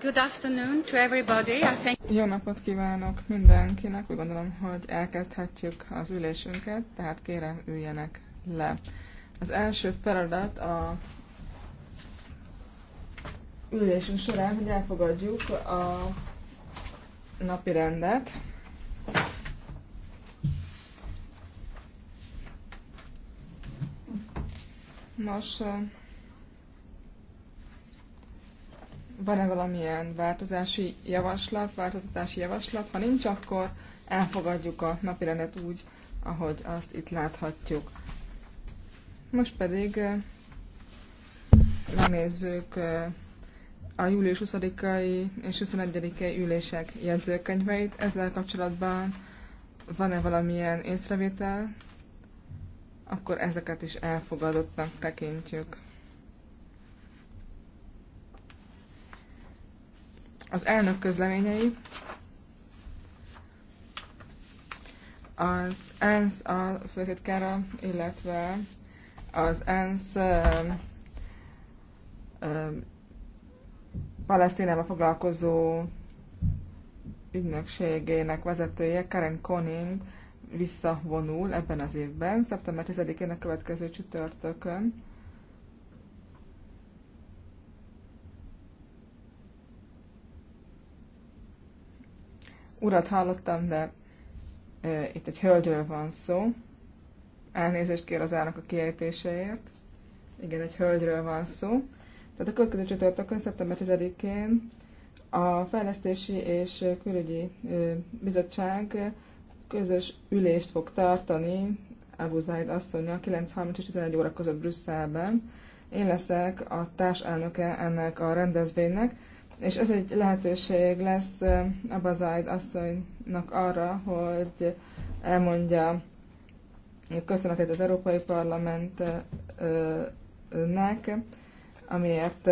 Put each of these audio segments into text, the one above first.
Good afternoon to everybody. I think... Jó napot kívánok mindenkinek. Úgy gondolom, hogy elkezdhetjük az ülésünket, tehát kérem üljenek le. Az első feladat a ülésünk során, hogy elfogadjuk a napi rendet. Nos, van-e valamilyen változási javaslat, változtatási javaslat. Ha nincs, akkor elfogadjuk a napi rendet úgy, ahogy azt itt láthatjuk. Most pedig megnézzük a július 20-ai és 21 ai ülések jegyzőkönyveit. Ezzel kapcsolatban van-e valamilyen észrevétel? Akkor ezeket is elfogadottnak tekintjük. Az elnök közleményei. Az ENSZ a főtitkára, illetve az ENSZ Palesztinával foglalkozó ügynökségének vezetője Karen Koning visszavonul ebben az évben, szeptember 10-én a következő csütörtökön urat hallottam, de ö, itt egy hölgyről van szó. Elnézést kér az állnak a kiejtéseért. Igen, egy hölgyről van szó. Tehát a következő csütörtökön, szeptember 10-én a Fejlesztési és Külügyi Bizottság közös ülést fog tartani Abu Zaid asszonya 9.30 és 11 óra között Brüsszelben. Én leszek a társelnöke ennek a rendezvénynek, és ez egy lehetőség lesz a Abazaid asszonynak arra, hogy elmondja köszönetét az Európai Parlamentnek, amiért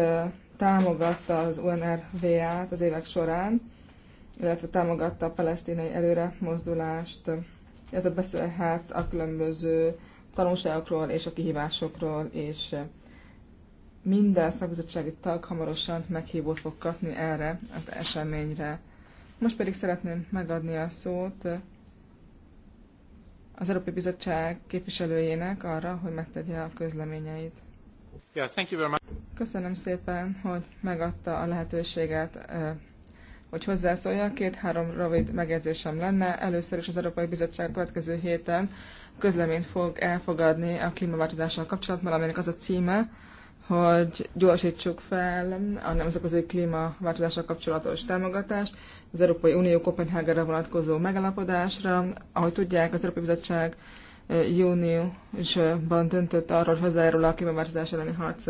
támogatta az UNRWA-t az évek során, illetve támogatta a palesztinai előre mozdulást, illetve beszélhet a különböző tanulságokról és a kihívásokról, és minden szakbizottsági tag hamarosan meghívót fog kapni erre az eseményre. Most pedig szeretném megadni a szót az Európai Bizottság képviselőjének arra, hogy megtegye a közleményeit. Yeah, thank you very much. Köszönöm szépen, hogy megadta a lehetőséget, eh, hogy hozzászóljak. Két-három rövid megjegyzésem lenne. Először is az Európai Bizottság következő héten közleményt fog elfogadni a klímaváltozással kapcsolatban, aminek az a címe, hogy gyorsítsuk fel a nemzetközi klímaváltozással kapcsolatos támogatást, az Európai Unió Kopenhágára vonatkozó megalapodásra. Ahogy tudják, az Európai Bizottság júniusban döntött arról, hogy hozzájárul a klímaváltozás elleni harc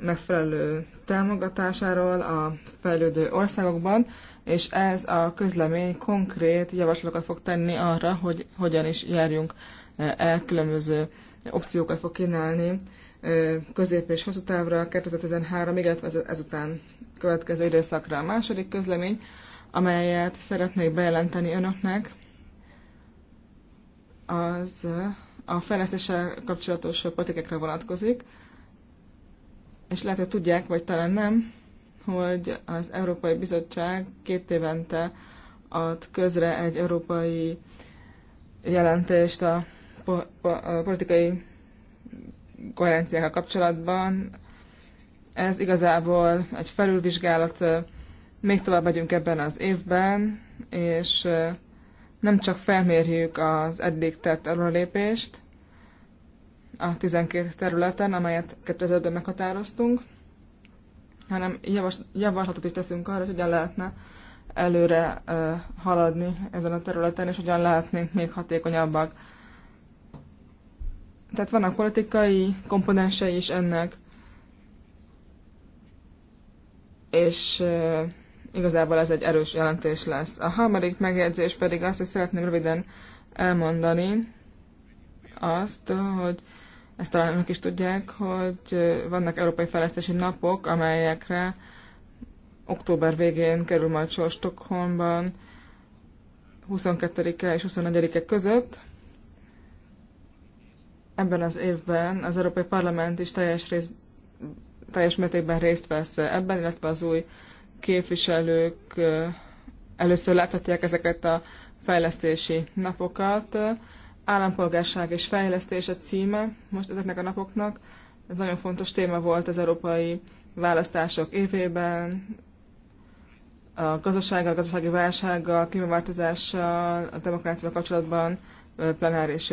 megfelelő támogatásáról a fejlődő országokban, és ez a közlemény konkrét javaslatokat fog tenni arra, hogy hogyan is járjunk el, különböző opciókat fog kínálni közép és hosszú távra 2013 illetve ezután következő időszakra. A második közlemény, amelyet szeretnék bejelenteni önöknek, az a fejlesztéssel kapcsolatos politikákra vonatkozik, és lehet, hogy tudják, vagy talán nem, hogy az Európai Bizottság két évente ad közre egy európai jelentést a politikai koherenciákkal kapcsolatban. Ez igazából egy felülvizsgálat, még tovább vagyunk ebben az évben, és nem csak felmérjük az eddig tett előlépést a 12 területen, amelyet 2005-ben meghatároztunk, hanem javaslatot is teszünk arra, hogy hogyan lehetne előre haladni ezen a területen, és hogyan lehetnénk még hatékonyabbak tehát vannak politikai komponensei is ennek, és e, igazából ez egy erős jelentés lesz. A harmadik megjegyzés pedig azt, hogy szeretném röviden elmondani azt, hogy ezt talán önök is tudják, hogy vannak európai fejlesztési napok, amelyekre október végén kerül majd sor Stockholmban 22-e és 24-e között, ebben az évben az Európai Parlament is teljes, rész, teljes mértékben részt vesz ebben, illetve az új képviselők először láthatják ezeket a fejlesztési napokat. Állampolgárság és fejlesztés a címe most ezeknek a napoknak. Ez nagyon fontos téma volt az európai választások évében, a gazdasággal, a gazdasági válsággal, a klímaváltozással, a demokráciával kapcsolatban plenáris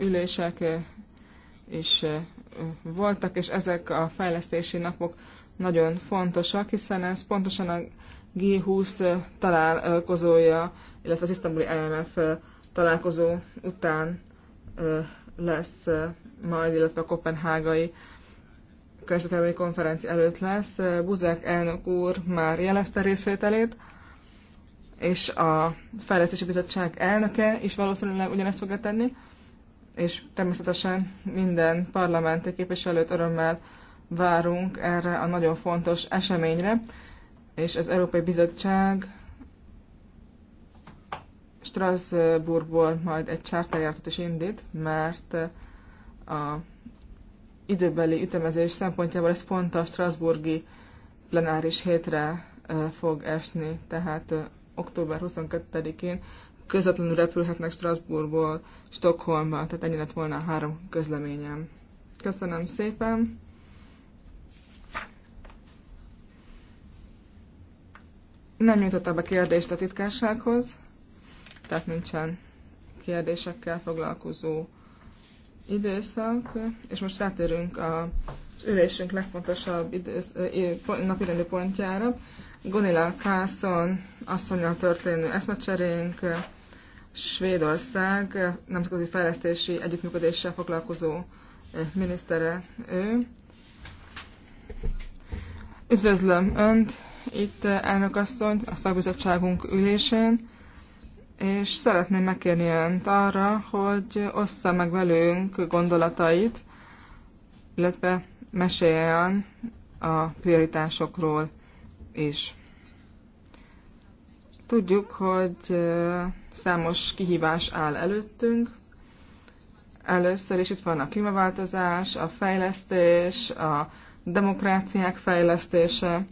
ülések is voltak, és ezek a fejlesztési napok nagyon fontosak, hiszen ez pontosan a G20 találkozója, illetve az isztambuli IMF e találkozó után lesz majd, illetve a kopenhágai kereskedelmi konferenci előtt lesz. Buzek elnök úr már jelezte részvételét, és a Fejlesztési Bizottság elnöke is valószínűleg ugyanezt fogja tenni, és természetesen minden parlamenti képviselőt örömmel várunk erre a nagyon fontos eseményre, és az Európai Bizottság Strasbourgból majd egy csártájártat is indít, mert a időbeli ütemezés szempontjából ez pont a Strasburgi plenáris hétre fog esni, tehát október 22-én közvetlenül repülhetnek Strasbourgból Stockholmba, tehát ennyi lett volna a három közleményem. Köszönöm szépen! Nem nyújtottak be kérdést a titkársághoz, tehát nincsen kérdésekkel foglalkozó időszak, és most rátérünk az ülésünk legfontosabb idősz, napirendi pontjára. Gunilla Carlson asszonyal történő eszmecserénk, Svédország nemzetközi fejlesztési együttműködéssel foglalkozó minisztere ő. Üdvözlöm Önt itt, elnökasszony, a szakbizottságunk ülésén, és szeretném megkérni Önt arra, hogy ossza meg velünk gondolatait, illetve meséljen a prioritásokról is. Tudjuk, hogy számos kihívás áll előttünk. Először is itt van a klímaváltozás, a fejlesztés, a demokráciák fejlesztése,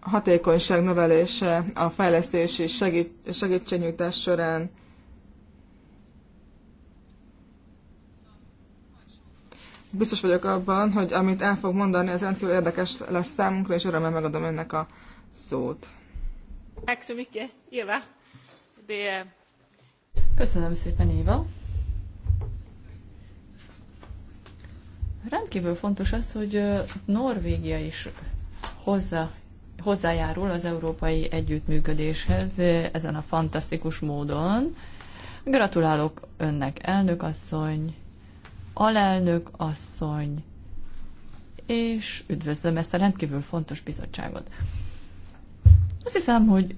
hatékonyság növelése a fejlesztési segít, segítségnyújtás során, Biztos vagyok abban, hogy amit el fog mondani, ez rendkívül érdekes lesz számunkra, és örömmel megadom önnek a szót. Eh, Köszönöm szépen, Éva. Rendkívül fontos az, hogy eh, Norvégia is hozzá, hozzájárul az európai együttműködéshez eh, ezen a fantasztikus módon. Gratulálok önnek, elnök asszony, alelnök asszony, és üdvözlöm ezt a rendkívül fontos bizottságot. Azt hiszem, hogy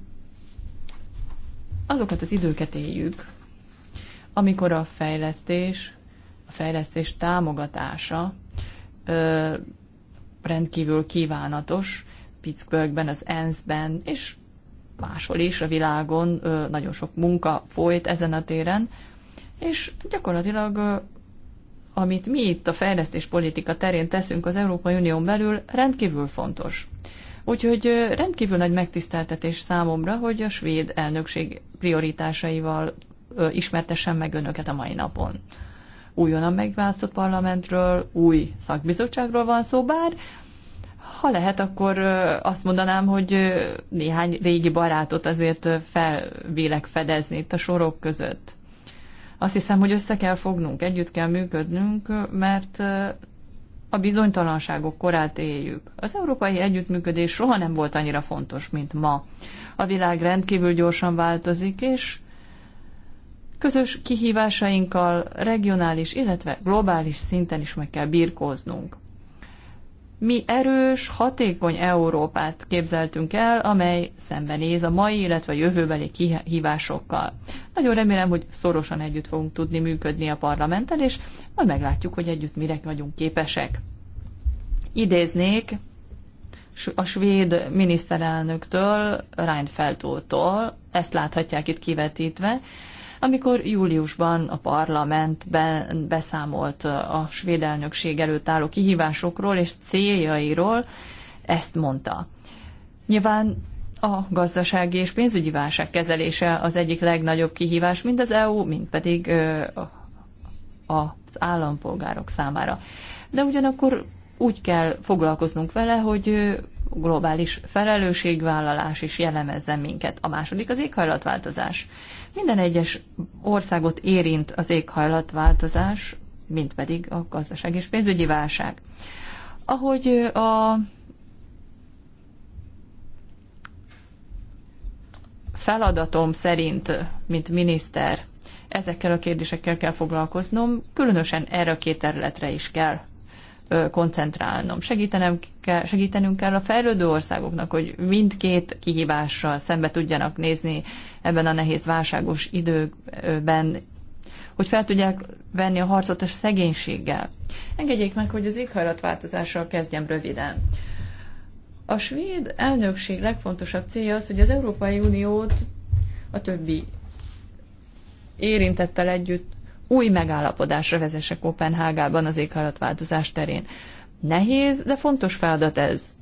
azokat az időket éljük, amikor a fejlesztés, a fejlesztés támogatása ö, rendkívül kívánatos, Pittsburghben, az ENSZ-ben, és máshol is a világon ö, nagyon sok munka folyt ezen a téren, és gyakorlatilag amit mi itt a politika terén teszünk az Európai Unión belül, rendkívül fontos. Úgyhogy rendkívül nagy megtiszteltetés számomra, hogy a svéd elnökség prioritásaival ismertessen meg önöket a mai napon. Újonnan megválasztott parlamentről, új szakbizottságról van szó, bár ha lehet, akkor azt mondanám, hogy néhány régi barátot azért felvélek fedezni itt a sorok között. Azt hiszem, hogy össze kell fognunk, együtt kell működnünk, mert a bizonytalanságok korát éljük. Az európai együttműködés soha nem volt annyira fontos, mint ma. A világ rendkívül gyorsan változik, és közös kihívásainkkal regionális, illetve globális szinten is meg kell birkóznunk. Mi erős, hatékony Európát képzeltünk el, amely szembenéz a mai, illetve a jövőbeli kihívásokkal. Nagyon remélem, hogy szorosan együtt fogunk tudni működni a Parlamenten és majd meglátjuk, hogy együtt mire vagyunk képesek. Idéznék a svéd miniszterelnöktől, Reinfeldtól, ezt láthatják itt kivetítve, amikor júliusban a parlamentben beszámolt a svéd elnökség előtt álló kihívásokról és céljairól, ezt mondta. Nyilván a gazdasági és pénzügyi válság kezelése az egyik legnagyobb kihívás, mind az EU, mind pedig az állampolgárok számára. De ugyanakkor úgy kell foglalkoznunk vele, hogy globális felelősségvállalás is jellemezze minket. A második az éghajlatváltozás. Minden egyes országot érint az éghajlatváltozás, mint pedig a gazdaság és pénzügyi válság. Ahogy a feladatom szerint, mint miniszter, ezekkel a kérdésekkel kell foglalkoznom, különösen erre a két területre is kell koncentrálnom. Segítenem kell, segítenünk kell a fejlődő országoknak, hogy mindkét kihívással szembe tudjanak nézni ebben a nehéz válságos időben, hogy fel tudják venni a harcot a szegénységgel. Engedjék meg, hogy az éghajlatváltozással kezdjem röviden. A svéd elnökség legfontosabb célja az, hogy az Európai Uniót a többi érintettel együtt új megállapodásra vezesse Kopenhágában az éghajlatváltozás terén. Nehéz, de fontos feladat ez.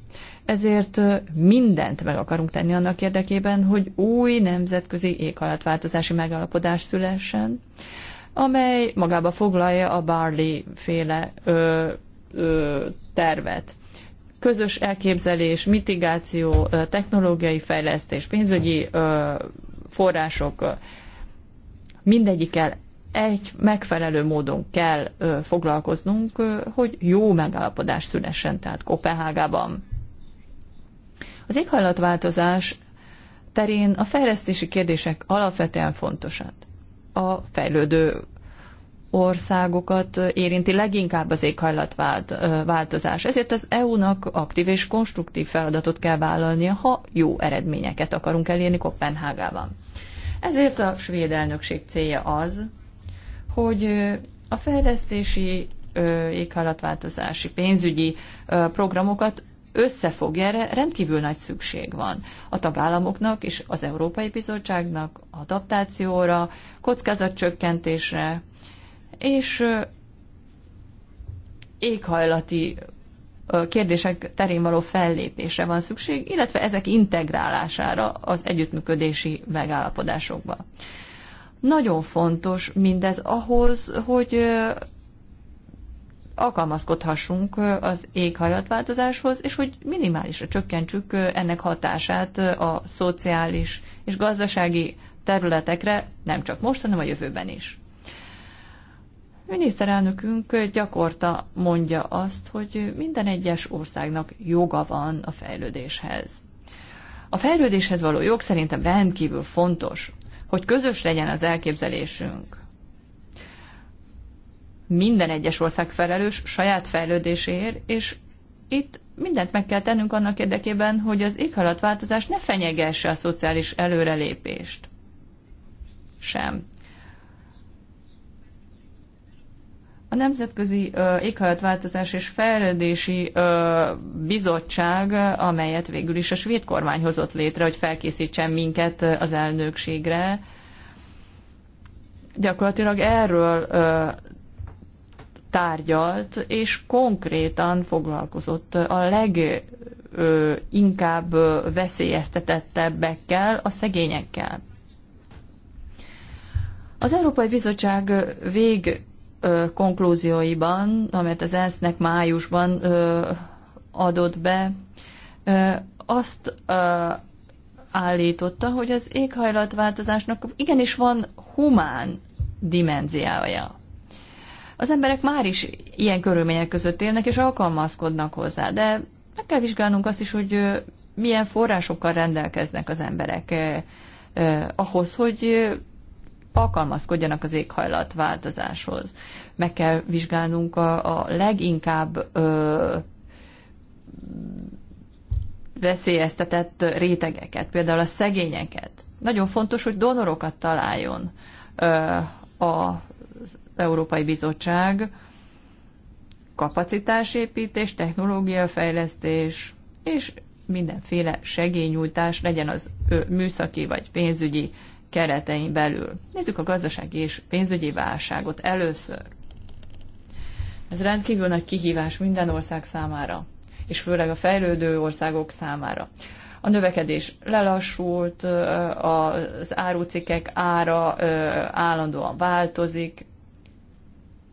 Ezért mindent meg akarunk tenni annak érdekében, hogy új nemzetközi éghajlatváltozási megállapodás szülessen, amely magába foglalja a Barley féle ö, ö, tervet. Közös elképzelés, mitigáció, technológiai fejlesztés, pénzügyi ö, források mindegyikkel egy megfelelő módon kell foglalkoznunk, hogy jó megállapodás szülessen, tehát Kopenhágában. Az éghajlatváltozás terén a fejlesztési kérdések alapvetően fontosak. A fejlődő országokat érinti leginkább az éghajlatváltozás. Ezért az EU-nak aktív és konstruktív feladatot kell vállalnia, ha jó eredményeket akarunk elérni Kopenhágában. Ezért a svéd elnökség célja az, hogy a fejlesztési éghajlatváltozási pénzügyi programokat összefogja, erre rendkívül nagy szükség van a tagállamoknak és az Európai Bizottságnak adaptációra, kockázatcsökkentésre és éghajlati kérdések terén való fellépésre van szükség, illetve ezek integrálására az együttműködési megállapodásokba. Nagyon fontos mindez ahhoz, hogy alkalmazkodhassunk az éghajlatváltozáshoz, és hogy minimálisra csökkentsük ennek hatását a szociális és gazdasági területekre, nem csak most, hanem a jövőben is. miniszterelnökünk gyakorta mondja azt, hogy minden egyes országnak joga van a fejlődéshez. A fejlődéshez való jog szerintem rendkívül fontos hogy közös legyen az elképzelésünk. Minden egyes ország felelős saját fejlődéséért, és itt mindent meg kell tennünk annak érdekében, hogy az éghajlatváltozás ne fenyegesse a szociális előrelépést. Sem. A Nemzetközi Éghajlatváltozás és Fejlődési Bizottság, amelyet végül is a svéd kormány hozott létre, hogy felkészítsen minket az elnökségre, gyakorlatilag erről tárgyalt, és konkrétan foglalkozott a leginkább veszélyeztetettebbekkel, a szegényekkel. Az Európai Bizottság vég konklúzióiban, amelyet az ENSZ-nek májusban adott be, azt állította, hogy az éghajlatváltozásnak igenis van humán dimenziája. Az emberek már is ilyen körülmények között élnek és alkalmazkodnak hozzá, de meg kell vizsgálnunk azt is, hogy milyen forrásokkal rendelkeznek az emberek eh, ahhoz, hogy alkalmazkodjanak az éghajlatváltozáshoz. Meg kell vizsgálnunk a, a leginkább ö, veszélyeztetett rétegeket, például a szegényeket. Nagyon fontos, hogy donorokat találjon ö, az Európai Bizottság, kapacitásépítés, technológiafejlesztés és mindenféle segélynyújtás legyen az műszaki vagy pénzügyi keretein belül. Nézzük a gazdasági és pénzügyi válságot először. Ez rendkívül nagy kihívás minden ország számára, és főleg a fejlődő országok számára. A növekedés lelassult, az árucikkek ára állandóan változik,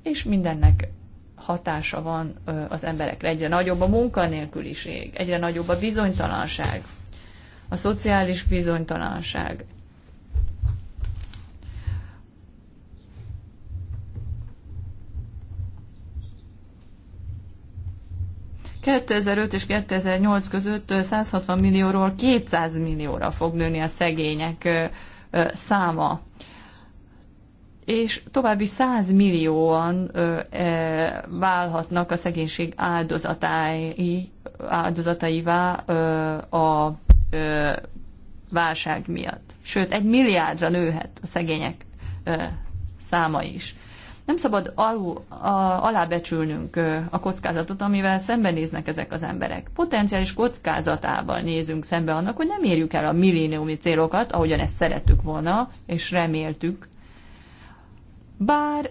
és mindennek hatása van az emberekre. Egyre nagyobb a munkanélküliség, egyre nagyobb a bizonytalanság, a szociális bizonytalanság, 2005 és 2008 között 160 millióról 200 millióra fog nőni a szegények száma. És további 100 millióan e, válhatnak a szegénység áldozatai, áldozataivá a válság miatt. Sőt, egy milliárdra nőhet a szegények száma is. Nem szabad alul, a, alábecsülnünk a kockázatot, amivel szembenéznek ezek az emberek. Potenciális kockázatával nézünk szembe annak, hogy nem érjük el a milléniumi célokat, ahogyan ezt szerettük volna, és reméltük. Bár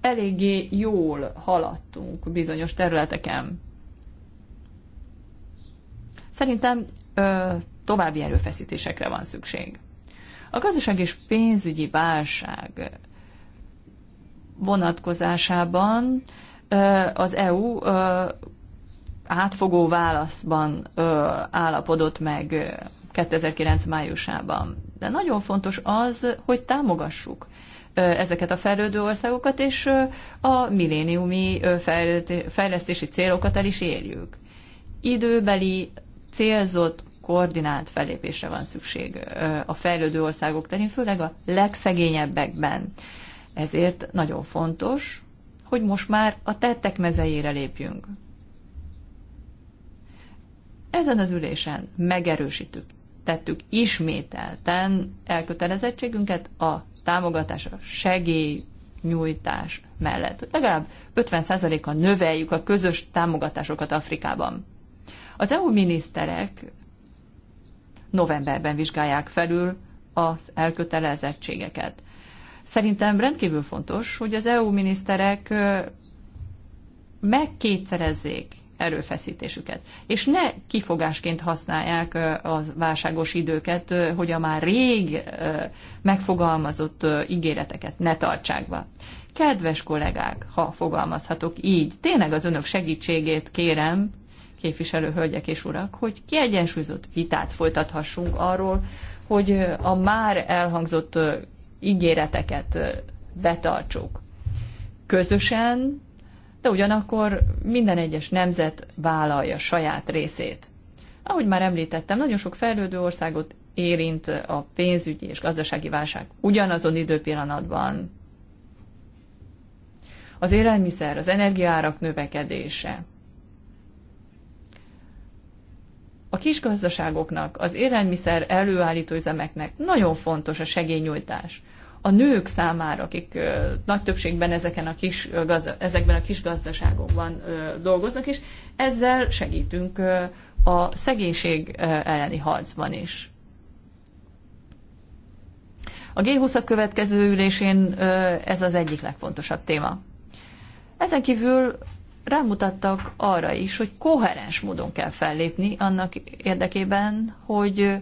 eléggé jól haladtunk bizonyos területeken. Szerintem ö, további erőfeszítésekre van szükség. A gazdaság és pénzügyi válság vonatkozásában az EU átfogó válaszban állapodott meg 2009. májusában. De nagyon fontos az, hogy támogassuk ezeket a fejlődő országokat, és a milléniumi fejlesztési célokat el is érjük. Időbeli, célzott, koordinált fellépésre van szükség a fejlődő országok terén, főleg a legszegényebbekben. Ezért nagyon fontos, hogy most már a tettek mezejére lépjünk. Ezen az ülésen megerősítük, tettük ismételten elkötelezettségünket a támogatás, a segélynyújtás mellett, hogy legalább 50%-a növeljük a közös támogatásokat Afrikában. Az EU miniszterek novemberben vizsgálják felül az elkötelezettségeket. Szerintem rendkívül fontos, hogy az EU miniszterek megkétszerezzék erőfeszítésüket. És ne kifogásként használják a válságos időket, hogy a már rég megfogalmazott ígéreteket ne tartsák be. Kedves kollégák, ha fogalmazhatok így, tényleg az önök segítségét kérem, képviselő hölgyek és urak, hogy kiegyensúlyozott vitát folytathassunk arról, hogy a már elhangzott ígéreteket betartsuk. Közösen, de ugyanakkor minden egyes nemzet vállalja saját részét. Ahogy már említettem, nagyon sok fejlődő országot érint a pénzügyi és gazdasági válság ugyanazon időpillanatban. Az élelmiszer, az energiaárak növekedése, a kisgazdaságoknak, az élelmiszer előállító üzemeknek nagyon fontos a segélynyújtás a nők számára, akik nagy többségben ezeken a kis, ezekben a kis gazdaságokban dolgoznak, is, ezzel segítünk a szegénység elleni harcban is. A g 20 következő ülésén ez az egyik legfontosabb téma. Ezen kívül rámutattak arra is, hogy koherens módon kell fellépni annak érdekében, hogy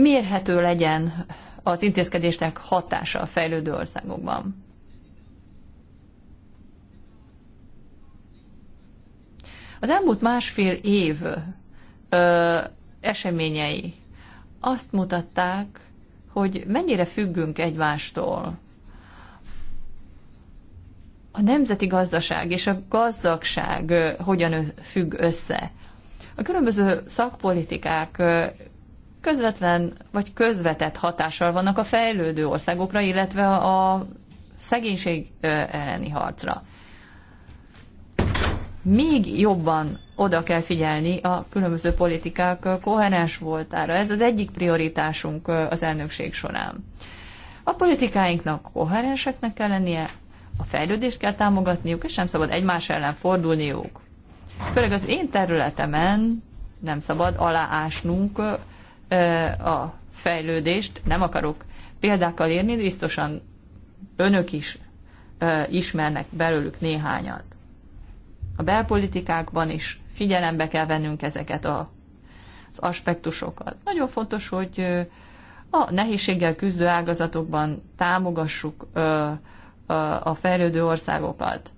mérhető legyen az intézkedésnek hatása a fejlődő országokban. Az elmúlt másfél év ö, eseményei azt mutatták, hogy mennyire függünk egymástól. A nemzeti gazdaság és a gazdagság hogyan függ össze. A különböző szakpolitikák közvetlen vagy közvetett hatással vannak a fejlődő országokra, illetve a szegénység elleni harcra. Még jobban oda kell figyelni a különböző politikák koherens voltára. Ez az egyik prioritásunk az elnökség során. A politikáinknak koherenseknek kell lennie, a fejlődést kell támogatniuk, és nem szabad egymás ellen fordulniuk. Főleg az én területemen nem szabad aláásnunk a fejlődést, nem akarok példákkal érni, biztosan önök is ismernek belőlük néhányat. A belpolitikákban is figyelembe kell vennünk ezeket a, az aspektusokat. Nagyon fontos, hogy a nehézséggel küzdő ágazatokban támogassuk a fejlődő országokat.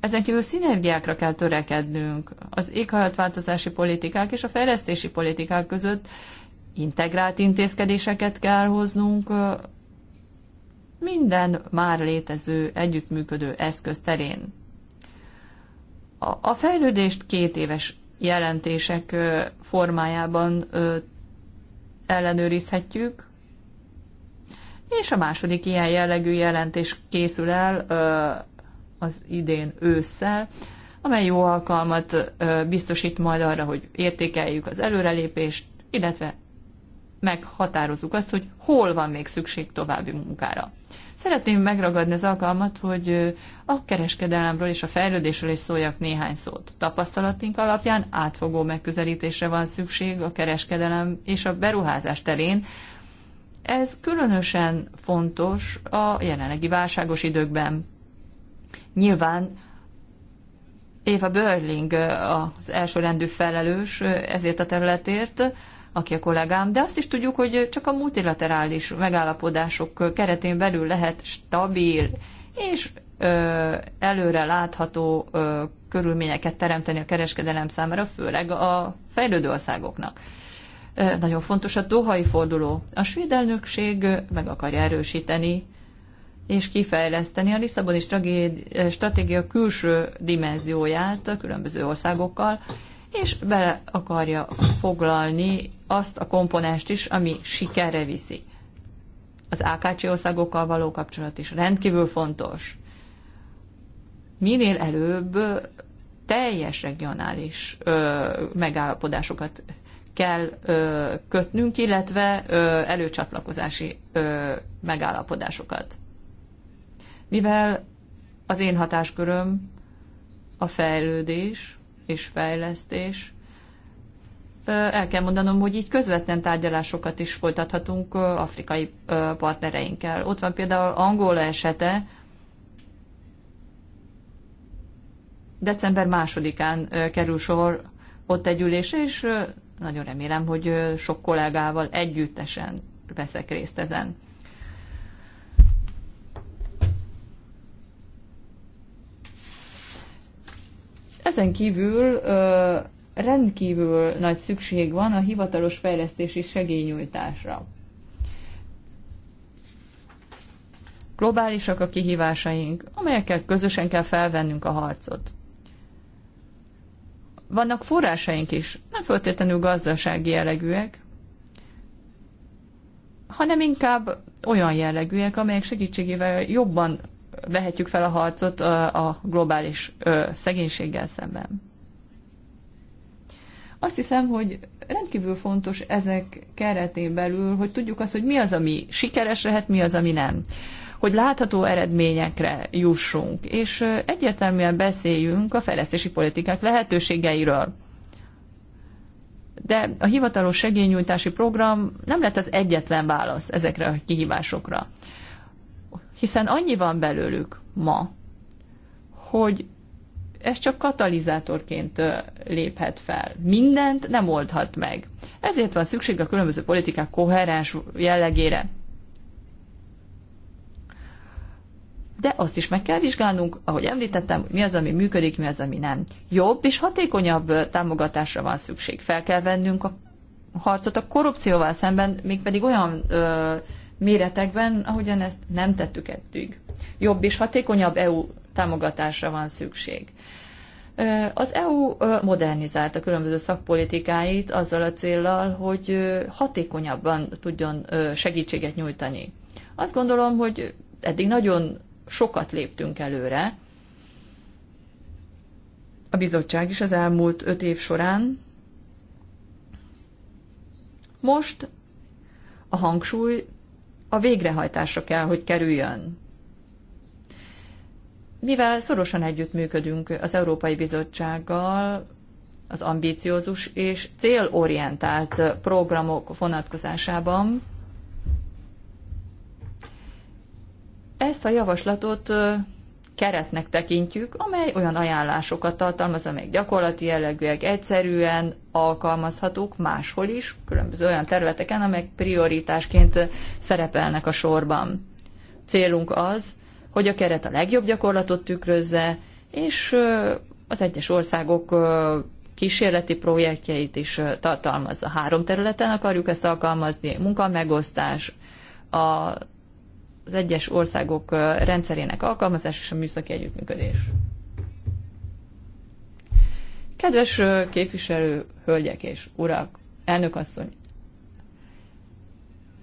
Ezen kívül szinergiákra kell törekednünk az éghajlatváltozási politikák és a fejlesztési politikák között, integrált intézkedéseket kell hoznunk minden már létező együttműködő eszköz terén. A fejlődést két éves jelentések formájában ellenőrizhetjük, és a második ilyen jellegű jelentés készül el az idén ősszel, amely jó alkalmat biztosít majd arra, hogy értékeljük az előrelépést, illetve meghatározzuk azt, hogy hol van még szükség további munkára. Szeretném megragadni az alkalmat, hogy a kereskedelemről és a fejlődésről is szóljak néhány szót. Tapasztalatink alapján átfogó megközelítésre van szükség a kereskedelem és a beruházás terén. Ez különösen fontos a jelenlegi válságos időkben. Nyilván Éva Börling az elsőrendű felelős ezért a területért, aki a kollégám, de azt is tudjuk, hogy csak a multilaterális megállapodások keretén belül lehet stabil és ö, előre látható ö, körülményeket teremteni a kereskedelem számára, főleg a fejlődő országoknak. Ö, nagyon fontos a dohai forduló. A svéd elnökség meg akarja erősíteni és kifejleszteni a Lisszaboni stratégia külső dimenzióját a különböző országokkal, és bele akarja foglalni azt a komponást is, ami sikerre viszi. Az AKC országokkal való kapcsolat is rendkívül fontos. Minél előbb teljes regionális ö, megállapodásokat kell ö, kötnünk, illetve ö, előcsatlakozási ö, megállapodásokat. Mivel az én hatásköröm a fejlődés és fejlesztés, el kell mondanom, hogy így közvetlen tárgyalásokat is folytathatunk afrikai partnereinkkel. Ott van például Angola esete, december másodikán kerül sor ott egy ülés és nagyon remélem, hogy sok kollégával együttesen veszek részt ezen. Ezen kívül rendkívül nagy szükség van a hivatalos fejlesztési segélynyújtásra. Globálisak a kihívásaink, amelyekkel közösen kell felvennünk a harcot. Vannak forrásaink is, nem föltétlenül gazdasági jellegűek, hanem inkább olyan jellegűek, amelyek segítségével jobban vehetjük fel a harcot a globális szegénységgel szemben. Azt hiszem, hogy rendkívül fontos ezek keretén belül, hogy tudjuk azt, hogy mi az, ami sikeres lehet, mi az, ami nem. Hogy látható eredményekre jussunk, és egyértelműen beszéljünk a fejlesztési politikák lehetőségeiről. De a hivatalos segélynyújtási program nem lett az egyetlen válasz ezekre a kihívásokra. Hiszen annyi van belőlük ma, hogy ez csak katalizátorként léphet fel. Mindent nem oldhat meg. Ezért van szükség a különböző politikák koherens jellegére. De azt is meg kell vizsgálnunk, ahogy említettem, hogy mi az, ami működik, mi az, ami nem. Jobb és hatékonyabb támogatásra van szükség. Fel kell vennünk a harcot a korrupcióval szemben, mégpedig olyan ö, méretekben, ahogyan ezt nem tettük eddig. Jobb és hatékonyabb EU támogatásra van szükség. Az EU modernizálta különböző szakpolitikáit azzal a céllal, hogy hatékonyabban tudjon segítséget nyújtani. Azt gondolom, hogy eddig nagyon sokat léptünk előre. A bizottság is az elmúlt öt év során. Most a hangsúly a végrehajtásra kell, hogy kerüljön. Mivel szorosan együttműködünk az Európai Bizottsággal, az ambíciózus és célorientált programok vonatkozásában, ezt a javaslatot keretnek tekintjük, amely olyan ajánlásokat tartalmaz, amelyek gyakorlati jellegűek, egyszerűen alkalmazhatók máshol is, különböző olyan területeken, amelyek prioritásként szerepelnek a sorban. Célunk az, hogy a keret a legjobb gyakorlatot tükrözze, és az egyes országok kísérleti projektjeit is tartalmazza. Három területen akarjuk ezt alkalmazni, munkamegosztás, a, az egyes országok rendszerének alkalmazás és a műszaki együttműködés. Kedves képviselő, hölgyek és urak, elnök asszony,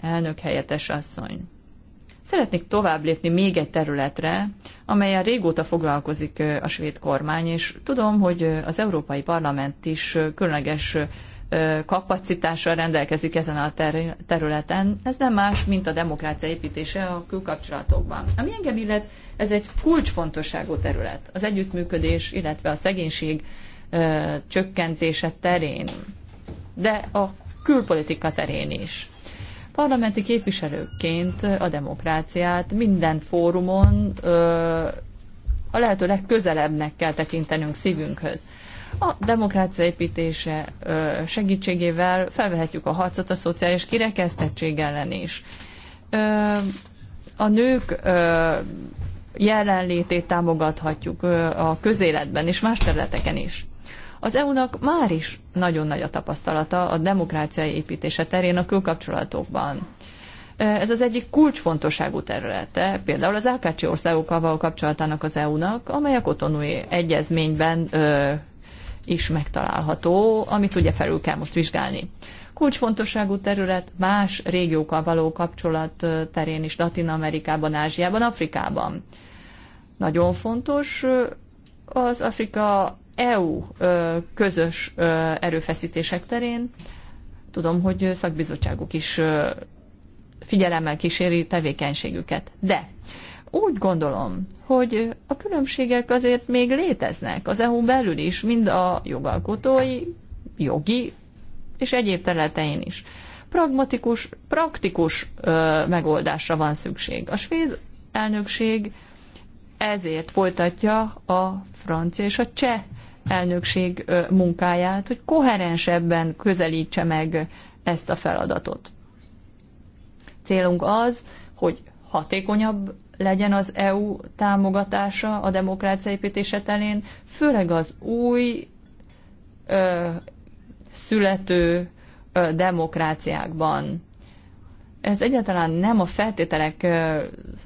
elnök helyettes asszony, Szeretnék tovább lépni még egy területre, amelyen régóta foglalkozik a svéd kormány, és tudom, hogy az Európai Parlament is különleges kapacitással rendelkezik ezen a ter- területen. Ez nem más, mint a demokrácia építése a külkapcsolatokban. Ami engem illet, ez egy kulcsfontosságú terület. Az együttműködés, illetve a szegénység ö, csökkentése terén, de a külpolitika terén is. Parlamenti képviselőként a demokráciát minden fórumon ö, a lehető legközelebbnek kell tekintenünk szívünkhöz. A demokrácia építése ö, segítségével felvehetjük a harcot a szociális kirekesztettség ellen is. Ö, a nők ö, jelenlétét támogathatjuk ö, a közéletben és más területeken is. Az EU-nak már is nagyon nagy a tapasztalata a demokrácia építése terén a külkapcsolatokban. Ez az egyik kulcsfontosságú területe, például az Ákácsi országokkal való kapcsolatának az EU-nak, amely a kotonui egyezményben ö, is megtalálható, amit ugye felül kell most vizsgálni. Kulcsfontosságú terület más régiókkal való kapcsolat terén is, Latin Amerikában, Ázsiában, Afrikában. Nagyon fontos az Afrika EU közös erőfeszítések terén. Tudom, hogy szakbizottságok is figyelemmel kíséri tevékenységüket. De úgy gondolom, hogy a különbségek azért még léteznek az EU belül is, mind a jogalkotói, jogi és egyéb területein is. Pragmatikus, praktikus ö, megoldásra van szükség. A svéd elnökség ezért folytatja a francia és a cseh elnökség munkáját, hogy koherensebben közelítse meg ezt a feladatot. Célunk az, hogy hatékonyabb legyen az EU támogatása a demokrácia építése telén, főleg az új ö, születő ö, demokráciákban ez egyáltalán nem a feltételek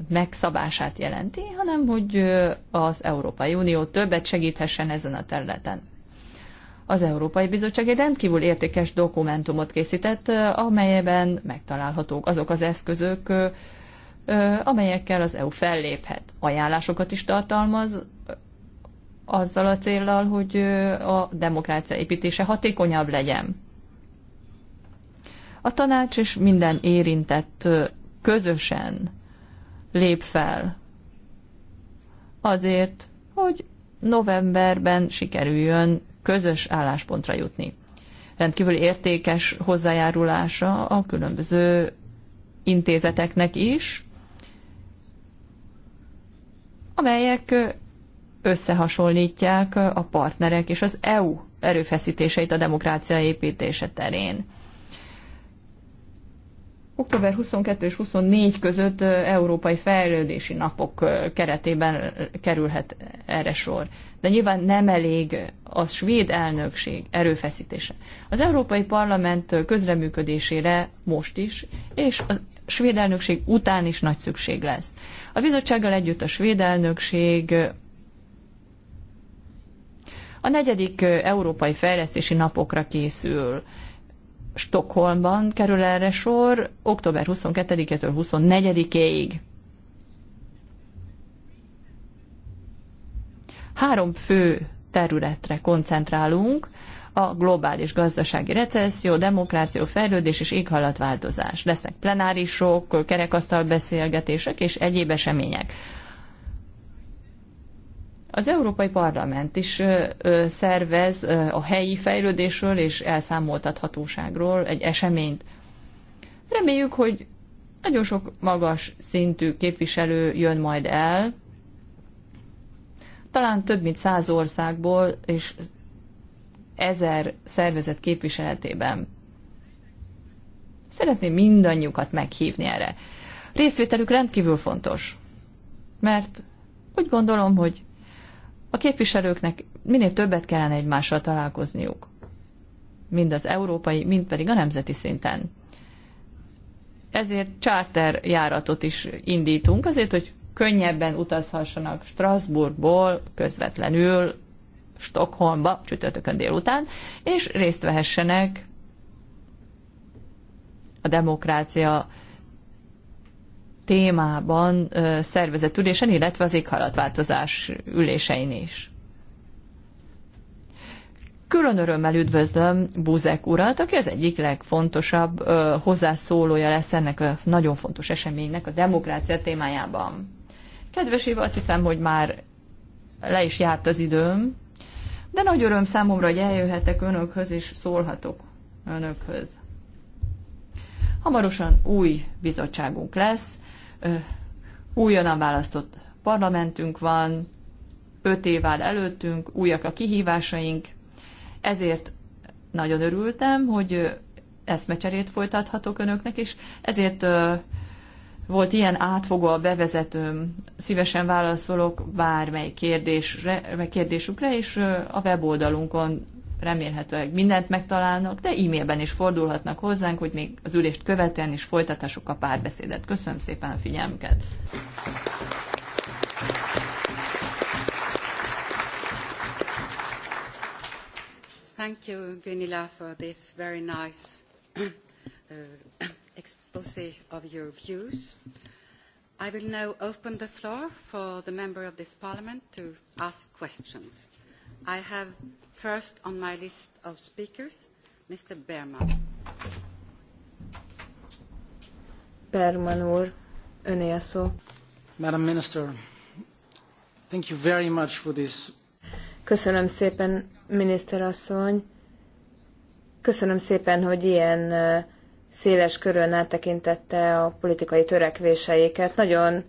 megszabását jelenti, hanem hogy az Európai Unió többet segíthessen ezen a területen. Az Európai Bizottság egy rendkívül értékes dokumentumot készített, amelyben megtalálhatók azok az eszközök, amelyekkel az EU felléphet. Ajánlásokat is tartalmaz, azzal a célral, hogy a demokrácia építése hatékonyabb legyen. A tanács és minden érintett közösen lép fel azért, hogy novemberben sikerüljön közös álláspontra jutni. Rendkívül értékes hozzájárulása a különböző intézeteknek is, amelyek összehasonlítják a partnerek és az EU erőfeszítéseit a demokrácia építése terén október 22 és 24 között európai fejlődési napok keretében kerülhet erre sor. De nyilván nem elég a svéd elnökség erőfeszítése. Az Európai Parlament közreműködésére most is, és a svéd elnökség után is nagy szükség lesz. A bizottsággal együtt a svéd elnökség a negyedik európai fejlesztési napokra készül Stockholmban kerül erre sor október 22-től 24-ig. Három fő területre koncentrálunk, a globális gazdasági recesszió, demokráció, fejlődés és éghajlatváltozás. Lesznek plenárisok, kerekasztalbeszélgetések és egyéb események. Az Európai Parlament is szervez a helyi fejlődésről és elszámoltathatóságról egy eseményt. Reméljük, hogy nagyon sok magas szintű képviselő jön majd el, talán több mint száz országból és ezer szervezet képviseletében. Szeretném mindannyiukat meghívni erre. Részvételük rendkívül fontos, mert úgy gondolom, hogy a képviselőknek minél többet kellene egymással találkozniuk, mind az európai, mind pedig a nemzeti szinten. Ezért charter járatot is indítunk, azért, hogy könnyebben utazhassanak Strasbourgból közvetlenül Stockholmba csütörtökön délután, és részt vehessenek a demokrácia témában szervezett ülésen, illetve az éghajlatváltozás ülésein is. Külön örömmel üdvözlöm Buzek urat, aki az egyik legfontosabb ö, hozzászólója lesz ennek a nagyon fontos eseménynek a demokrácia témájában. Kedves Iva, azt hiszem, hogy már le is járt az időm, de nagy öröm számomra, hogy eljöhetek önökhöz és szólhatok önökhöz. Hamarosan új bizottságunk lesz, újonnan választott parlamentünk van, öt év áll előttünk, újak a kihívásaink, ezért nagyon örültem, hogy eszmecserét folytathatok önöknek, és ezért volt ilyen átfogó a bevezetőm. Szívesen válaszolok bármely kérdésre, kérdésükre, és a weboldalunkon remélhetőleg mindent megtalálnak, de e-mailben is fordulhatnak hozzánk, hogy még az ülést követően is folytatásuk a párbeszédet. Köszönöm szépen a figyelmüket! Thank you, Gunilla, for this very nice uh, expose of your views. I will now open the floor for the member of this parliament to ask questions. I have First on my list of speakers, Mr. Berman. Berman úr, öné a szó. Madam Minister, thank you very much for this. Köszönöm szépen, miniszterasszony. Köszönöm szépen, hogy ilyen széles körön áttekintette a politikai törekvéseiket. Nagyon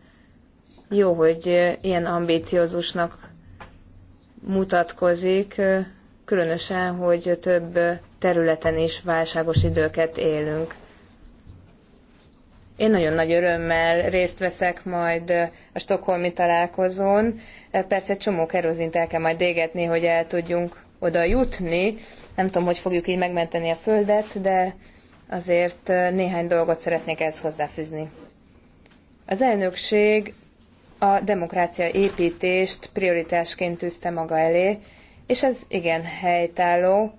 jó, hogy ilyen ambíciózusnak mutatkozik különösen, hogy több területen is válságos időket élünk. Én nagyon nagy örömmel részt veszek majd a stokholmi találkozón. Persze csomó kerozint el kell majd égetni, hogy el tudjunk oda jutni. Nem tudom, hogy fogjuk így megmenteni a földet, de azért néhány dolgot szeretnék ezt hozzáfűzni. Az elnökség a demokrácia építést prioritásként tűzte maga elé, és ez igen helytálló.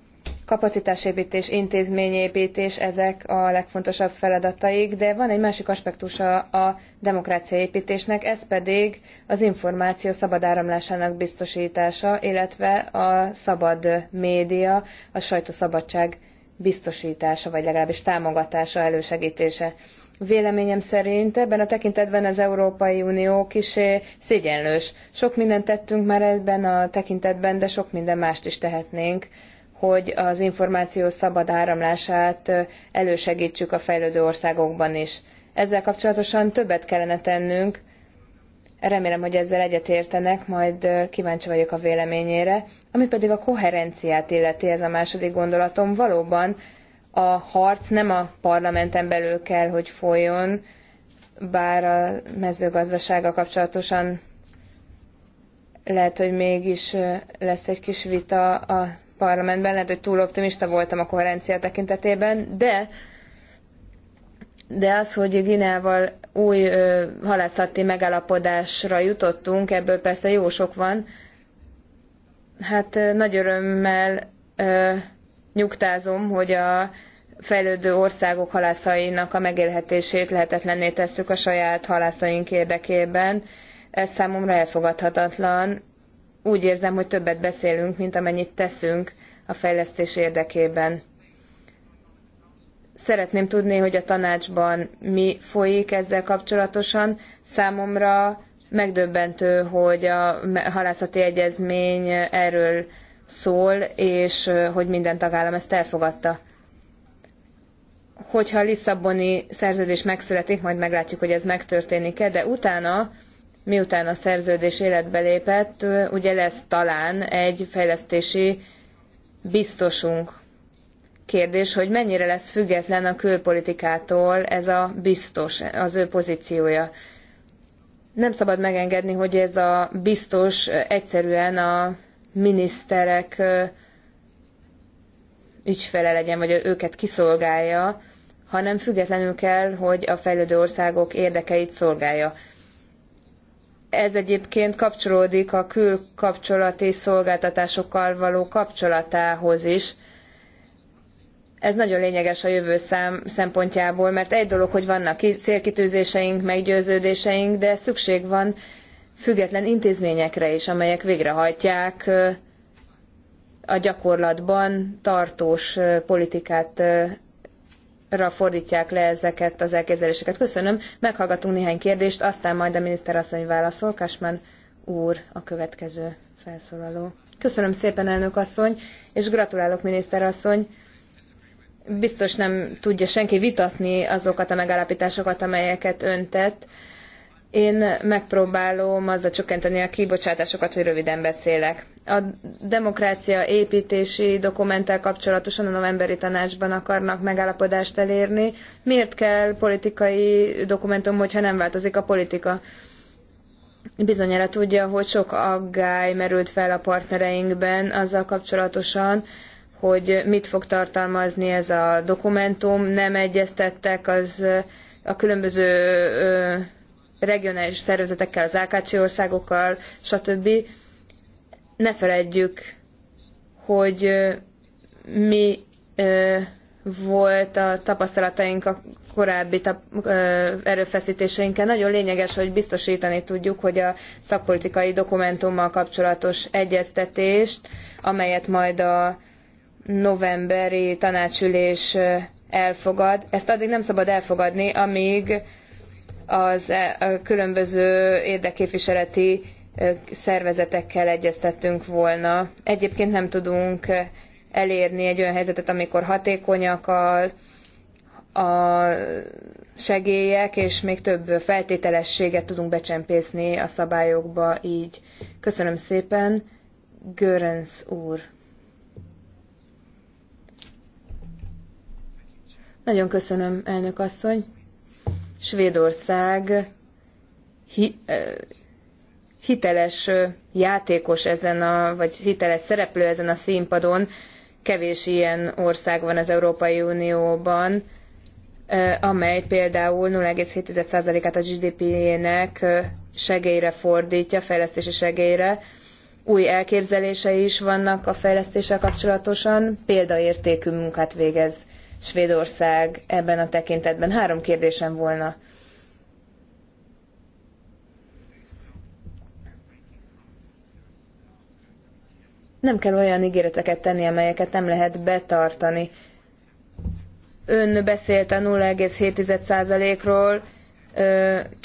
Kapacitásépítés, intézményépítés, ezek a legfontosabb feladataik, de van egy másik aspektusa a demokráciaépítésnek, ez pedig az információ szabad áramlásának biztosítása, illetve a szabad média, a sajtószabadság biztosítása, vagy legalábbis támogatása, elősegítése. Véleményem szerint ebben a tekintetben az Európai Unió kisé szégyenlős. Sok mindent tettünk már ebben a tekintetben, de sok minden mást is tehetnénk, hogy az információ szabad áramlását elősegítsük a fejlődő országokban is. Ezzel kapcsolatosan többet kellene tennünk, Remélem, hogy ezzel egyetértenek, majd kíváncsi vagyok a véleményére. Ami pedig a koherenciát illeti, ez a második gondolatom, valóban a harc nem a parlamenten belül kell, hogy folyjon, bár a mezőgazdasága kapcsolatosan lehet, hogy mégis lesz egy kis vita a parlamentben, lehet, hogy túl optimista voltam a koherencia tekintetében, de de az, hogy Ginával új ö, halászati megállapodásra jutottunk, ebből persze jó sok van, hát ö, nagy örömmel ö, nyugtázom, hogy a fejlődő országok halászainak a megélhetését lehetetlenné tesszük a saját halászaink érdekében. Ez számomra elfogadhatatlan. Úgy érzem, hogy többet beszélünk, mint amennyit teszünk a fejlesztés érdekében. Szeretném tudni, hogy a tanácsban mi folyik ezzel kapcsolatosan. Számomra megdöbbentő, hogy a halászati egyezmény erről szól, és hogy minden tagállam ezt elfogadta hogyha a Lisszaboni szerződés megszületik, majd meglátjuk, hogy ez megtörténik-e, de utána, miután a szerződés életbe lépett, ugye lesz talán egy fejlesztési biztosunk. Kérdés, hogy mennyire lesz független a külpolitikától ez a biztos, az ő pozíciója. Nem szabad megengedni, hogy ez a biztos egyszerűen a miniszterek ügyfele legyen, vagy őket kiszolgálja, hanem függetlenül kell, hogy a fejlődő országok érdekeit szolgálja. Ez egyébként kapcsolódik a külkapcsolati szolgáltatásokkal való kapcsolatához is. Ez nagyon lényeges a jövő szám szempontjából, mert egy dolog, hogy vannak célkitűzéseink, meggyőződéseink, de szükség van független intézményekre is, amelyek végrehajtják a gyakorlatban tartós politikát ra fordítják le ezeket az elképzeléseket. Köszönöm, meghallgatunk néhány kérdést, aztán majd a miniszter asszony válaszol. Kasman úr a következő felszólaló. Köszönöm szépen, elnök asszony, és gratulálok, miniszter asszony. Biztos nem tudja senki vitatni azokat a megállapításokat, amelyeket ön tett én megpróbálom azzal csökkenteni a kibocsátásokat, hogy röviden beszélek. A demokrácia építési dokumenttel kapcsolatosan a novemberi tanácsban akarnak megállapodást elérni. Miért kell politikai dokumentum, hogyha nem változik a politika? Bizonyára tudja, hogy sok aggály merült fel a partnereinkben azzal kapcsolatosan, hogy mit fog tartalmazni ez a dokumentum. Nem egyeztettek az a különböző regionális szervezetekkel, az AKC országokkal, stb. Ne feledjük, hogy mi volt a tapasztalataink a korábbi tap, erőfeszítéseinkkel. Nagyon lényeges, hogy biztosítani tudjuk, hogy a szakpolitikai dokumentummal kapcsolatos egyeztetést, amelyet majd a novemberi tanácsülés elfogad, ezt addig nem szabad elfogadni, amíg az e, különböző érdekképviseleti e, szervezetekkel egyeztettünk volna. Egyébként nem tudunk elérni egy olyan helyzetet, amikor hatékonyak a, a segélyek, és még több feltételességet tudunk becsempészni a szabályokba így. Köszönöm szépen, Görens úr. Nagyon köszönöm, elnök asszony. Svédország hi, hiteles játékos ezen a, vagy hiteles szereplő ezen a színpadon. Kevés ilyen ország van az Európai Unióban, amely például 0,7%-át a GDP-jének segélyre fordítja, fejlesztési segélyre. Új elképzelései is vannak a fejlesztéssel kapcsolatosan, példaértékű munkát végez Svédország ebben a tekintetben? Három kérdésem volna. Nem kell olyan ígéreteket tenni, amelyeket nem lehet betartani. Ön beszélt a 0,7%-ról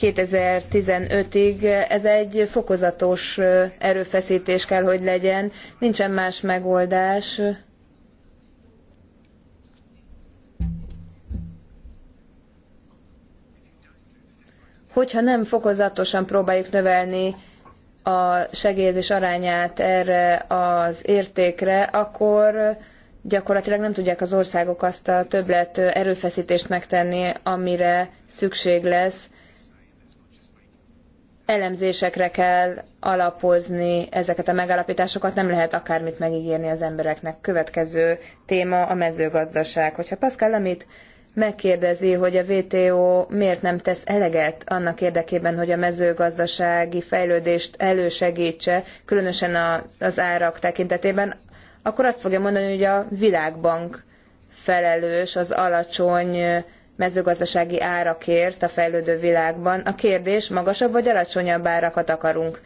2015-ig. Ez egy fokozatos erőfeszítés kell, hogy legyen. Nincsen más megoldás. hogyha nem fokozatosan próbáljuk növelni a segélyezés arányát erre az értékre, akkor gyakorlatilag nem tudják az országok azt a többlet erőfeszítést megtenni, amire szükség lesz. Elemzésekre kell alapozni ezeket a megállapításokat, nem lehet akármit megígérni az embereknek. Következő téma a mezőgazdaság. Hogyha Pascal, amit megkérdezi, hogy a WTO miért nem tesz eleget annak érdekében, hogy a mezőgazdasági fejlődést elősegítse, különösen a, az árak tekintetében, akkor azt fogja mondani, hogy a világbank felelős az alacsony mezőgazdasági árakért a fejlődő világban. A kérdés, magasabb vagy alacsonyabb árakat akarunk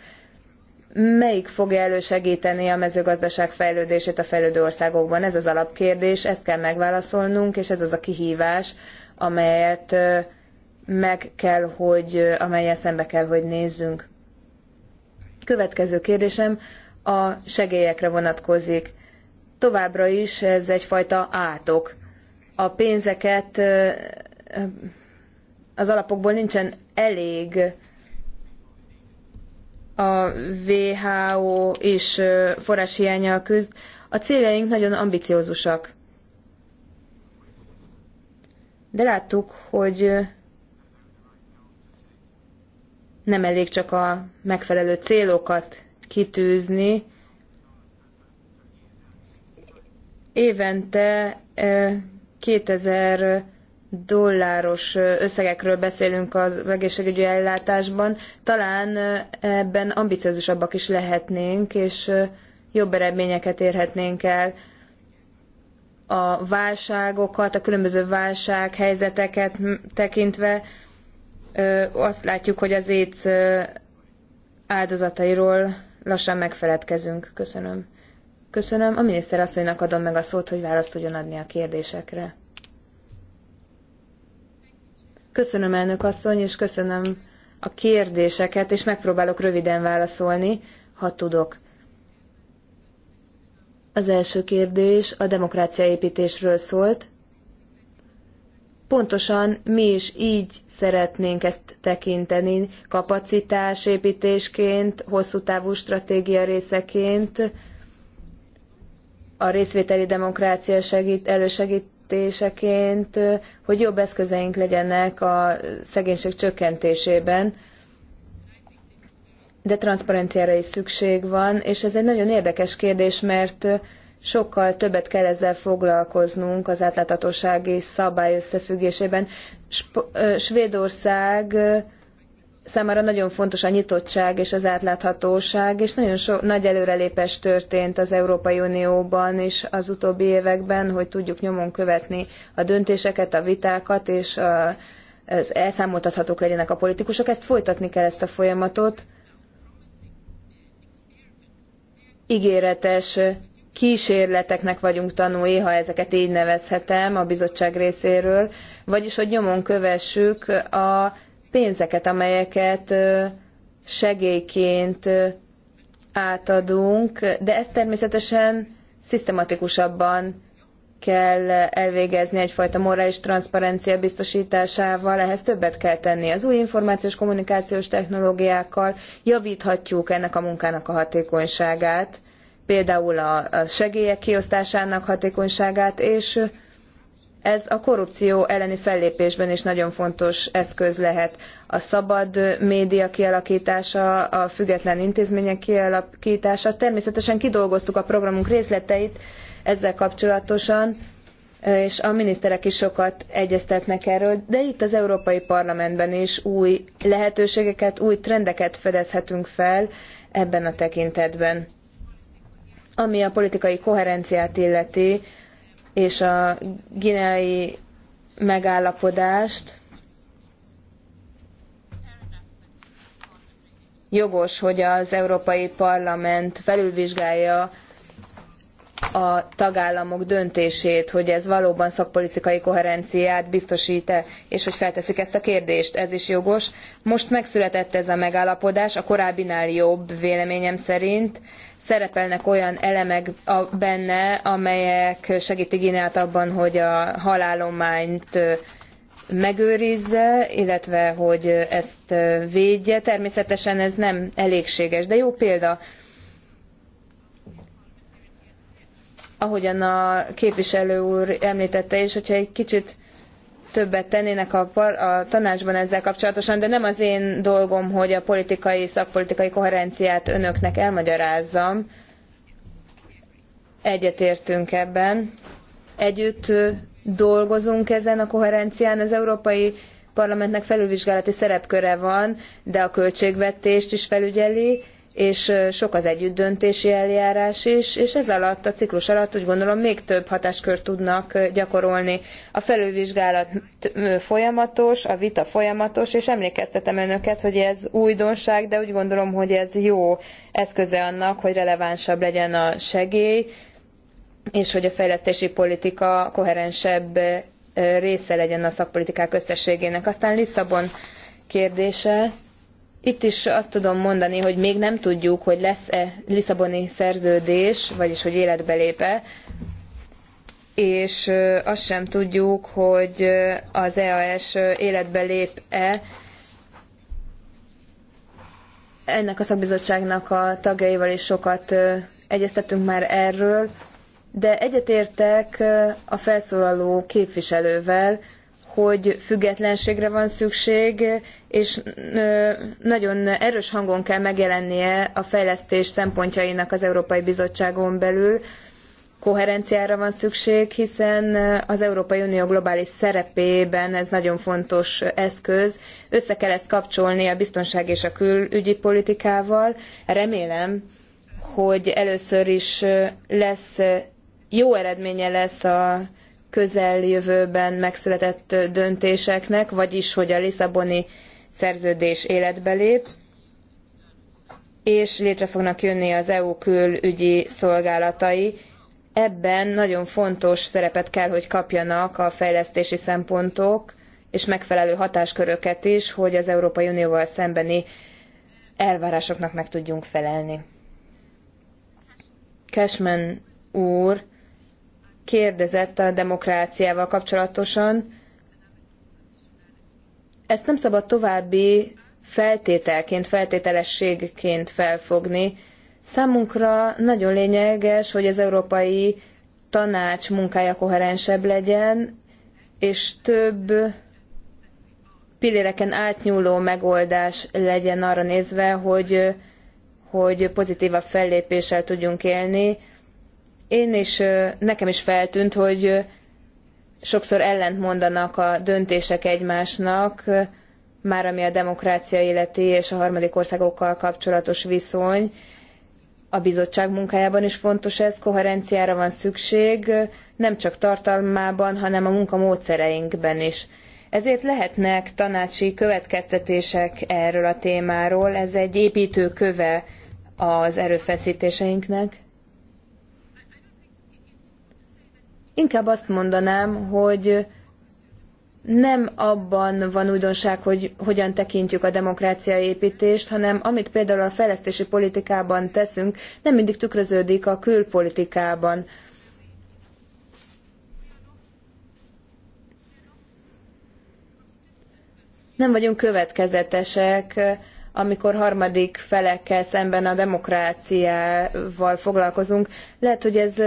melyik fogja elősegíteni a mezőgazdaság fejlődését a fejlődő országokban? Ez az alapkérdés, ezt kell megválaszolnunk, és ez az a kihívás, amelyet meg kell, hogy, amelyel szembe kell, hogy nézzünk. Következő kérdésem a segélyekre vonatkozik. Továbbra is ez egyfajta átok. A pénzeket az alapokból nincsen elég a WHO is forráshiányjal küzd. A céljaink nagyon ambiciózusak. De láttuk, hogy nem elég csak a megfelelő célokat kitűzni. Évente 2000 dolláros összegekről beszélünk az egészségügyi ellátásban, talán ebben ambiciózusabbak is lehetnénk, és jobb eredményeket érhetnénk el. A válságokat, a különböző válsághelyzeteket tekintve azt látjuk, hogy az éc áldozatairól lassan megfeledkezünk. Köszönöm. Köszönöm. A miniszter asszonynak adom meg a szót, hogy választ tudjon adni a kérdésekre. Köszönöm, elnök asszony, és köszönöm a kérdéseket, és megpróbálok röviden válaszolni, ha tudok. Az első kérdés a demokráciaépítésről szólt. Pontosan mi is így szeretnénk ezt tekinteni, kapacitásépítésként, hosszú távú stratégia részeként, a részvételi demokrácia segít, elősegít, intézkedéseként, hogy jobb eszközeink legyenek a szegénység csökkentésében, de transzparenciára is szükség van, és ez egy nagyon érdekes kérdés, mert sokkal többet kell ezzel foglalkoznunk az átláthatósági szabály összefüggésében. Sp- Svédország számára nagyon fontos a nyitottság és az átláthatóság, és nagyon so, nagy előrelépés történt az Európai Unióban is az utóbbi években, hogy tudjuk nyomon követni a döntéseket, a vitákat, és a, elszámoltathatók legyenek a politikusok. Ezt folytatni kell ezt a folyamatot. Ígéretes kísérleteknek vagyunk tanúi, ha ezeket így nevezhetem a bizottság részéről, vagyis hogy nyomon kövessük a pénzeket, amelyeket segélyként átadunk, de ezt természetesen szisztematikusabban kell elvégezni egyfajta morális transzparencia biztosításával, ehhez többet kell tenni. Az új információs kommunikációs technológiákkal javíthatjuk ennek a munkának a hatékonyságát, például a segélyek kiosztásának hatékonyságát, és ez a korrupció elleni fellépésben is nagyon fontos eszköz lehet. A szabad média kialakítása, a független intézmények kialakítása. Természetesen kidolgoztuk a programunk részleteit ezzel kapcsolatosan, és a miniszterek is sokat egyeztetnek erről, de itt az Európai Parlamentben is új lehetőségeket, új trendeket fedezhetünk fel ebben a tekintetben. Ami a politikai koherenciát illeti, és a gineai megállapodást, jogos, hogy az Európai Parlament felülvizsgálja a tagállamok döntését, hogy ez valóban szakpolitikai koherenciát biztosít-e, és hogy felteszik ezt a kérdést. Ez is jogos. Most megszületett ez a megállapodás, a korábbinál jobb véleményem szerint, szerepelnek olyan elemek a, benne, amelyek segítik Gineát abban, hogy a halálományt megőrizze, illetve hogy ezt védje. Természetesen ez nem elégséges, de jó példa. Ahogyan a képviselő úr említette is, hogyha egy kicsit többet tennének a, par, a tanácsban ezzel kapcsolatosan, de nem az én dolgom, hogy a politikai, szakpolitikai koherenciát önöknek elmagyarázzam. Egyetértünk ebben. Együtt dolgozunk ezen a koherencián. Az Európai Parlamentnek felülvizsgálati szerepköre van, de a költségvetést is felügyeli, és sok az együttdöntési eljárás is, és ez alatt, a ciklus alatt úgy gondolom még több hatáskört tudnak gyakorolni. A felülvizsgálat folyamatos, a vita folyamatos, és emlékeztetem önöket, hogy ez újdonság, de úgy gondolom, hogy ez jó eszköze annak, hogy relevánsabb legyen a segély, és hogy a fejlesztési politika koherensebb része legyen a szakpolitikák összességének. Aztán Lisszabon kérdése itt is azt tudom mondani, hogy még nem tudjuk, hogy lesz-e Lisszaboni szerződés, vagyis hogy életbe lép-e, és azt sem tudjuk, hogy az EAS életbe lép-e, ennek a szakbizottságnak a tagjaival is sokat egyeztettünk már erről, de egyetértek a felszólaló képviselővel, hogy függetlenségre van szükség, és nagyon erős hangon kell megjelennie a fejlesztés szempontjainak az Európai Bizottságon belül. Koherenciára van szükség, hiszen az Európai Unió globális szerepében ez nagyon fontos eszköz. Össze kell ezt kapcsolni a biztonság és a külügyi politikával. Remélem, hogy először is lesz jó eredménye lesz a közeljövőben megszületett döntéseknek, vagyis hogy a Lisszaboni szerződés életbe lép, és létre fognak jönni az EU külügyi szolgálatai. Ebben nagyon fontos szerepet kell, hogy kapjanak a fejlesztési szempontok, és megfelelő hatásköröket is, hogy az Európai Unióval szembeni elvárásoknak meg tudjunk felelni. Cashman úr kérdezett a demokráciával kapcsolatosan. Ezt nem szabad további feltételként, feltételességként felfogni. Számunkra nagyon lényeges, hogy az Európai Tanács munkája koherensebb legyen, és több pilléreken átnyúló megoldás legyen arra nézve, hogy, hogy pozitívabb fellépéssel tudjunk élni. Én is, nekem is feltűnt, hogy sokszor ellent mondanak a döntések egymásnak, már ami a demokrácia életi és a harmadik országokkal kapcsolatos viszony. A bizottság munkájában is fontos ez, koherenciára van szükség, nem csak tartalmában, hanem a munka módszereinkben is. Ezért lehetnek tanácsi következtetések erről a témáról, ez egy köve az erőfeszítéseinknek. Inkább azt mondanám, hogy nem abban van újdonság, hogy hogyan tekintjük a demokrácia építést, hanem amit például a fejlesztési politikában teszünk, nem mindig tükröződik a külpolitikában. Nem vagyunk következetesek, amikor harmadik felekkel szemben a demokráciával foglalkozunk. Lehet, hogy ez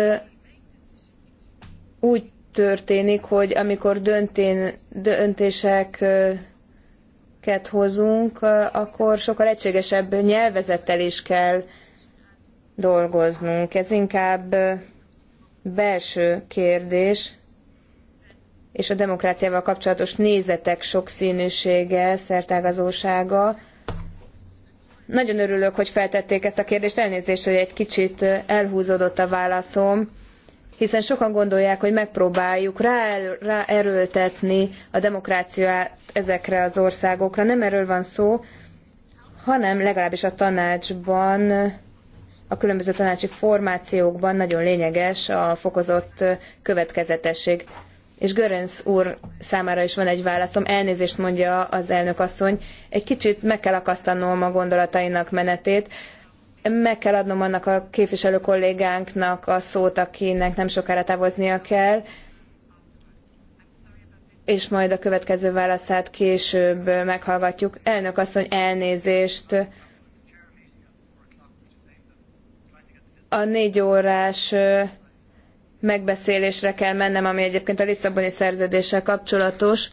úgy történik, hogy amikor döntén, döntéseket hozunk, akkor sokkal egységesebb nyelvezettel is kell dolgoznunk. Ez inkább belső kérdés, és a demokráciával kapcsolatos nézetek sokszínűsége, szertágazósága. Nagyon örülök, hogy feltették ezt a kérdést, elnézést, hogy egy kicsit elhúzódott a válaszom hiszen sokan gondolják, hogy megpróbáljuk ráerőltetni a demokráciát ezekre az országokra. Nem erről van szó, hanem legalábbis a tanácsban, a különböző tanácsi formációkban nagyon lényeges a fokozott következetesség. És Görönc úr számára is van egy válaszom, elnézést mondja az elnök asszony, egy kicsit meg kell akasztanom a gondolatainak menetét, meg kell adnom annak a képviselő kollégánknak a szót, akinek nem sokára távoznia kell, és majd a következő válaszát később meghallgatjuk. Elnök asszony, elnézést! A négy órás megbeszélésre kell mennem, ami egyébként a Lisszaboni szerződéssel kapcsolatos.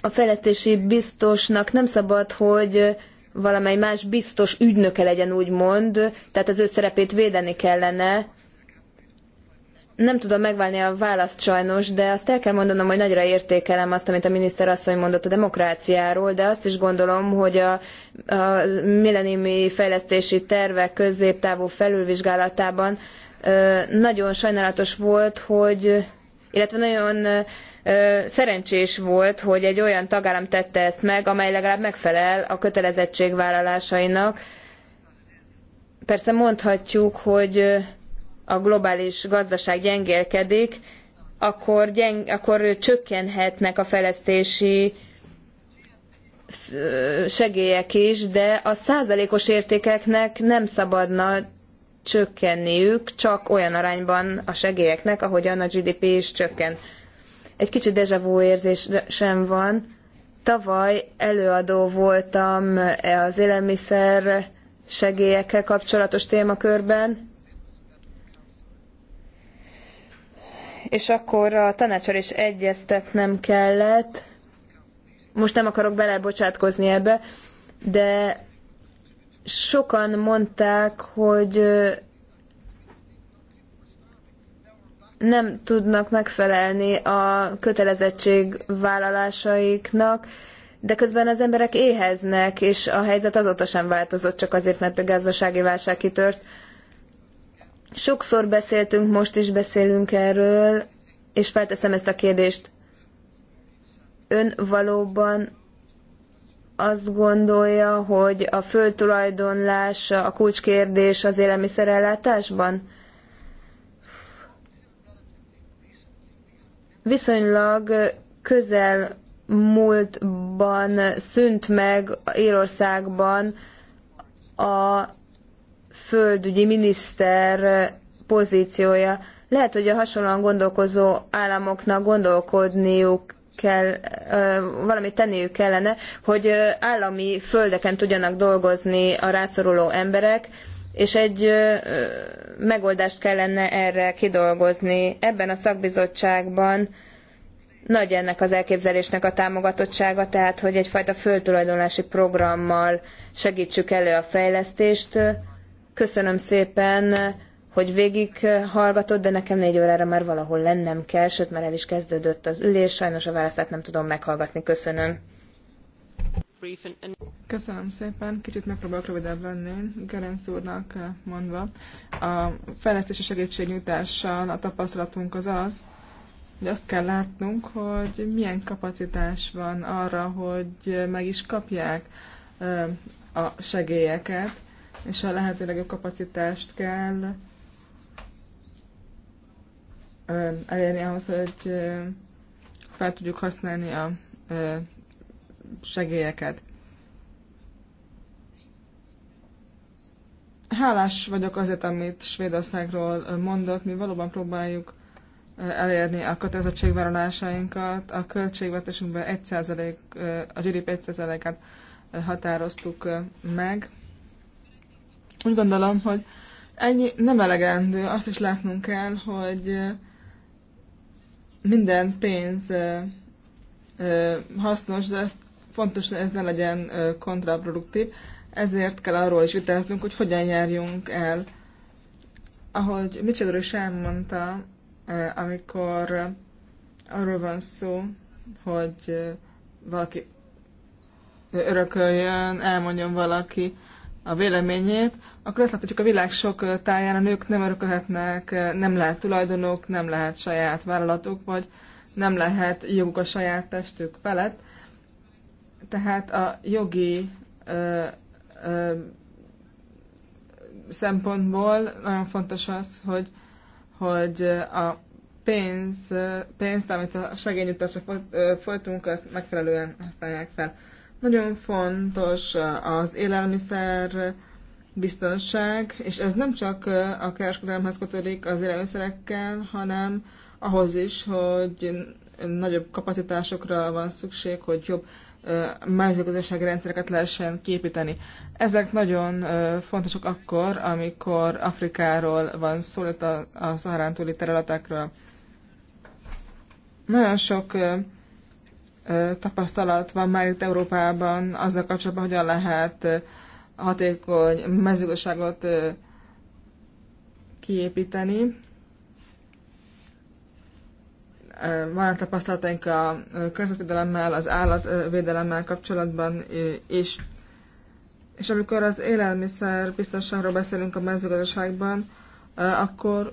A fejlesztési biztosnak nem szabad, hogy valamely más biztos ügynöke legyen, úgymond, tehát az ő szerepét védeni kellene. Nem tudom megválni a választ sajnos, de azt el kell mondanom, hogy nagyra értékelem azt, amit a miniszter asszony mondott a demokráciáról, de azt is gondolom, hogy a, a millenniumi fejlesztési tervek középtávú felülvizsgálatában nagyon sajnálatos volt, hogy illetve nagyon szerencsés volt, hogy egy olyan tagállam tette ezt meg, amely legalább megfelel a kötelezettségvállalásainak. Persze mondhatjuk, hogy a globális gazdaság gyengélkedik, akkor, gyeng, akkor csökkenhetnek a fejlesztési segélyek is, de a százalékos értékeknek nem szabadna csökkenniük, csak olyan arányban a segélyeknek, ahogyan a GDP is csökken. Egy kicsit dejavú érzés sem van. Tavaly előadó voltam az élelmiszer segélyekkel kapcsolatos témakörben, és akkor a tanácsal is egyeztetnem kellett. Most nem akarok belebocsátkozni ebbe, de sokan mondták, hogy nem tudnak megfelelni a kötelezettség vállalásaiknak, de közben az emberek éheznek, és a helyzet azóta sem változott, csak azért, mert a gazdasági válság kitört. Sokszor beszéltünk, most is beszélünk erről, és felteszem ezt a kérdést. Ön valóban azt gondolja, hogy a földtulajdonlás a kulcskérdés az élelmiszerellátásban? viszonylag közel múltban szűnt meg Írországban a földügyi miniszter pozíciója. Lehet, hogy a hasonlóan gondolkozó államoknak gondolkodniuk kell, valamit tenniük kellene, hogy állami földeken tudjanak dolgozni a rászoruló emberek, és egy megoldást kellene erre kidolgozni. Ebben a szakbizottságban nagy ennek az elképzelésnek a támogatottsága, tehát hogy egyfajta földtulajdonlási programmal segítsük elő a fejlesztést. Köszönöm szépen, hogy végig hallgatott, de nekem négy órára már valahol lennem kell, sőt már el is kezdődött az ülés, sajnos a választát nem tudom meghallgatni. Köszönöm. Köszönöm szépen, kicsit megpróbálok rövidebb lenni, Gerenc úrnak mondva. A fejlesztési segítségnyújtással a tapasztalatunk az az, hogy azt kell látnunk, hogy milyen kapacitás van arra, hogy meg is kapják a segélyeket, és a lehető legjobb kapacitást kell elérni ahhoz, hogy fel tudjuk használni a segélyeket. Hálás vagyok azért, amit Svédországról mondott, mi valóban próbáljuk elérni a kötelezettségvállalásainkat. A költségvetésünkben 1%, a GDP 1%-át határoztuk meg. Úgy gondolom, hogy ennyi nem elegendő. Azt is látnunk kell, hogy minden pénz hasznos, de fontos, hogy ez ne legyen kontraproduktív, ezért kell arról is vitáznunk, hogy hogyan járjunk el. Ahogy Mitchell is elmondta, amikor arról van szó, hogy valaki örököljön, elmondjon valaki a véleményét, akkor azt hogy a világ sok táján a nők nem örökölhetnek, nem lehet tulajdonok, nem lehet saját vállalatuk, vagy nem lehet joguk a saját testük felett. Tehát a jogi ö, ö, szempontból nagyon fontos az, hogy, hogy a pénz, pénzt, amit a segényutasra folytunk, azt megfelelően használják fel. Nagyon fontos az élelmiszer biztonság, és ez nem csak a kereskedelemhez kötődik az élelmiszerekkel, hanem ahhoz is, hogy nagyobb kapacitásokra van szükség, hogy jobb mezőgazdasági rendszereket lehessen képíteni. Ezek nagyon fontosak akkor, amikor Afrikáról van szó, a, a szaharán túli területekről. Nagyon sok tapasztalat van már itt Európában azzal kapcsolatban, hogyan lehet hatékony mezőgazdaságot kiépíteni. Van tapasztalataink a környezetvédelemmel, az állatvédelemmel kapcsolatban is. És amikor az élelmiszer biztonságról beszélünk a mezőgazdaságban, akkor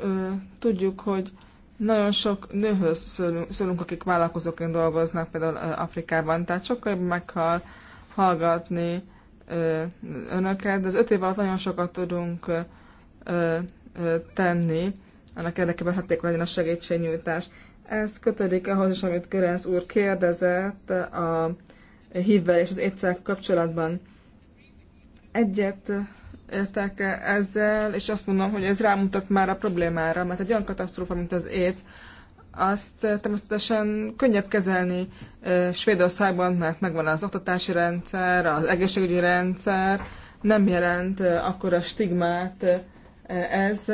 tudjuk, hogy nagyon sok nőhöz szólunk, szólunk akik vállalkozóként dolgoznak, például Afrikában. Tehát sokkal jobb meghal hallgatni önöket, de az öt év alatt nagyon sokat tudunk tenni, annak érdekében hatékony legyen a segítségnyújtás. Ez kötődik ahhoz is, amit Görenc úr kérdezett a hívvel és az étszel kapcsolatban. Egyet értek -e ezzel, és azt mondom, hogy ez rámutat már a problémára, mert egy olyan katasztrófa, mint az étsz, azt természetesen könnyebb kezelni Svédországban, mert megvan az oktatási rendszer, az egészségügyi rendszer, nem jelent akkora stigmát ez,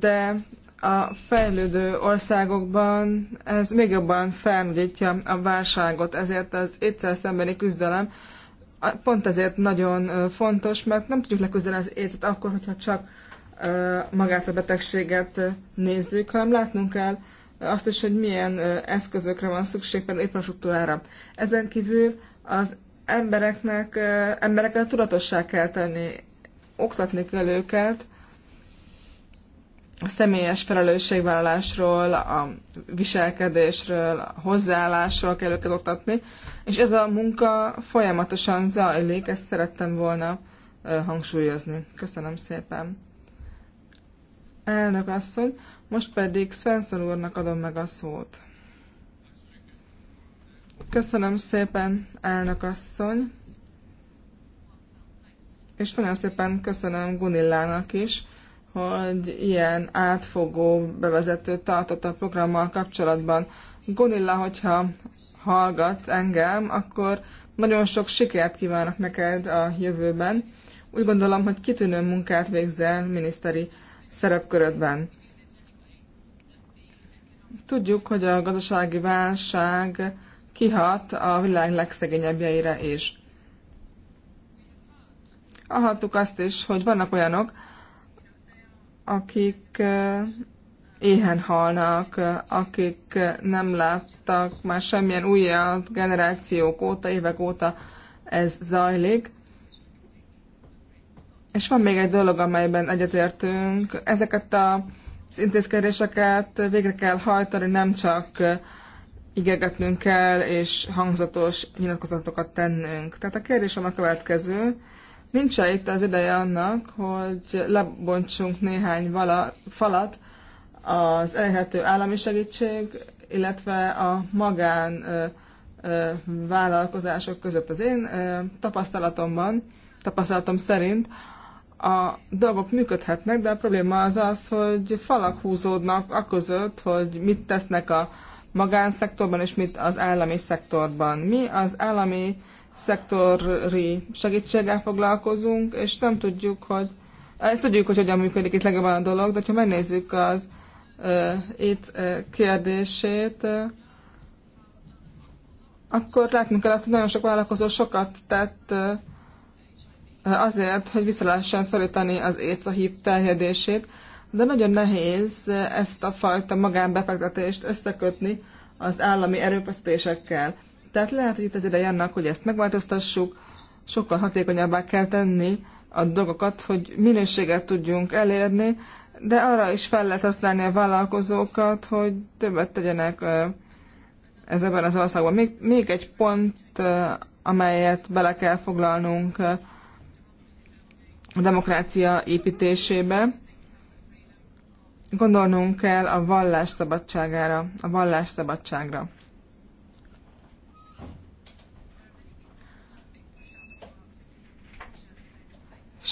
de a fejlődő országokban ez még jobban felnagyítja a válságot, ezért az étszel szembeni küzdelem pont ezért nagyon fontos, mert nem tudjuk leküzdeni az étet akkor, hogyha csak magát a betegséget nézzük, hanem látnunk kell azt is, hogy milyen eszközökre van szükség, például infrastruktúrára. Ezen kívül az embereknek, emberekkel tudatosság kell tenni, oktatni kell őket, a személyes felelősségvállalásról, a viselkedésről, a hozzáállásról kell őket oktatni, és ez a munka folyamatosan zajlik, ezt szerettem volna hangsúlyozni. Köszönöm szépen. Elnök asszony, most pedig Svensson úrnak adom meg a szót. Köszönöm szépen, elnök asszony. És nagyon szépen köszönöm Gunillának is, hogy ilyen átfogó bevezető tartott a programmal kapcsolatban. Gunilla, hogyha hallgatsz engem, akkor nagyon sok sikert kívánok neked a jövőben. Úgy gondolom, hogy kitűnő munkát végzel miniszteri szerepkörödben. Tudjuk, hogy a gazdasági válság kihat a világ legszegényebbjeire is. Ahattuk azt is, hogy vannak olyanok, akik éhen halnak, akik nem láttak már semmilyen újat generációk óta, évek óta ez zajlik. És van még egy dolog, amelyben egyetértünk. Ezeket a, az intézkedéseket végre kell hajtani, nem csak igegetnünk kell, és hangzatos nyilatkozatokat tennünk. Tehát a kérdésem a következő nincs -e itt az ideje annak, hogy lebontsunk néhány vala, falat az elérhető állami segítség, illetve a magán ö, ö, vállalkozások között. Az én ö, tapasztalatomban, tapasztalatom szerint a dolgok működhetnek, de a probléma az az, hogy falak húzódnak a között, hogy mit tesznek a magánszektorban és mit az állami szektorban. Mi az állami szektori segítséggel foglalkozunk, és nem tudjuk, hogy ezt tudjuk, hogy hogyan működik itt legjobban a dolog, de ha megnézzük az uh, itt uh, kérdését, uh, akkor látnunk kell, hogy nagyon sok vállalkozó sokat tett uh, azért, hogy vissza lehessen szorítani az AIDS a hív terjedését, de nagyon nehéz ezt a fajta magánbefektetést összekötni az állami erőfeszítésekkel. Tehát lehet, hogy itt az ideje annak, hogy ezt megváltoztassuk, sokkal hatékonyabbá kell tenni a dolgokat, hogy minőséget tudjunk elérni, de arra is fel lehet használni a vállalkozókat, hogy többet tegyenek ez ebben az országban. Még, még egy pont, amelyet bele kell foglalnunk a demokrácia építésébe. Gondolnunk kell a vallás szabadságára, a vallás szabadságra.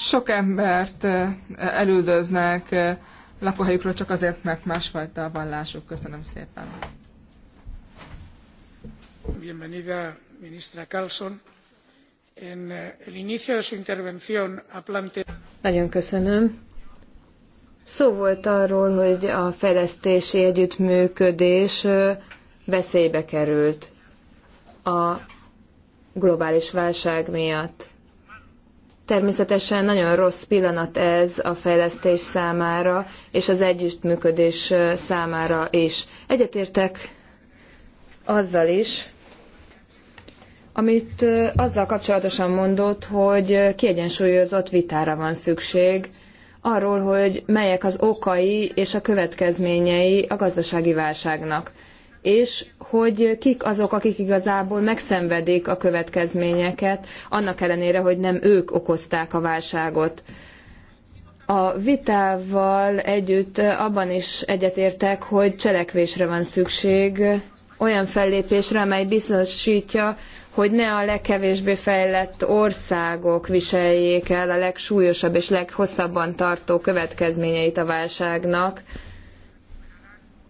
Sok embert elüldöznek lakóhelyükről csak azért, mert másfajta a vallásuk. Köszönöm szépen. Bienvenida, ministra Carlson. En eh, el inicio de su intervención ha planteado... Nagyon köszönöm. Szó volt arról, hogy a fejlesztési együttműködés veszélybe került a globális válság miatt. Természetesen nagyon rossz pillanat ez a fejlesztés számára, és az együttműködés számára is. Egyetértek azzal is, amit azzal kapcsolatosan mondott, hogy kiegyensúlyozott vitára van szükség arról, hogy melyek az okai és a következményei a gazdasági válságnak és hogy kik azok, akik igazából megszenvedik a következményeket, annak ellenére, hogy nem ők okozták a válságot. A vitával együtt abban is egyetértek, hogy cselekvésre van szükség, olyan fellépésre, amely biztosítja, hogy ne a legkevésbé fejlett országok viseljék el a legsúlyosabb és leghosszabban tartó következményeit a válságnak,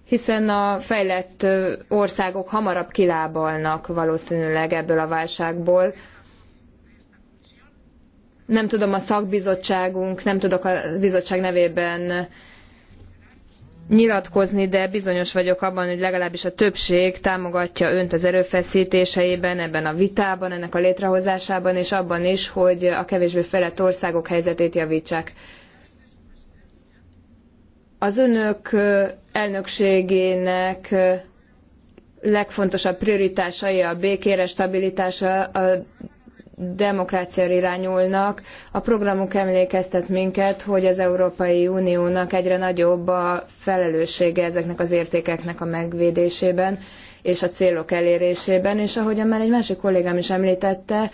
hiszen a fejlett országok hamarabb kilábalnak valószínűleg ebből a válságból. Nem tudom, a szakbizottságunk, nem tudok a bizottság nevében nyilatkozni, de bizonyos vagyok abban, hogy legalábbis a többség támogatja önt az erőfeszítéseiben, ebben a vitában, ennek a létrehozásában, és abban is, hogy a kevésbé fejlett országok helyzetét javítsák. Az önök elnökségének legfontosabb prioritásai a békére, stabilitásra, a demokráciára irányulnak. A programunk emlékeztet minket, hogy az Európai Uniónak egyre nagyobb a felelőssége ezeknek az értékeknek a megvédésében és a célok elérésében, és ahogyan már egy másik kollégám is említette,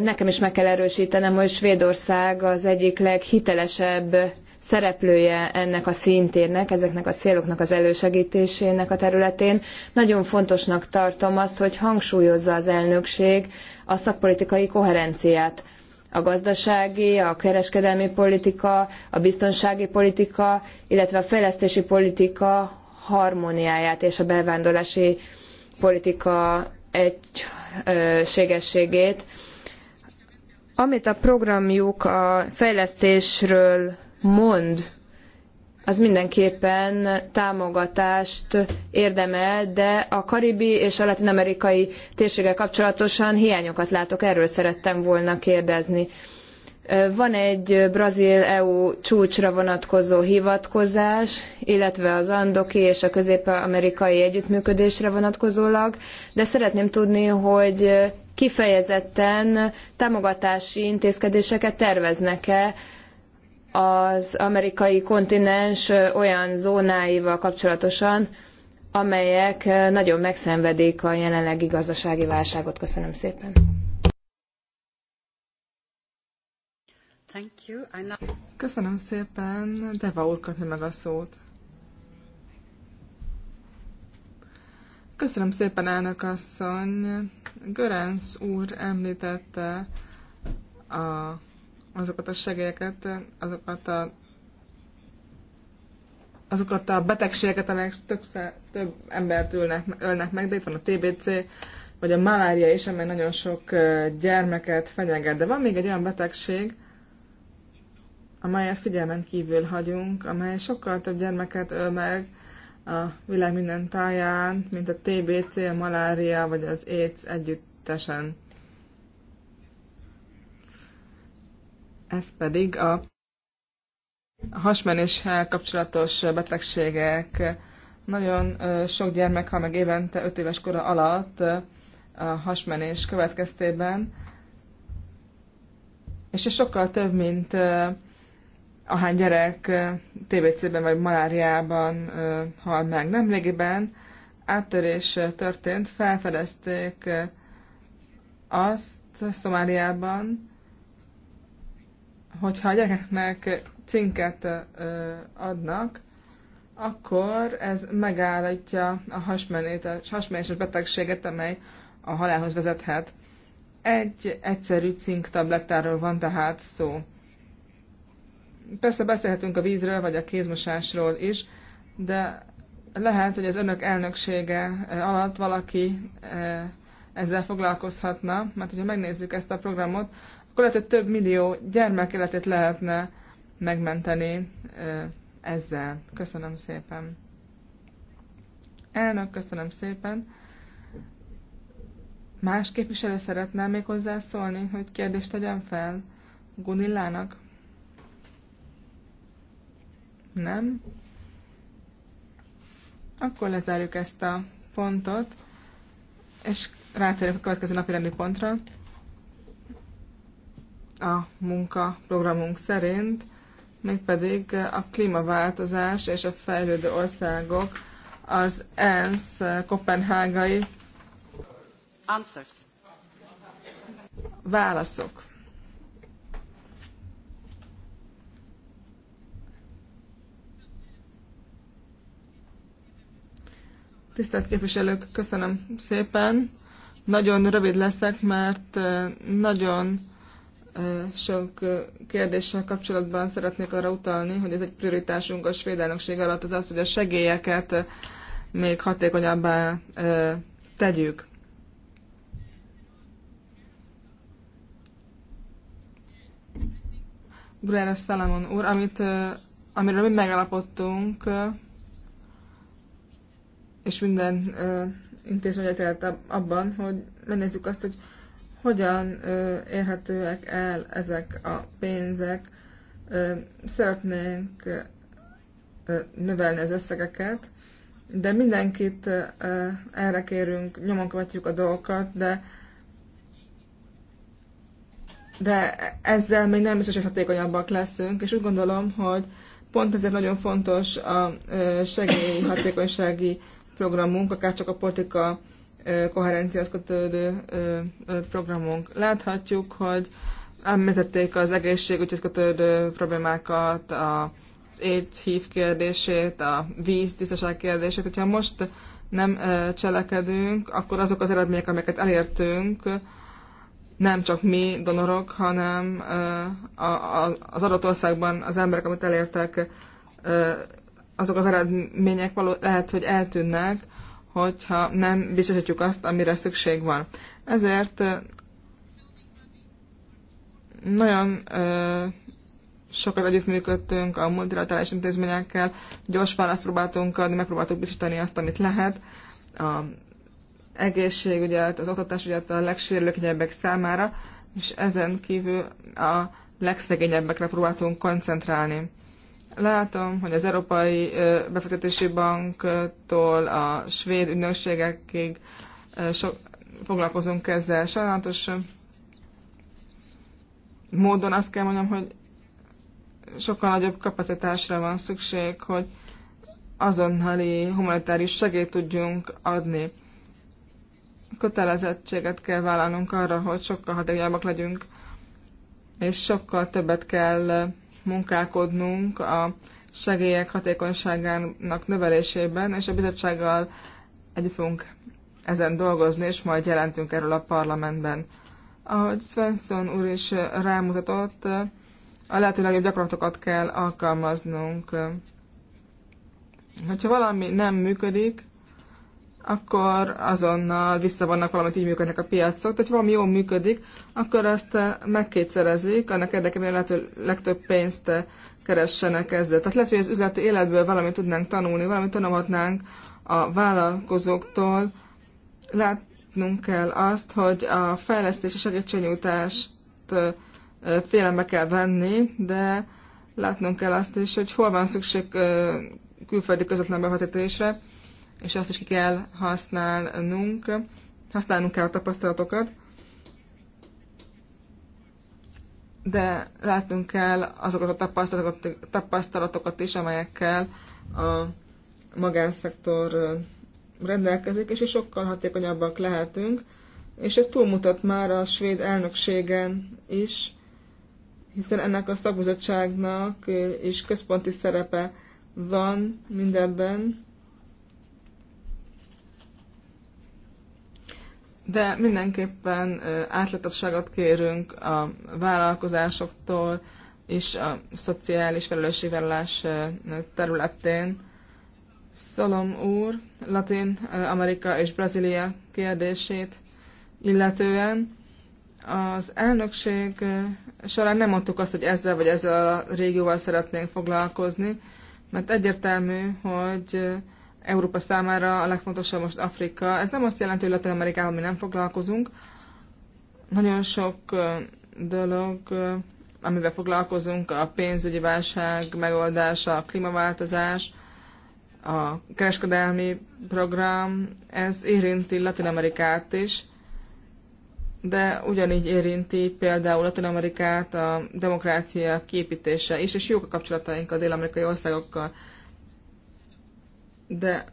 nekem is meg kell erősítenem, hogy Svédország az egyik leghitelesebb szereplője ennek a szintérnek, ezeknek a céloknak az elősegítésének a területén. Nagyon fontosnak tartom azt, hogy hangsúlyozza az elnökség a szakpolitikai koherenciát. A gazdasági, a kereskedelmi politika, a biztonsági politika, illetve a fejlesztési politika harmóniáját és a bevándorlási politika egységességét. Amit a programjuk a fejlesztésről mond, az mindenképpen támogatást érdemel, de a karibi és a latin-amerikai térséggel kapcsolatosan hiányokat látok, erről szerettem volna kérdezni. Van egy Brazil-EU csúcsra vonatkozó hivatkozás, illetve az andoki és a közép-amerikai együttműködésre vonatkozólag, de szeretném tudni, hogy kifejezetten támogatási intézkedéseket terveznek-e az amerikai kontinens olyan zónáival kapcsolatosan, amelyek nagyon megszenvedik a jelenlegi gazdasági válságot. Köszönöm szépen. Köszönöm szépen. Deva úr kapja meg a szót. Köszönöm szépen, elnök asszony. Görenc úr említette a azokat a segélyeket, azokat a azokat a betegségeket, amelyek több, több embert ülnek, ölnek meg, de itt van a TBC, vagy a malária is, amely nagyon sok gyermeket fenyeget. De van még egy olyan betegség, amelyet figyelmen kívül hagyunk, amely sokkal több gyermeket öl meg a világ minden táján, mint a TBC, a malária, vagy az AIDS együttesen. ez pedig a hasmenéssel kapcsolatos betegségek. Nagyon sok gyermek ha meg évente 5 éves kora alatt a hasmenés következtében, és ez sokkal több, mint ahány gyerek TBC-ben vagy maláriában hal meg. nem végében áttörés történt, felfedezték azt Szomáliában, hogyha a gyerekeknek cinket adnak, akkor ez megállítja a hasmenéses betegséget, amely a halálhoz vezethet. Egy egyszerű cink tablettáról van tehát szó. Persze beszélhetünk a vízről vagy a kézmosásról is, de lehet, hogy az önök elnöksége alatt valaki ezzel foglalkozhatna, mert hogyha megnézzük ezt a programot, akkor lehet, hogy több millió gyermek életét lehetne megmenteni ezzel. Köszönöm szépen. Elnök, köszönöm szépen. Más képviselő szeretne még hozzászólni, hogy kérdést tegyen fel Gunillának? Nem? Akkor lezárjuk ezt a pontot, és rátérjük a következő napi rendi pontra a munkaprogramunk szerint, mégpedig a klímaváltozás és a fejlődő országok az ENSZ kopenhágai Answers. válaszok. Tisztelt képviselők, köszönöm szépen. Nagyon rövid leszek, mert eh, nagyon sok kérdéssel kapcsolatban szeretnék arra utalni, hogy ez egy prioritásunk a svéd elnökség alatt az az, hogy a segélyeket még hatékonyabbá tegyük. Gulára Salamon úr, amit, amiről mi megalapodtunk, és minden intézmény abban, hogy megnézzük azt, hogy hogyan érhetőek el ezek a pénzek. Szeretnénk növelni az összegeket, de mindenkit erre kérünk, nyomon követjük a dolgokat, de de ezzel még nem biztos, hogy hatékonyabbak leszünk, és úgy gondolom, hogy pont ezért nagyon fontos a segélyhatékonysági programunk, akár csak a politika koherenciához kötődő programunk. Láthatjuk, hogy említették az egészségügyhez kötődő problémákat, az AIDS hív kérdését, a víz tisztaság kérdését. Hogyha most nem cselekedünk, akkor azok az eredmények, amiket elértünk, nem csak mi donorok, hanem az adott országban az emberek, amit elértek, azok az eredmények való, lehet, hogy eltűnnek, hogyha nem biztosítjuk azt, amire szükség van. Ezért nagyon ö, sokat együttműködtünk a multilaterális intézményekkel, gyors választ próbáltunk adni, megpróbáltuk biztosítani azt, amit lehet, a egészségügyet, az oktatásügyet a legsérülékenyebbek számára, és ezen kívül a legszegényebbekre próbáltunk koncentrálni. Látom, hogy az Európai Befektetési Banktól a svéd ügynökségekig sok, foglalkozunk ezzel. Sajnálatos módon azt kell mondjam, hogy sokkal nagyobb kapacitásra van szükség, hogy azonnali humanitárius segélyt tudjunk adni. Kötelezettséget kell vállalnunk arra, hogy sokkal hatékonyabbak legyünk, és sokkal többet kell munkálkodnunk a segélyek hatékonyságának növelésében, és a bizottsággal együtt fogunk ezen dolgozni, és majd jelentünk erről a parlamentben. Ahogy Svensson úr is rámutatott, a lehető legjobb gyakorlatokat kell alkalmaznunk. Hogyha valami nem működik, akkor azonnal visszavannak valamit, így működnek a piacok. Tehát valami jól működik, akkor azt eh, megkétszerezik, annak érdekében lehető legtöbb pénzt eh, keressenek ezzel. Tehát lehet, hogy az üzleti életből valamit tudnánk tanulni, valamit tanulhatnánk a vállalkozóktól. Látnunk kell azt, hogy a fejlesztés és segítségnyújtást eh, félembe kell venni, de látnunk kell azt is, hogy hol van szükség külföldi közvetlen befektetésre, és azt is ki kell használnunk, használnunk kell a tapasztalatokat, de látnunk kell azokat a tapasztalatokat, tapasztalatokat is, amelyekkel a magánszektor rendelkezik, és is sokkal hatékonyabbak lehetünk, és ez túlmutat már a svéd elnökségen is, hiszen ennek a szakbizottságnak is központi szerepe van mindebben, de mindenképpen átlátottságot kérünk a vállalkozásoktól és a szociális felelősségvállalás területén. Szalom úr, Latin Amerika és Brazília kérdését illetően az elnökség során nem mondtuk azt, hogy ezzel vagy ezzel a régióval szeretnénk foglalkozni, mert egyértelmű, hogy Európa számára a legfontosabb most Afrika. Ez nem azt jelenti, hogy Latin Amerikában mi nem foglalkozunk. Nagyon sok dolog, amivel foglalkozunk, a pénzügyi válság megoldása, a klímaváltozás, a kereskedelmi program, ez érinti Latin Amerikát is, de ugyanígy érinti például Latin Amerikát a demokrácia képítése is, és jók a kapcsolataink a dél-amerikai országokkal de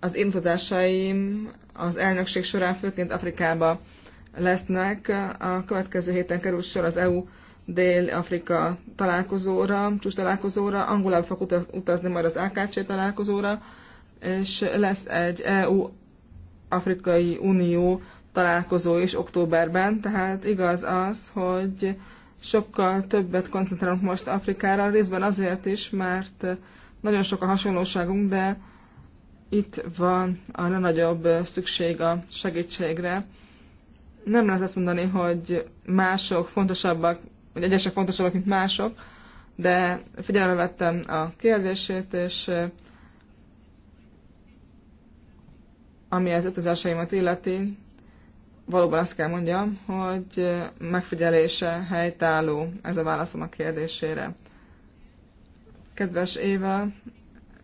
az én utazásaim az elnökség során főként Afrikába lesznek. A következő héten kerül sor az EU Dél-Afrika találkozóra, csúcs találkozóra, Angolába fog utazni majd az AKC találkozóra, és lesz egy EU-Afrikai Unió találkozó is októberben, tehát igaz az, hogy sokkal többet koncentrálunk most Afrikára, részben azért is, mert nagyon sok a hasonlóságunk, de itt van a legnagyobb szükség a segítségre. Nem lehet azt mondani, hogy mások fontosabbak, vagy egyesek fontosabbak, mint mások, de figyelembe vettem a kérdését, és ami az utazásaimat illeti, valóban azt kell mondjam, hogy megfigyelése helytálló ez a válaszom a kérdésére. Kedves Éva,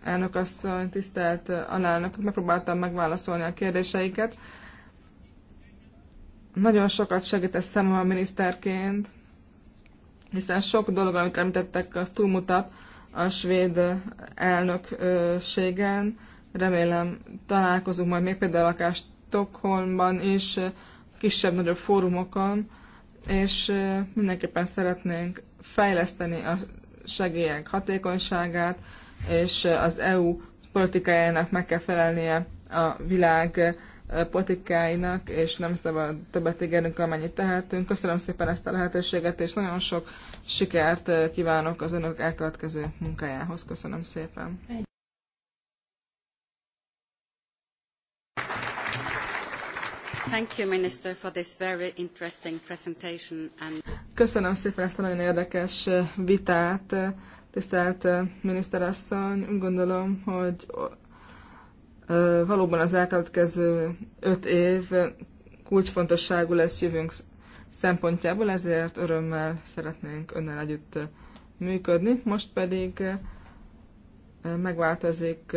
elnökasszony, tisztelt alelnök, megpróbáltam megválaszolni a kérdéseiket. Nagyon sokat segített számomra miniszterként, hiszen sok dolog, amit említettek, az túlmutat a svéd elnökségen. Remélem találkozunk majd még például akár Stockholmban is, kisebb-nagyobb fórumokon, és mindenképpen szeretnénk fejleszteni a segélyek hatékonyságát, és az EU politikájának meg kell felelnie a világ politikáinak, és nem szabad többet ígérnünk, amennyit tehetünk. Köszönöm szépen ezt a lehetőséget, és nagyon sok sikert kívánok az önök elkövetkező munkájához. Köszönöm szépen. Köszönöm szépen ezt a nagyon érdekes vitát, tisztelt miniszterasszony. Úgy gondolom, hogy valóban az elkövetkező öt év kulcsfontosságú lesz jövőnk szempontjából, ezért örömmel szeretnénk önnel együtt működni. Most pedig megváltozik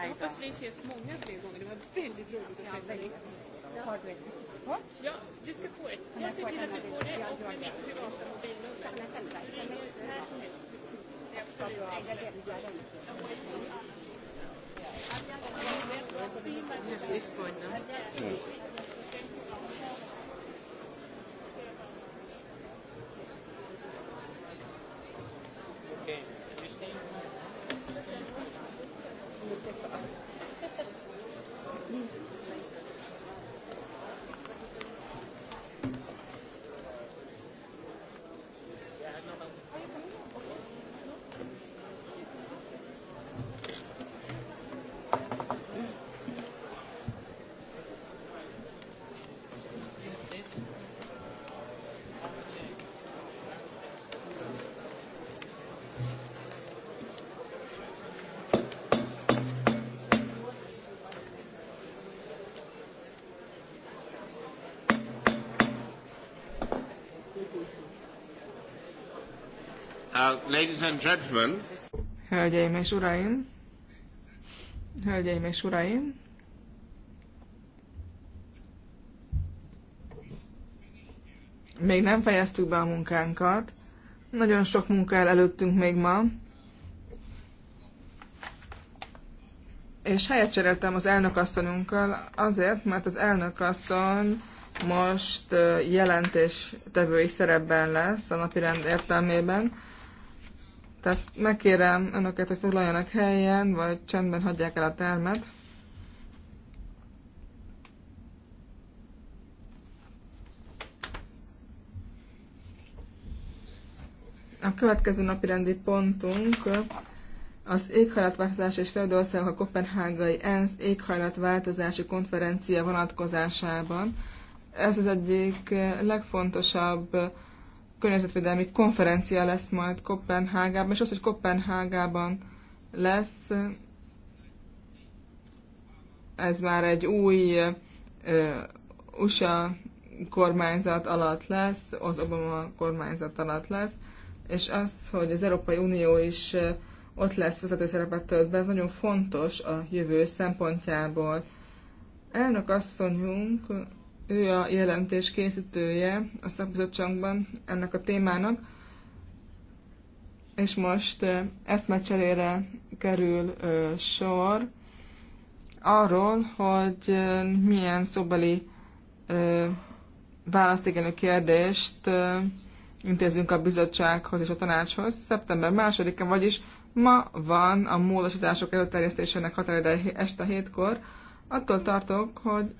Jag hoppas vi ses många fler gånger. Det var väldigt roligt att träffa dig. Ja, du ska få ett. Jag ser till att du får det och med mitt privata mobilnummer. Du ringer när som helst. Absolut. At this point, no? ladies and gentlemen. Hölgyeim és uraim. Hölgyeim és uraim. Még nem fejeztük be a munkánkat. Nagyon sok munka el előttünk még ma. És helyet cseréltem az elnökasszonyunkkal azért, mert az elnökasszony most jelentéstevői szerepben lesz a napirend értelmében, tehát megkérem önöket, hogy foglaljanak helyen, vagy csendben hagyják el a termet. A következő napi rendi pontunk az éghajlatváltozás és Földországok a Kopenhágai ENSZ éghajlatváltozási konferencia vonatkozásában. Ez az egyik legfontosabb környezetvédelmi konferencia lesz majd Kopenhágában, és az, hogy Kopenhágában lesz, ez már egy új uh, USA kormányzat alatt lesz, az Obama kormányzat alatt lesz, és az, hogy az Európai Unió is ott lesz vezető szerepet tölt be, ez nagyon fontos a jövő szempontjából. Elnök asszonyunk ő a jelentés készítője a szakbizottságban ennek a témának, és most eszmecserére kerül sor arról, hogy milyen szóbeli választékelő kérdést intézünk a bizottsághoz és a tanácshoz. Szeptember 2 vagyis ma van a módosítások előterjesztésének határideje este hétkor. Attól tartok, hogy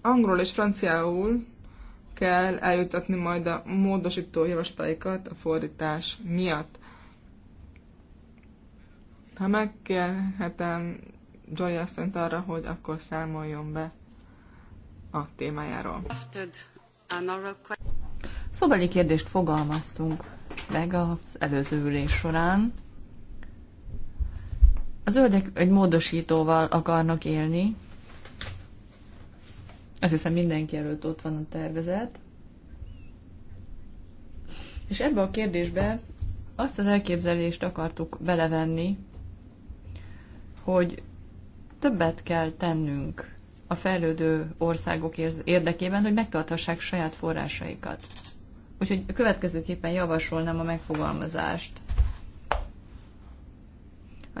angolul és franciául kell eljutatni majd a módosító javaslataikat a fordítás miatt. Ha megkérhetem Jolly asszonyt arra, hogy akkor számoljon be a témájáról. Szóbeli szóval kérdést fogalmaztunk meg az előző ülés során. A zöldek egy módosítóval akarnak élni, azt hiszem mindenki előtt ott van a tervezet. És ebbe a kérdésbe azt az elképzelést akartuk belevenni, hogy többet kell tennünk a fejlődő országok érdekében, hogy megtarthassák saját forrásaikat. Úgyhogy következőképpen javasolnám a megfogalmazást.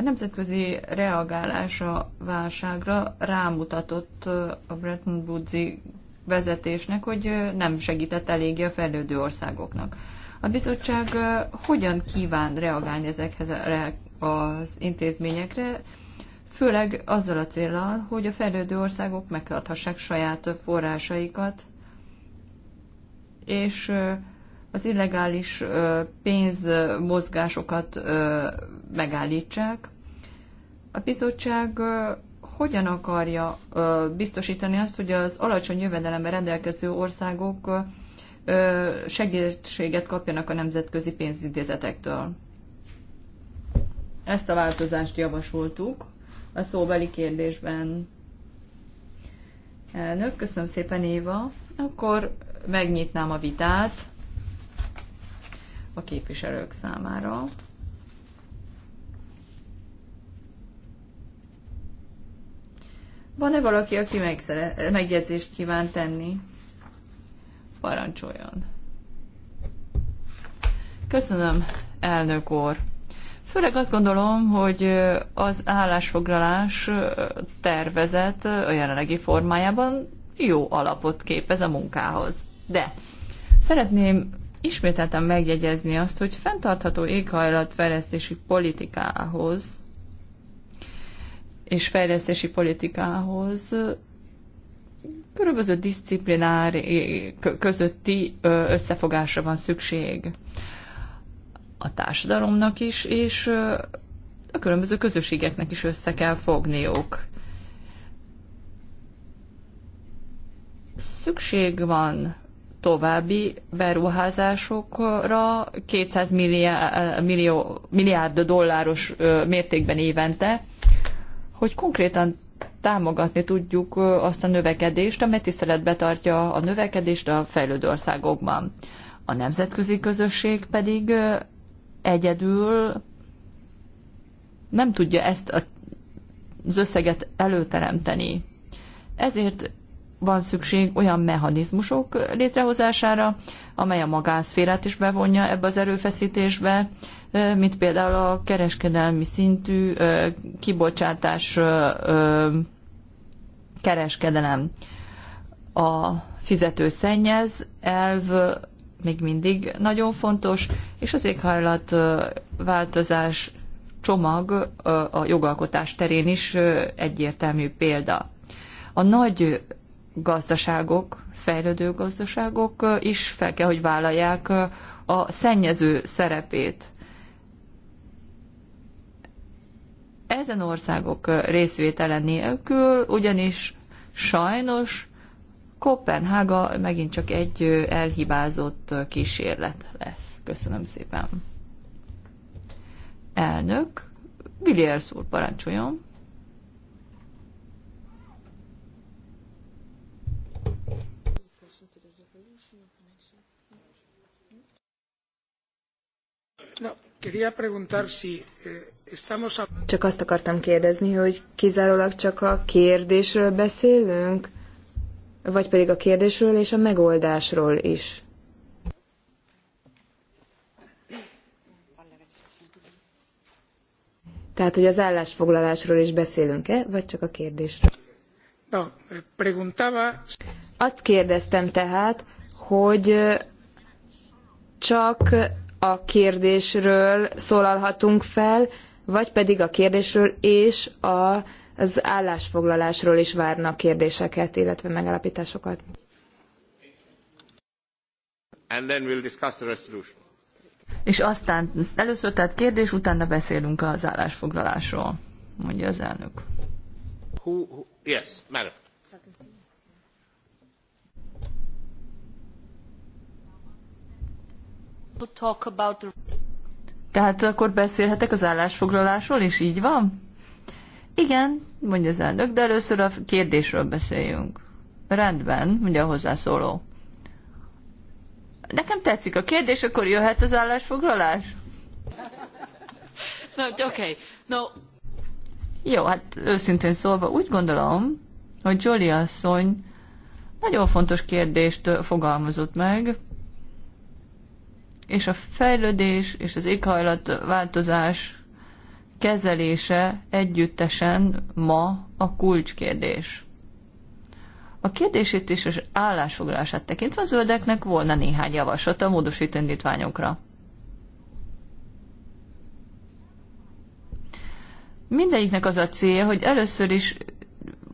A nemzetközi reagálás a válságra rámutatott a Bretton woods vezetésnek, hogy nem segített eléggé a fejlődő országoknak. A bizottság hogyan kíván reagálni ezekhez az intézményekre, főleg azzal a célral, hogy a fejlődő országok megadhassák saját forrásaikat, és az illegális pénzmozgásokat megállítsák. A bizottság hogyan akarja biztosítani azt, hogy az alacsony jövedelembe rendelkező országok segítséget kapjanak a nemzetközi pénzintézetektől? Ezt a változást javasoltuk a szóbeli kérdésben. Elnök, köszönöm szépen Éva. Akkor megnyitnám a vitát a képviselők számára. Van-e valaki, aki megszere- megjegyzést kíván tenni? Parancsoljon. Köszönöm, elnök úr. Főleg azt gondolom, hogy az állásfoglalás tervezet a jelenlegi formájában jó alapot képez a munkához. De szeretném ismételten megjegyezni azt, hogy fenntartható éghajlatfejlesztési politikához és fejlesztési politikához különböző disziplinár közötti összefogásra van szükség a társadalomnak is, és a különböző közösségeknek is össze kell fogniuk. Szükség van további beruházásokra 200 milliá, millió, milliárd dolláros mértékben évente, hogy konkrétan támogatni tudjuk azt a növekedést, amely tiszteletbe tartja a növekedést a fejlődő országokban. A nemzetközi közösség pedig egyedül nem tudja ezt az összeget előteremteni. Ezért van szükség olyan mechanizmusok létrehozására, amely a magánszférát is bevonja ebbe az erőfeszítésbe, mint például a kereskedelmi szintű kibocsátás kereskedelem. A fizető szennyez elv még mindig nagyon fontos, és az éghajlatváltozás csomag a jogalkotás terén is egyértelmű példa. A nagy gazdaságok, fejlődő gazdaságok is fel kell, hogy vállalják a szennyező szerepét. Ezen országok részvétele nélkül ugyanis sajnos Kopenhága megint csak egy elhibázott kísérlet lesz. Köszönöm szépen. Elnök, Williams úr, parancsoljon. Eh, csak azt akartam kérdezni, hogy kizárólag csak a kérdésről beszélünk, vagy pedig a kérdésről és a megoldásról is. Tehát, hogy az állásfoglalásról is beszélünk-e, vagy csak a kérdésről? No, preguntaba... Azt kérdeztem tehát, hogy csak a kérdésről szólalhatunk fel, vagy pedig a kérdésről és a, az állásfoglalásról is várnak kérdéseket, illetve megállapításokat. We'll és aztán először tehát kérdés, utána beszélünk az állásfoglalásról, mondja az elnök. Who, who, yes, madam. Tehát akkor beszélhetek az állásfoglalásról és így van? Igen, mondja az elnök, de először a kérdésről beszéljünk. Rendben, mondja a hozzászóló. Nekem tetszik a kérdés, akkor jöhet az állásfoglalás? No, oké. Okay. No. Jó, hát őszintén szólva úgy gondolom, hogy Jolie asszony nagyon fontos kérdést fogalmazott meg, és a fejlődés és az éghajlatváltozás kezelése együttesen ma a kulcskérdés. A kérdését és az állásfoglalását tekintve a zöldeknek volna néhány javaslata a módosító indítványokra. Mindegyiknek az a célja, hogy először is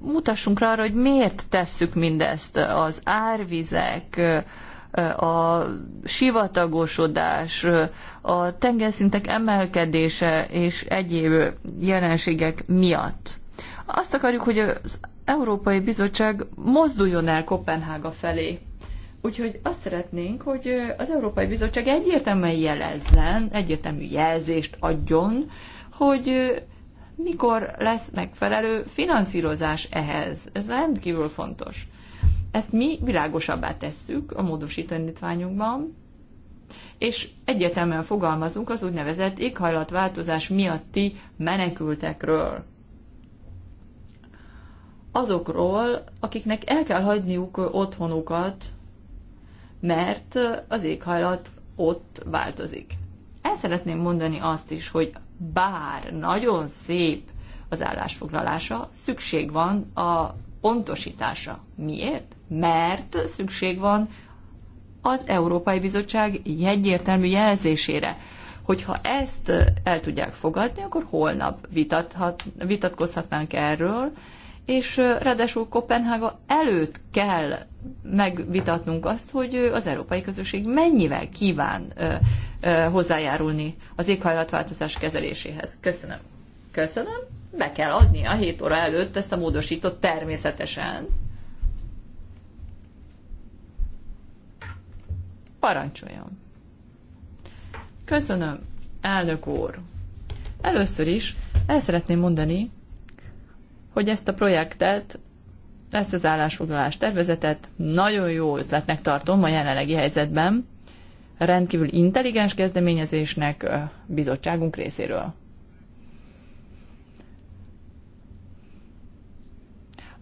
mutassunk rá arra, hogy miért tesszük mindezt. Az árvizek, a sivatagosodás, a tengerszintek emelkedése és egyéb jelenségek miatt. Azt akarjuk, hogy az Európai Bizottság mozduljon el Kopenhága felé. Úgyhogy azt szeretnénk, hogy az Európai Bizottság egyértelműen jelezzen, egyértelmű jelzést adjon, hogy mikor lesz megfelelő finanszírozás ehhez. Ez rendkívül fontos. Ezt mi világosabbá tesszük a módosítanítványunkban, és egyértelműen fogalmazunk az úgynevezett éghajlatváltozás miatti menekültekről. Azokról, akiknek el kell hagyniuk otthonukat, mert az éghajlat ott változik. El szeretném mondani azt is, hogy bár nagyon szép az állásfoglalása, szükség van a pontosítása. Miért? Mert szükség van az Európai Bizottság egyértelmű jelzésére. Hogyha ezt el tudják fogadni, akkor holnap vitathat, vitatkozhatnánk erről, és ráadásul Kopenhága előtt kell megvitatnunk azt, hogy az európai közösség mennyivel kíván hozzájárulni az éghajlatváltozás kezeléséhez. Köszönöm. Köszönöm be kell adni a 7 óra előtt ezt a módosított természetesen. Parancsoljon. Köszönöm, elnök úr. Először is el szeretném mondani, hogy ezt a projektet, ezt az állásfoglalás tervezetet nagyon jó ötletnek tartom a jelenlegi helyzetben, rendkívül intelligens kezdeményezésnek bizottságunk részéről.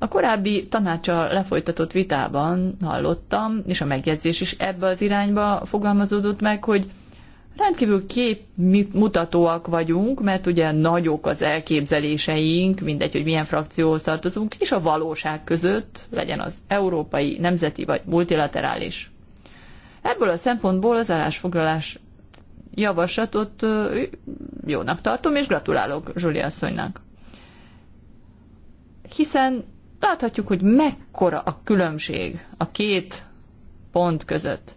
A korábbi tanácsa lefolytatott vitában hallottam, és a megjegyzés is ebbe az irányba fogalmazódott meg, hogy rendkívül képmutatóak vagyunk, mert ugye nagyok az elképzeléseink, mindegy, hogy milyen frakcióhoz tartozunk, és a valóság között, legyen az európai, nemzeti vagy multilaterális. Ebből a szempontból az állásfoglalás javaslatot jónak tartom, és gratulálok Zsuli asszonynak. Hiszen Láthatjuk, hogy mekkora a különbség a két pont között.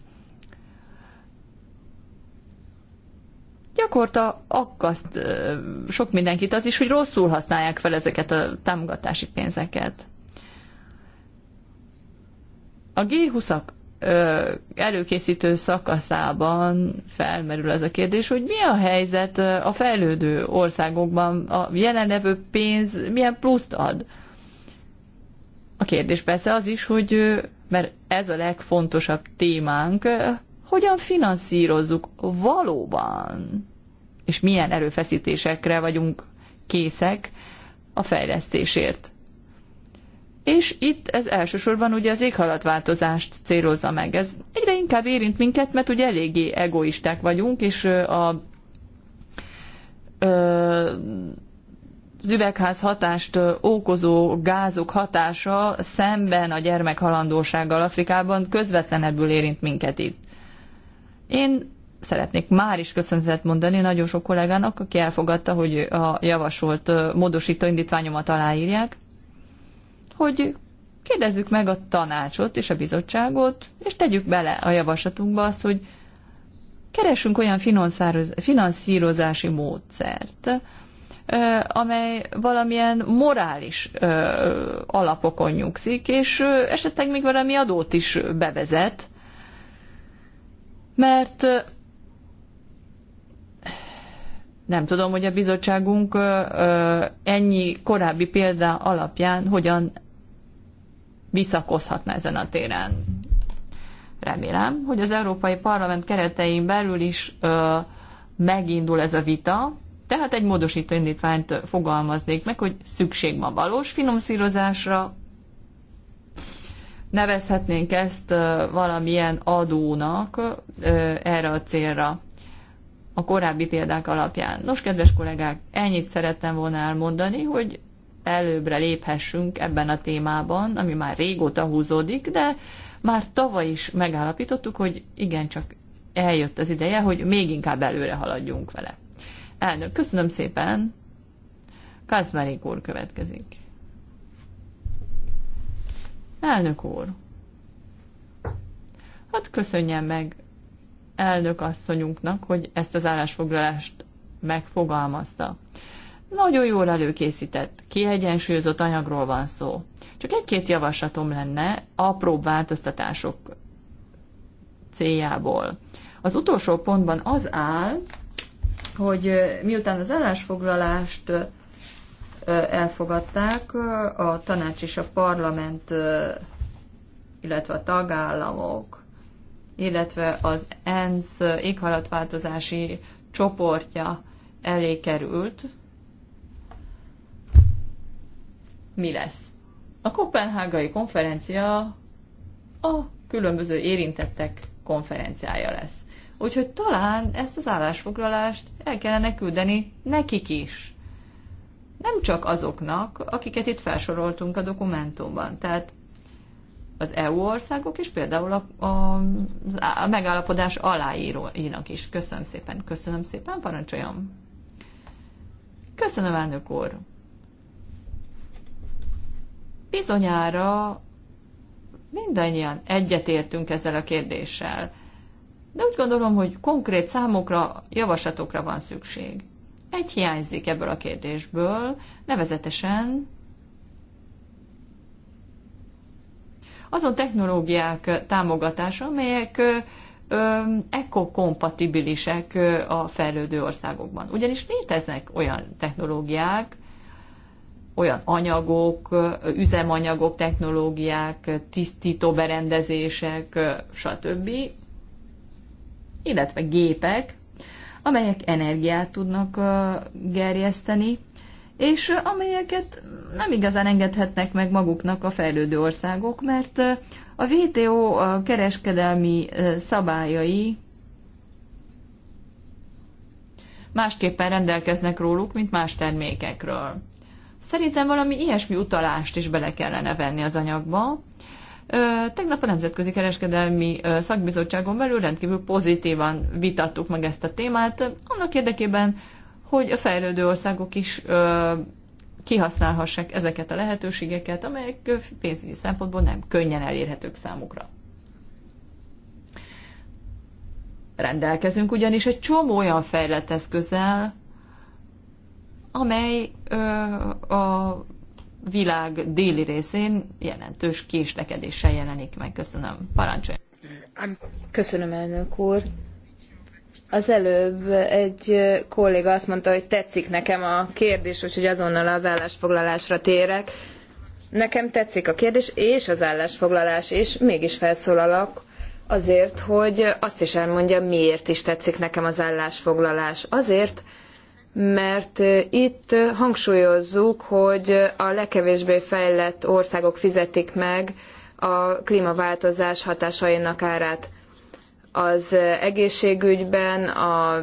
Gyakorta akaszt sok mindenkit az is, hogy rosszul használják fel ezeket a támogatási pénzeket. A G20-ak előkészítő szakaszában felmerül ez a kérdés, hogy mi a helyzet a fejlődő országokban, a jelenlevő pénz milyen pluszt ad. A kérdés persze az is, hogy, mert ez a legfontosabb témánk, hogyan finanszírozzuk valóban, és milyen erőfeszítésekre vagyunk készek a fejlesztésért. És itt ez elsősorban ugye az éghajlatváltozást célozza meg. Ez egyre inkább érint minket, mert ugye eléggé egoisták vagyunk, és a az üvegház hatást okozó gázok hatása szemben a gyermekhalandósággal Afrikában közvetlenebbül érint minket itt. Én szeretnék már is köszönetet mondani nagyon sok kollégának, aki elfogadta, hogy a javasolt módosító indítványomat aláírják, hogy kérdezzük meg a tanácsot és a bizottságot, és tegyük bele a javaslatunkba azt, hogy keressünk olyan finanszírozási módszert, amely valamilyen morális alapokon nyugszik, és esetleg még valami adót is bevezet, mert nem tudom, hogy a bizottságunk ennyi korábbi példa alapján hogyan visszakozhatna ezen a téren. Remélem, hogy az Európai Parlament keretein belül is megindul ez a vita, tehát egy módosító indítványt fogalmaznék meg, hogy szükség van valós finomszírozásra, nevezhetnénk ezt valamilyen adónak erre a célra a korábbi példák alapján. Nos, kedves kollégák, ennyit szerettem volna elmondani, hogy előbbre léphessünk ebben a témában, ami már régóta húzódik, de már tavaly is megállapítottuk, hogy igencsak eljött az ideje, hogy még inkább előre haladjunk vele. Elnök, köszönöm szépen. Kazmarik úr következik. Elnök úr. Hát köszönjem meg elnök asszonyunknak, hogy ezt az állásfoglalást megfogalmazta. Nagyon jól előkészített, kiegyensúlyozott anyagról van szó. Csak egy-két javaslatom lenne apró változtatások céljából. Az utolsó pontban az áll, hogy miután az állásfoglalást elfogadták, a tanács és a parlament, illetve a tagállamok, illetve az ENSZ éghajlatváltozási csoportja elé került, mi lesz? A kopenhágai konferencia a különböző érintettek konferenciája lesz. Úgyhogy talán ezt az állásfoglalást el kellene küldeni nekik is. Nem csak azoknak, akiket itt felsoroltunk a dokumentumban. Tehát az EU országok is. például a, a, a megállapodás aláíróinak is. Köszönöm szépen, köszönöm szépen, parancsoljon. Köszönöm, elnök úr. Bizonyára mindannyian egyetértünk ezzel a kérdéssel de úgy gondolom, hogy konkrét számokra, javaslatokra van szükség. Egy hiányzik ebből a kérdésből, nevezetesen azon technológiák támogatása, amelyek ekokompatibilisek a fejlődő országokban. Ugyanis léteznek olyan technológiák, olyan anyagok, üzemanyagok, technológiák, tisztító berendezések, stb., illetve gépek, amelyek energiát tudnak gerjeszteni, és amelyeket nem igazán engedhetnek meg maguknak a fejlődő országok, mert a WTO kereskedelmi szabályai másképpen rendelkeznek róluk, mint más termékekről. Szerintem valami ilyesmi utalást is bele kellene venni az anyagba, Tegnap a Nemzetközi Kereskedelmi Szakbizottságon belül rendkívül pozitívan vitattuk meg ezt a témát, annak érdekében, hogy a fejlődő országok is kihasználhassák ezeket a lehetőségeket, amelyek pénzügyi szempontból nem könnyen elérhetők számukra. Rendelkezünk ugyanis egy csomó olyan fejlett eszközzel, amely ö, a világ déli részén jelentős késlekedéssel jelenik meg. Köszönöm. Parancsolj! Köszönöm, elnök úr. Az előbb egy kolléga azt mondta, hogy tetszik nekem a kérdés, úgyhogy azonnal az állásfoglalásra térek. Nekem tetszik a kérdés, és az állásfoglalás is, mégis felszólalak azért, hogy azt is elmondja, miért is tetszik nekem az állásfoglalás. Azért, mert itt hangsúlyozzuk, hogy a legkevésbé fejlett országok fizetik meg a klímaváltozás hatásainak árát. Az egészségügyben, a,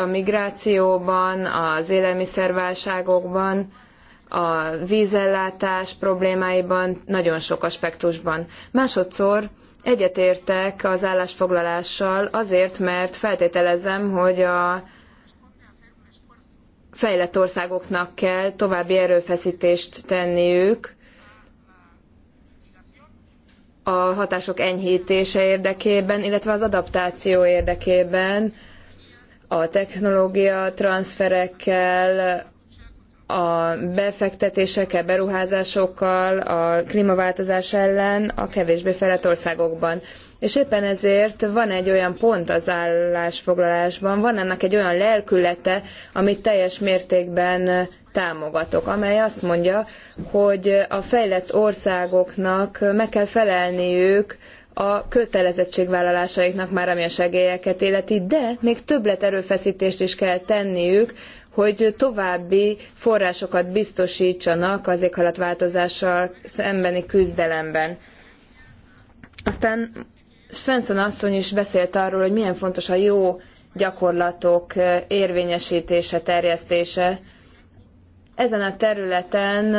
a migrációban, az élelmiszerválságokban, a vízellátás problémáiban, nagyon sok aspektusban. Másodszor egyetértek az állásfoglalással azért, mert feltételezem, hogy a fejlett országoknak kell további erőfeszítést tenniük a hatások enyhítése érdekében, illetve az adaptáció érdekében, a technológia transferekkel, a befektetésekkel, beruházásokkal, a klímaváltozás ellen a kevésbé fejlett országokban. És éppen ezért van egy olyan pont az állásfoglalásban, van ennek egy olyan lelkülete, amit teljes mértékben támogatok, amely azt mondja, hogy a fejlett országoknak meg kell felelniük a kötelezettségvállalásaiknak már, ami a segélyeket életi, de még többlet erőfeszítést is kell tenniük, hogy további forrásokat biztosítsanak az éghalatváltozással szembeni küzdelemben. Aztán Svensson asszony is beszélt arról, hogy milyen fontos a jó gyakorlatok érvényesítése, terjesztése. Ezen a területen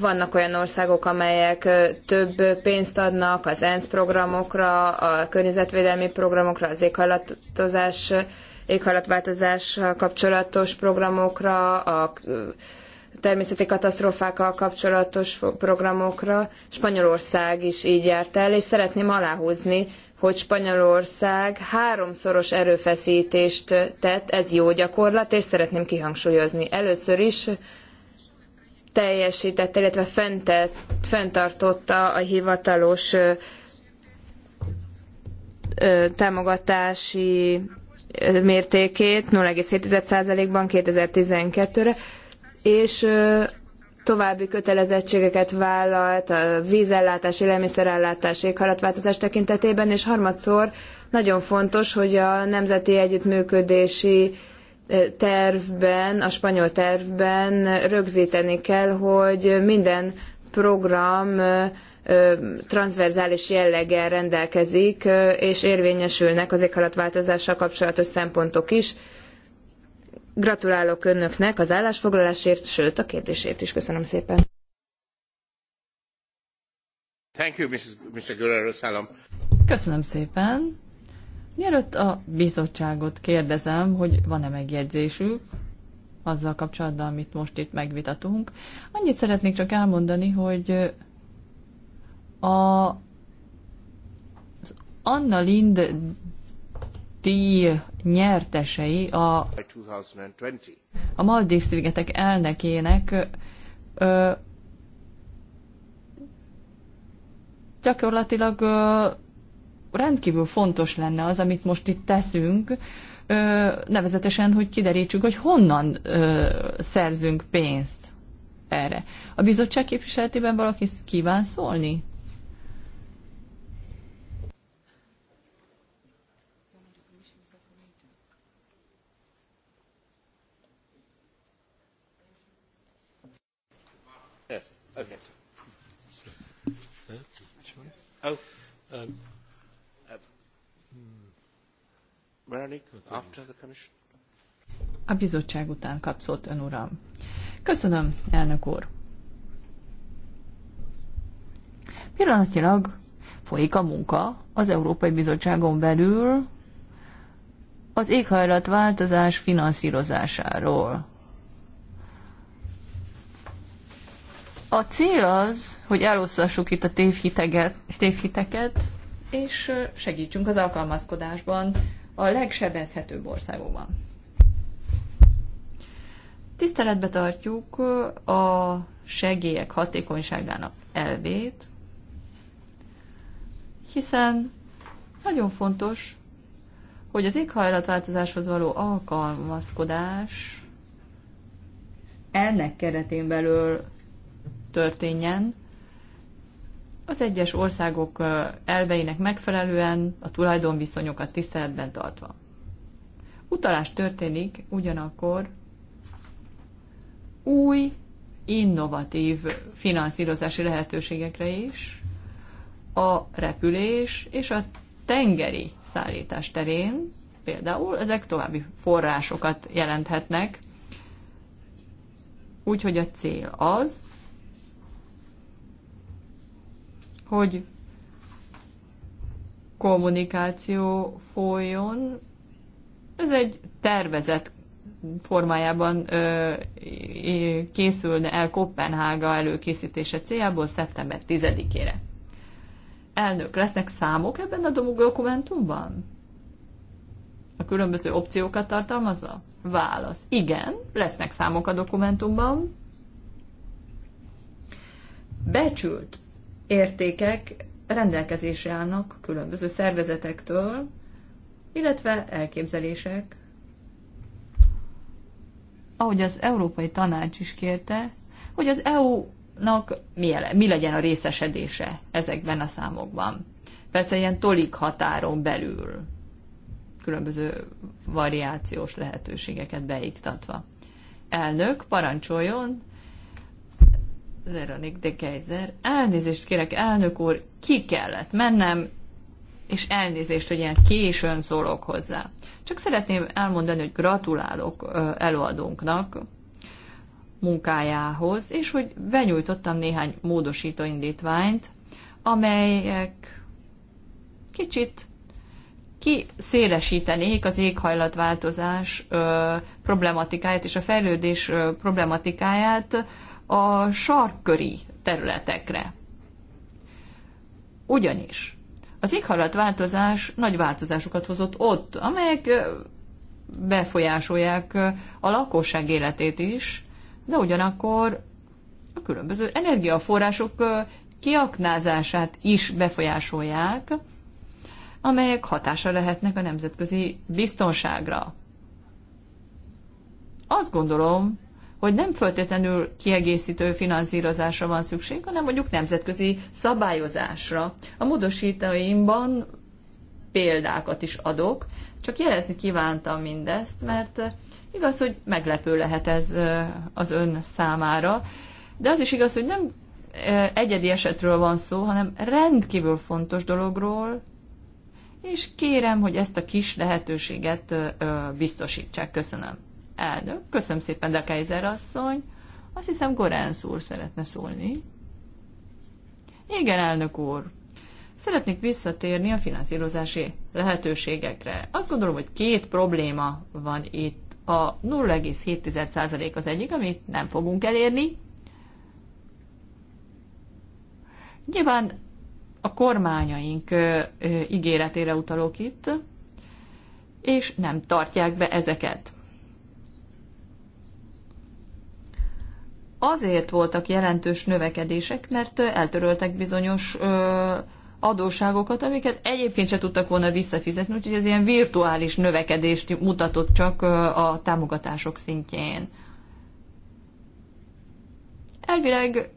vannak olyan országok, amelyek több pénzt adnak az ENSZ programokra, a környezetvédelmi programokra, az éghajlatozás, éghajlatváltozás kapcsolatos programokra, a természeti katasztrófákkal kapcsolatos programokra. Spanyolország is így járt el, és szeretném aláhúzni, hogy Spanyolország háromszoros erőfeszítést tett, ez jó gyakorlat, és szeretném kihangsúlyozni. Először is teljesítette, illetve fentett, fenntartotta a hivatalos ö, ö, támogatási mértékét 0,7%-ban 2012-re, és további kötelezettségeket vállalt a vízellátás, élelmiszerellátás, éghajlatváltozás tekintetében, és harmadszor nagyon fontos, hogy a nemzeti együttműködési tervben, a spanyol tervben rögzíteni kell, hogy minden program transzverzális jelleggel rendelkezik, és érvényesülnek az éghajlatváltozással kapcsolatos szempontok is. Gratulálok önöknek az állásfoglalásért, sőt a kérdésért is. Köszönöm szépen. Thank you, Mrs. Mr. Köszönöm szépen. Mielőtt a bizottságot kérdezem, hogy van-e megjegyzésük azzal kapcsolatban, amit most itt megvitatunk, annyit szeretnék csak elmondani, hogy a az Anna Lind díj nyertesei a, a Maldív-szigetek elnökének ö, gyakorlatilag ö, rendkívül fontos lenne az, amit most itt teszünk, ö, nevezetesen, hogy kiderítsük, hogy honnan ö, szerzünk pénzt erre. A bizottság képviseletében valaki kíván szólni? Uh, a bizottság után kapszott ön uram. Köszönöm, elnök úr. Pillanatilag folyik a munka az Európai Bizottságon belül az éghajlatváltozás finanszírozásáról. A cél az, hogy eloszlassuk itt a tévhiteget, tévhiteket, és segítsünk az alkalmazkodásban a legsebezhetőbb országokban. Tiszteletbe tartjuk a segélyek hatékonyságának elvét, hiszen nagyon fontos, hogy az éghajlatváltozáshoz való alkalmazkodás ennek keretén belül történjen, az egyes országok elveinek megfelelően a tulajdonviszonyokat tiszteletben tartva. Utalás történik ugyanakkor új, innovatív finanszírozási lehetőségekre is, a repülés és a tengeri szállítás terén például ezek további forrásokat jelenthetnek, úgyhogy a cél az, hogy kommunikáció folyjon. Ez egy tervezett formájában ö, készülne el Kopenhága előkészítése céljából szeptember 10-ére. Elnök, lesznek számok ebben a dokumentumban? A különböző opciókat tartalmazva? Válasz. Igen, lesznek számok a dokumentumban. Becsült értékek rendelkezésre állnak különböző szervezetektől, illetve elképzelések. Ahogy az Európai Tanács is kérte, hogy az EU-nak mi legyen a részesedése ezekben a számokban. Persze ilyen tolik határon belül különböző variációs lehetőségeket beiktatva. Elnök, parancsoljon, Veronik de Geyser, elnézést kérek, elnök úr, ki kellett mennem, és elnézést, hogy ilyen későn szólok hozzá. Csak szeretném elmondani, hogy gratulálok előadónknak munkájához, és hogy benyújtottam néhány módosító indítványt, amelyek kicsit kiszélesítenék az éghajlatváltozás problematikáját és a fejlődés problematikáját, a sarkköri területekre. Ugyanis az éghajlatváltozás nagy változásokat hozott ott, amelyek befolyásolják a lakosság életét is, de ugyanakkor a különböző energiaforrások kiaknázását is befolyásolják, amelyek hatása lehetnek a nemzetközi biztonságra. Azt gondolom, hogy nem föltétlenül kiegészítő finanszírozásra van szükség, hanem mondjuk nemzetközi szabályozásra. A módosítóimban példákat is adok, csak jelezni kívántam mindezt, mert igaz, hogy meglepő lehet ez az ön számára, de az is igaz, hogy nem egyedi esetről van szó, hanem rendkívül fontos dologról, és kérem, hogy ezt a kis lehetőséget biztosítsák. Köszönöm. Elnök, köszönöm szépen, de Kaiser asszony. Azt hiszem, Gorenz úr szeretne szólni. Igen, elnök úr. Szeretnék visszatérni a finanszírozási lehetőségekre. Azt gondolom, hogy két probléma van itt. A 0,7% az egyik, amit nem fogunk elérni. Nyilván a kormányaink ígéretére utalok itt, és nem tartják be ezeket. azért voltak jelentős növekedések, mert eltöröltek bizonyos ö, adóságokat, amiket egyébként se tudtak volna visszafizetni, úgyhogy ez ilyen virtuális növekedést mutatott csak a támogatások szintjén. Elvileg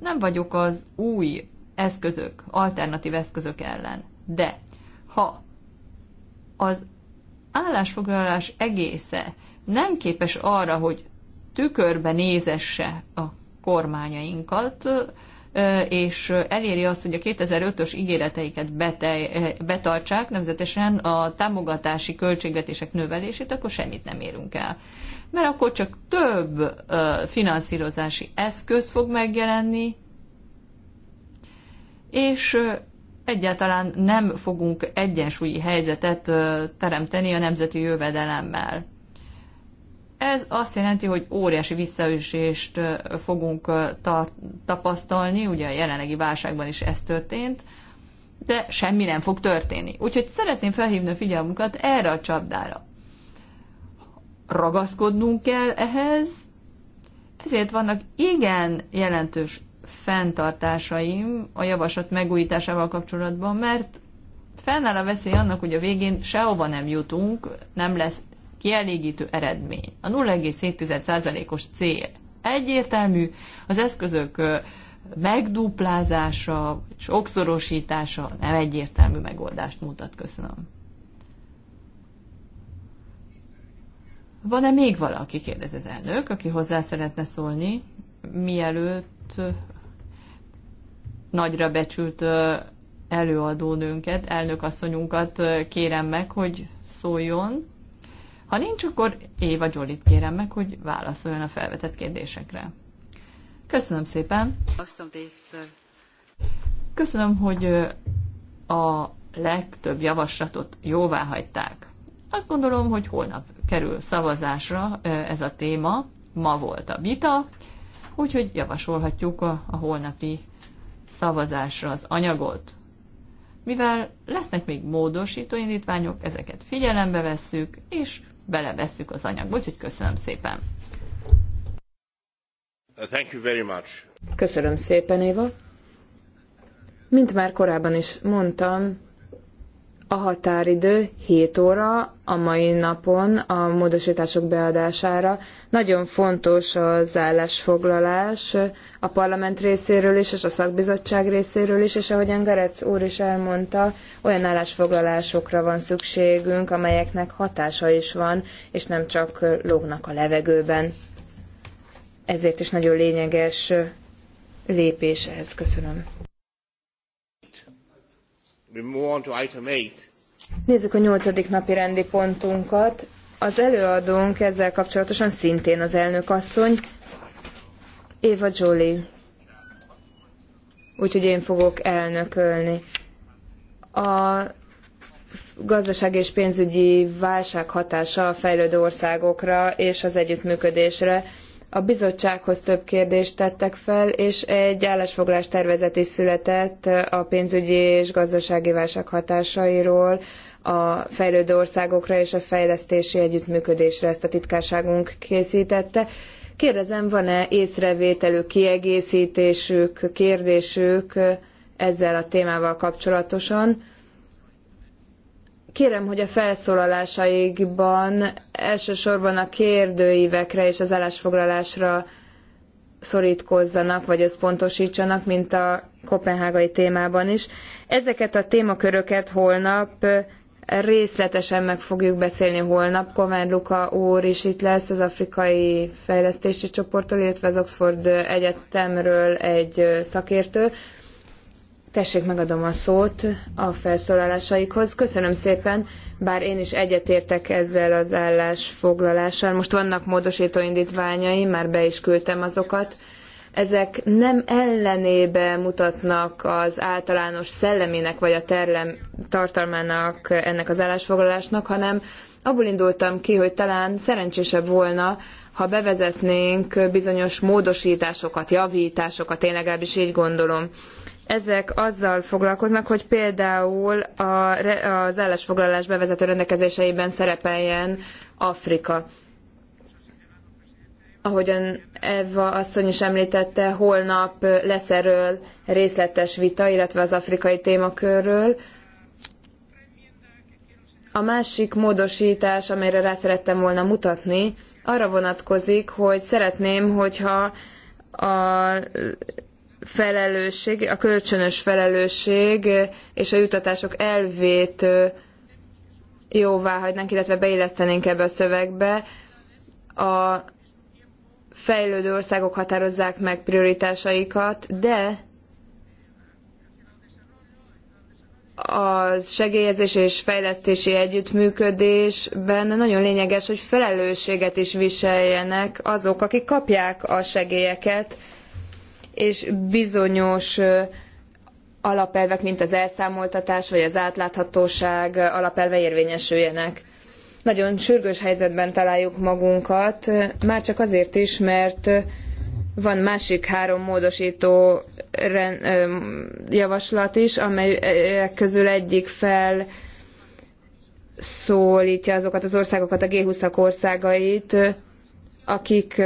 nem vagyok az új eszközök, alternatív eszközök ellen, de ha az állásfoglalás egésze nem képes arra, hogy tükörbe nézesse a kormányainkat, és eléri azt, hogy a 2005-ös ígéreteiket betej, betartsák, nemzetesen a támogatási költségvetések növelését, akkor semmit nem érünk el. Mert akkor csak több finanszírozási eszköz fog megjelenni, és egyáltalán nem fogunk egyensúlyi helyzetet teremteni a nemzeti jövedelemmel. Ez azt jelenti, hogy óriási visszaüsést fogunk ta- tapasztalni, ugye a jelenlegi válságban is ez történt, de semmi nem fog történni. Úgyhogy szeretném felhívni a figyelmüket erre a csapdára. Ragaszkodnunk kell ehhez, ezért vannak igen jelentős fenntartásaim a javaslat megújításával kapcsolatban, mert fennáll a veszély annak, hogy a végén sehova nem jutunk, nem lesz kielégítő eredmény. A 0,7%-os cél egyértelmű, az eszközök megduplázása, sokszorosítása nem egyértelmű megoldást mutat. Köszönöm. Van-e még valaki, kérdez az elnök, aki hozzá szeretne szólni, mielőtt nagyra becsült előadónőnket, elnök asszonyunkat kérem meg, hogy szóljon. Ha nincs, akkor Éva Jolit kérem meg, hogy válaszoljon a felvetett kérdésekre. Köszönöm szépen. Köszönöm, hogy a legtöbb javaslatot jóvá hagyták. Azt gondolom, hogy holnap kerül szavazásra ez a téma. Ma volt a vita, úgyhogy javasolhatjuk a, holnapi szavazásra az anyagot. Mivel lesznek még módosító indítványok, ezeket figyelembe vesszük, és belevesszük az anyagba. Úgyhogy köszönöm szépen. Thank you very much. Köszönöm szépen, Éva. Mint már korábban is mondtam, a határidő 7 óra a mai napon a módosítások beadására. Nagyon fontos az állásfoglalás a parlament részéről is, és a szakbizottság részéről is, és ahogyan Gerec úr is elmondta, olyan állásfoglalásokra van szükségünk, amelyeknek hatása is van, és nem csak lógnak a levegőben. Ezért is nagyon lényeges lépés ez. Köszönöm. Nézzük a nyolcadik napi rendi pontunkat. Az előadónk ezzel kapcsolatosan szintén az elnök asszony, Éva Jolie. Úgyhogy én fogok elnökölni. A gazdaság és pénzügyi válság hatása a fejlődő országokra és az együttműködésre a bizottsághoz több kérdést tettek fel, és egy állásfoglalás tervezet is született a pénzügyi és gazdasági válság hatásairól a fejlődő országokra és a fejlesztési együttműködésre ezt a titkárságunk készítette. Kérdezem, van-e észrevételük, kiegészítésük, kérdésük ezzel a témával kapcsolatosan? Kérem, hogy a felszólalásaikban elsősorban a kérdőívekre és az állásfoglalásra szorítkozzanak, vagy összpontosítsanak, mint a kopenhágai témában is. Ezeket a témaköröket holnap részletesen meg fogjuk beszélni holnap. Kován Luka úr is itt lesz az Afrikai Fejlesztési Csoporttól, illetve az Oxford Egyetemről egy szakértő. Tessék, megadom a szót a felszólalásaikhoz. Köszönöm szépen, bár én is egyetértek ezzel az állásfoglalással. Most vannak módosító indítványai, már be is küldtem azokat. Ezek nem ellenébe mutatnak az általános szellemének vagy a terlem tartalmának ennek az állásfoglalásnak, hanem abból indultam ki, hogy talán szerencsésebb volna, ha bevezetnénk bizonyos módosításokat, javításokat, én legalábbis így gondolom ezek azzal foglalkoznak, hogy például a, az állásfoglalás bevezető rendelkezéseiben szerepeljen Afrika. Ahogyan Eva asszony is említette, holnap lesz erről részletes vita, illetve az afrikai témakörről. A másik módosítás, amelyre rá szerettem volna mutatni, arra vonatkozik, hogy szeretném, hogyha a felelősség, a kölcsönös felelősség eh, és a jutatások elvét eh, jóvá hagynánk, illetve beillesztenénk ebbe a szövegbe. A fejlődő országok határozzák meg prioritásaikat, de a segélyezés és fejlesztési együttműködésben nagyon lényeges, hogy felelősséget is viseljenek azok, akik kapják a segélyeket, és bizonyos alapelvek, mint az elszámoltatás vagy az átláthatóság alapelve érvényesüljenek. Nagyon sürgős helyzetben találjuk magunkat, már csak azért is, mert van másik három módosító javaslat is, amelyek közül egyik fel szólítja azokat az országokat, a G20-ak országait, akik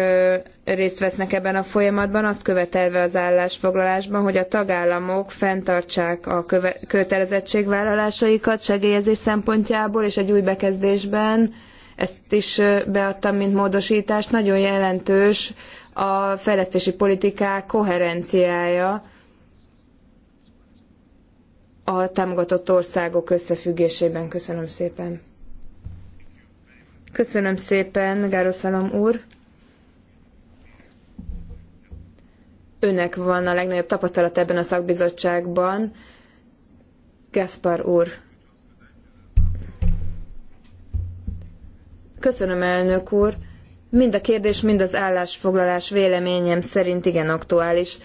részt vesznek ebben a folyamatban, azt követelve az állásfoglalásban, hogy a tagállamok fenntartsák a köve- kötelezettségvállalásaikat segélyezés szempontjából, és egy új bekezdésben ezt is beadtam, mint módosítás, nagyon jelentős a fejlesztési politikák koherenciája a támogatott országok összefüggésében. Köszönöm szépen. Köszönöm szépen, Gároszalom úr. Önnek van a legnagyobb tapasztalat ebben a szakbizottságban. Gaspar úr. Köszönöm, elnök úr. Mind a kérdés, mind az állásfoglalás véleményem szerint igen aktuális,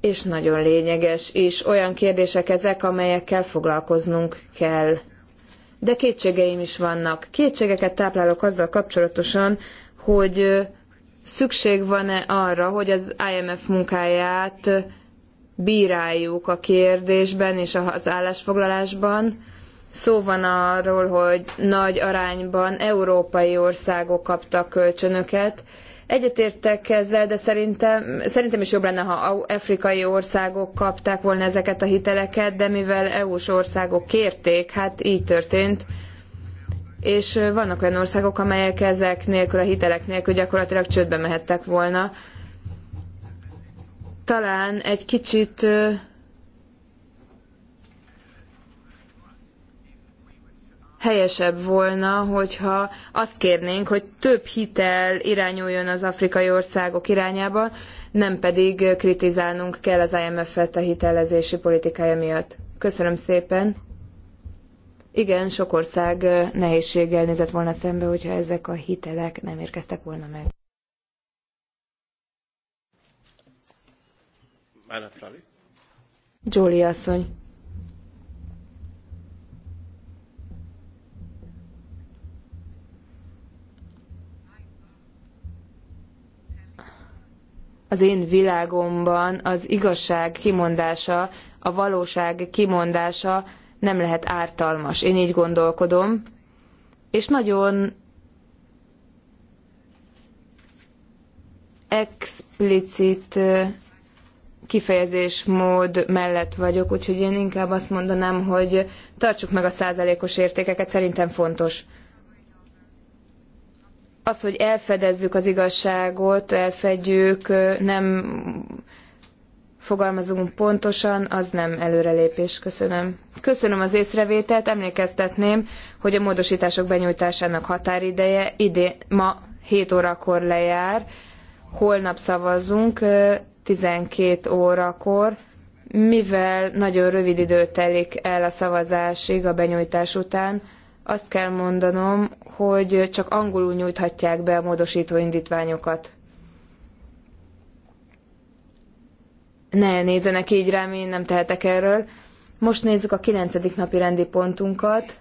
és nagyon lényeges, és olyan kérdések ezek, amelyekkel foglalkoznunk kell de kétségeim is vannak. Kétségeket táplálok azzal kapcsolatosan, hogy szükség van-e arra, hogy az IMF munkáját bíráljuk a kérdésben és az állásfoglalásban. Szó van arról, hogy nagy arányban európai országok kaptak kölcsönöket, Egyetértek ezzel, de szerintem, szerintem is jobb lenne, ha afrikai országok kapták volna ezeket a hiteleket, de mivel EU-s országok kérték, hát így történt. És vannak olyan országok, amelyek ezek nélkül, a hitelek nélkül gyakorlatilag csődbe mehettek volna. Talán egy kicsit helyesebb volna, hogyha azt kérnénk, hogy több hitel irányuljon az afrikai országok irányába, nem pedig kritizálnunk kell az IMF-et a hitelezési politikája miatt. Köszönöm szépen. Igen, sok ország nehézséggel nézett volna szembe, hogyha ezek a hitelek nem érkeztek volna meg. Giulia asszony. az én világomban az igazság kimondása, a valóság kimondása nem lehet ártalmas. Én így gondolkodom. És nagyon explicit kifejezésmód mellett vagyok, úgyhogy én inkább azt mondanám, hogy tartsuk meg a százalékos értékeket, szerintem fontos az, hogy elfedezzük az igazságot, elfedjük, nem fogalmazunk pontosan, az nem előrelépés. Köszönöm. Köszönöm az észrevételt, emlékeztetném, hogy a módosítások benyújtásának határideje idén, ma 7 órakor lejár, holnap szavazunk 12 órakor, mivel nagyon rövid idő telik el a szavazásig a benyújtás után, azt kell mondanom, hogy csak angolul nyújthatják be a módosító indítványokat. Ne nézzenek így rám, én nem tehetek erről. Most nézzük a kilencedik napi rendi pontunkat.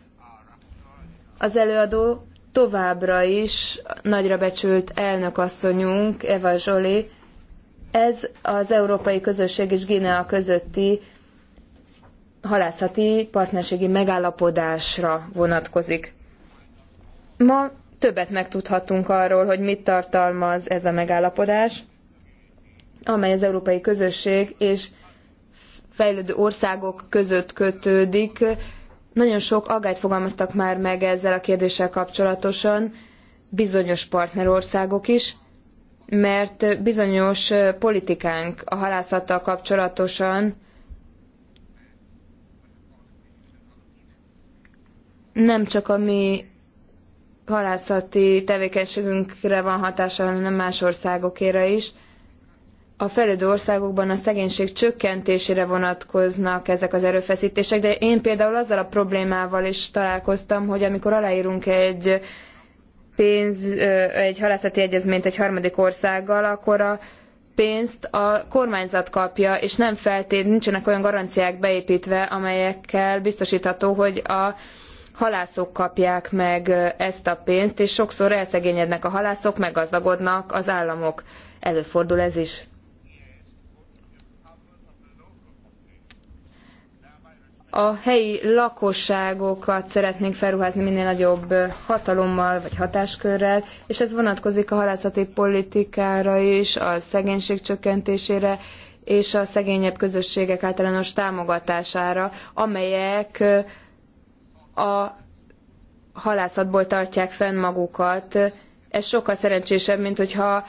Az előadó továbbra is nagyra becsült elnökasszonyunk, Eva Zsoli. Ez az Európai Közösség és Ginea közötti halászati partnerségi megállapodásra vonatkozik. Ma többet megtudhatunk arról, hogy mit tartalmaz ez a megállapodás, amely az európai közösség és fejlődő országok között kötődik. Nagyon sok aggályt fogalmaztak már meg ezzel a kérdéssel kapcsolatosan, bizonyos partnerországok is, mert bizonyos politikánk a halászattal kapcsolatosan nem csak a mi halászati tevékenységünkre van hatása, hanem más országokére is. A fejlődő országokban a szegénység csökkentésére vonatkoznak ezek az erőfeszítések, de én például azzal a problémával is találkoztam, hogy amikor aláírunk egy pénz, egy halászati egyezményt egy harmadik országgal, akkor a pénzt a kormányzat kapja, és nem feltét, nincsenek olyan garanciák beépítve, amelyekkel biztosítható, hogy a halászok kapják meg ezt a pénzt, és sokszor elszegényednek a halászok, meggazdagodnak az államok. Előfordul ez is. a helyi lakosságokat szeretnénk felruházni minél nagyobb hatalommal vagy hatáskörrel, és ez vonatkozik a halászati politikára is, a szegénység csökkentésére és a szegényebb közösségek általános támogatására, amelyek a halászatból tartják fenn magukat. Ez sokkal szerencsésebb, mint hogyha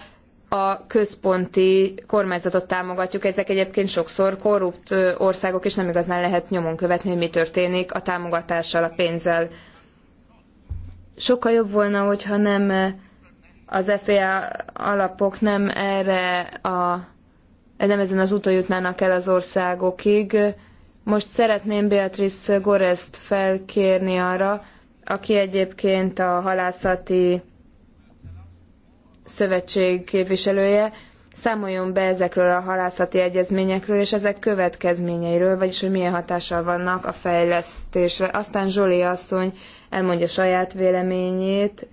a központi kormányzatot támogatjuk. Ezek egyébként sokszor korrupt országok, és nem igazán lehet nyomon követni, hogy mi történik a támogatással, a pénzzel. Sokkal jobb volna, hogyha nem az FA e alapok nem erre a nem ezen az úton jutnának el az országokig, most szeretném Beatrice Gorest felkérni arra, aki egyébként a halászati szövetség képviselője, számoljon be ezekről a halászati egyezményekről és ezek következményeiről, vagyis hogy milyen hatással vannak a fejlesztésre. Aztán Zsoli asszony elmondja saját véleményét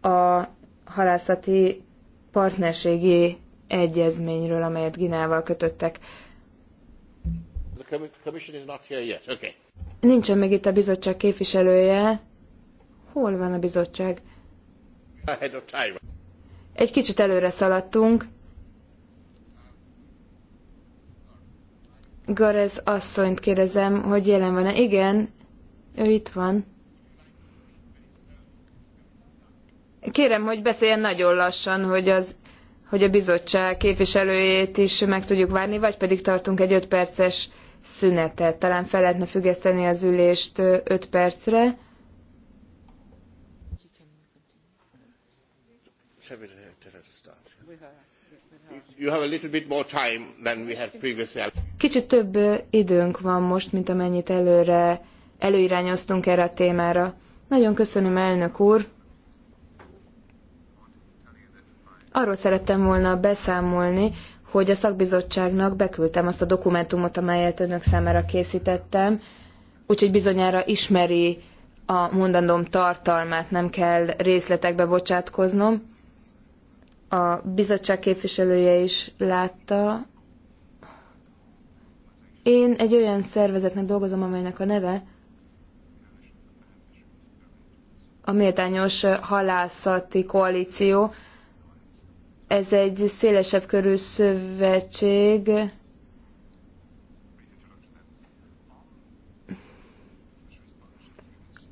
a halászati partnerségi egyezményről, amelyet Ginával kötöttek. The commission is not here yet. Okay. Nincsen meg itt a bizottság képviselője. Hol van a bizottság? Ahead of time. Egy kicsit előre szaladtunk. Garez asszonyt kérdezem, hogy jelen van-e. Igen, ő itt van. Kérem, hogy beszéljen nagyon lassan, hogy, az, hogy a bizottság képviselőjét is meg tudjuk várni, vagy pedig tartunk egy öt perces szünetet. Talán fel lehetne függeszteni az ülést 5 percre. Kicsit több időnk van most, mint amennyit előre előirányoztunk erre a témára. Nagyon köszönöm, elnök úr. Arról szerettem volna beszámolni, hogy a szakbizottságnak beküldtem azt a dokumentumot, amelyet önök számára készítettem, úgyhogy bizonyára ismeri a mondandóm tartalmát, nem kell részletekbe bocsátkoznom. A bizottság képviselője is látta. Én egy olyan szervezetnek dolgozom, amelynek a neve a Méltányos Halászati Koalíció, ez egy szélesebb körű szövetség.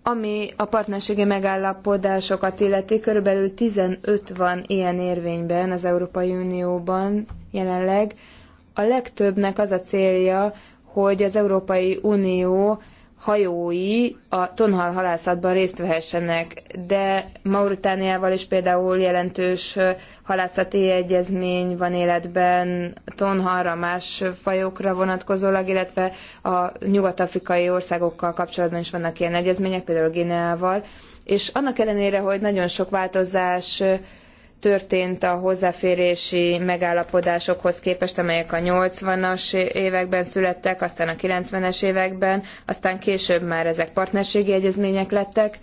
Ami a partnerségi megállapodásokat illeti, körülbelül 15 van ilyen érvényben az Európai Unióban jelenleg. A legtöbbnek az a célja, hogy az Európai Unió hajói a tonhal halászatban részt vehessenek, de Mauritániával is például jelentős halászati egyezmény van életben tonhalra, más fajokra vonatkozólag, illetve a nyugat-afrikai országokkal kapcsolatban is vannak ilyen egyezmények, például Gineával, és annak ellenére, hogy nagyon sok változás történt a hozzáférési megállapodásokhoz képest, amelyek a 80-as években születtek, aztán a 90-es években, aztán később már ezek partnerségi egyezmények lettek.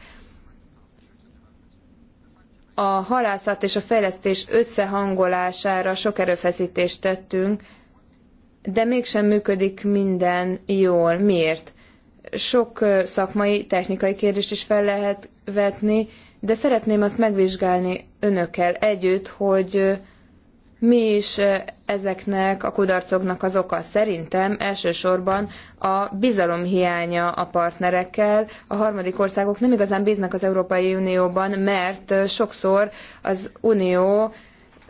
A halászat és a fejlesztés összehangolására sok erőfeszítést tettünk, de mégsem működik minden jól. Miért? Sok szakmai, technikai kérdést is fel lehet vetni, de szeretném azt megvizsgálni önökkel együtt, hogy mi is ezeknek a kudarcoknak az oka? Szerintem elsősorban a bizalom hiánya a partnerekkel. A harmadik országok nem igazán bíznak az Európai Unióban, mert sokszor az Unió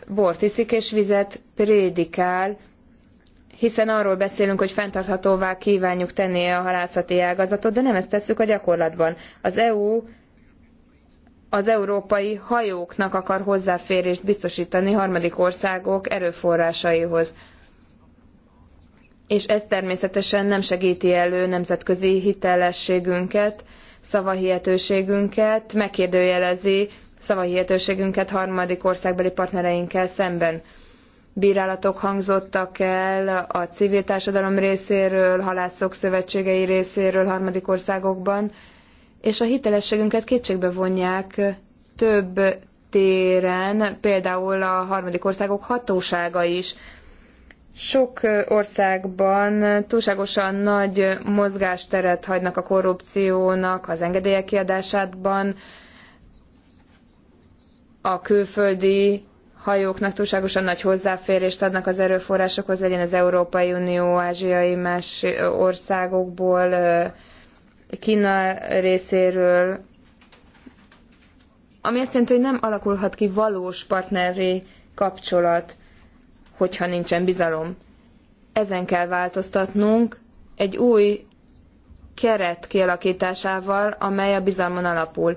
bort iszik és vizet prédikál, hiszen arról beszélünk, hogy fenntarthatóvá kívánjuk tenni a halászati ágazatot, de nem ezt tesszük a gyakorlatban. Az EU az európai hajóknak akar hozzáférést biztosítani harmadik országok erőforrásaihoz. És ez természetesen nem segíti elő nemzetközi hitelességünket, szavahihetőségünket, megkérdőjelezi szavahihetőségünket harmadik országbeli partnereinkkel szemben. Bírálatok hangzottak el a civil társadalom részéről, halászok szövetségei részéről harmadik országokban, és a hitelességünket kétségbe vonják több téren, például a harmadik országok hatósága is. Sok országban túlságosan nagy mozgásteret hagynak a korrupciónak, az engedélyek kiadásában, a külföldi hajóknak túlságosan nagy hozzáférést adnak az erőforrásokhoz, legyen az Európai Unió, ázsiai más országokból, Kína részéről, ami azt jelenti, hogy nem alakulhat ki valós partneri kapcsolat, hogyha nincsen bizalom. Ezen kell változtatnunk egy új keret kialakításával, amely a bizalmon alapul.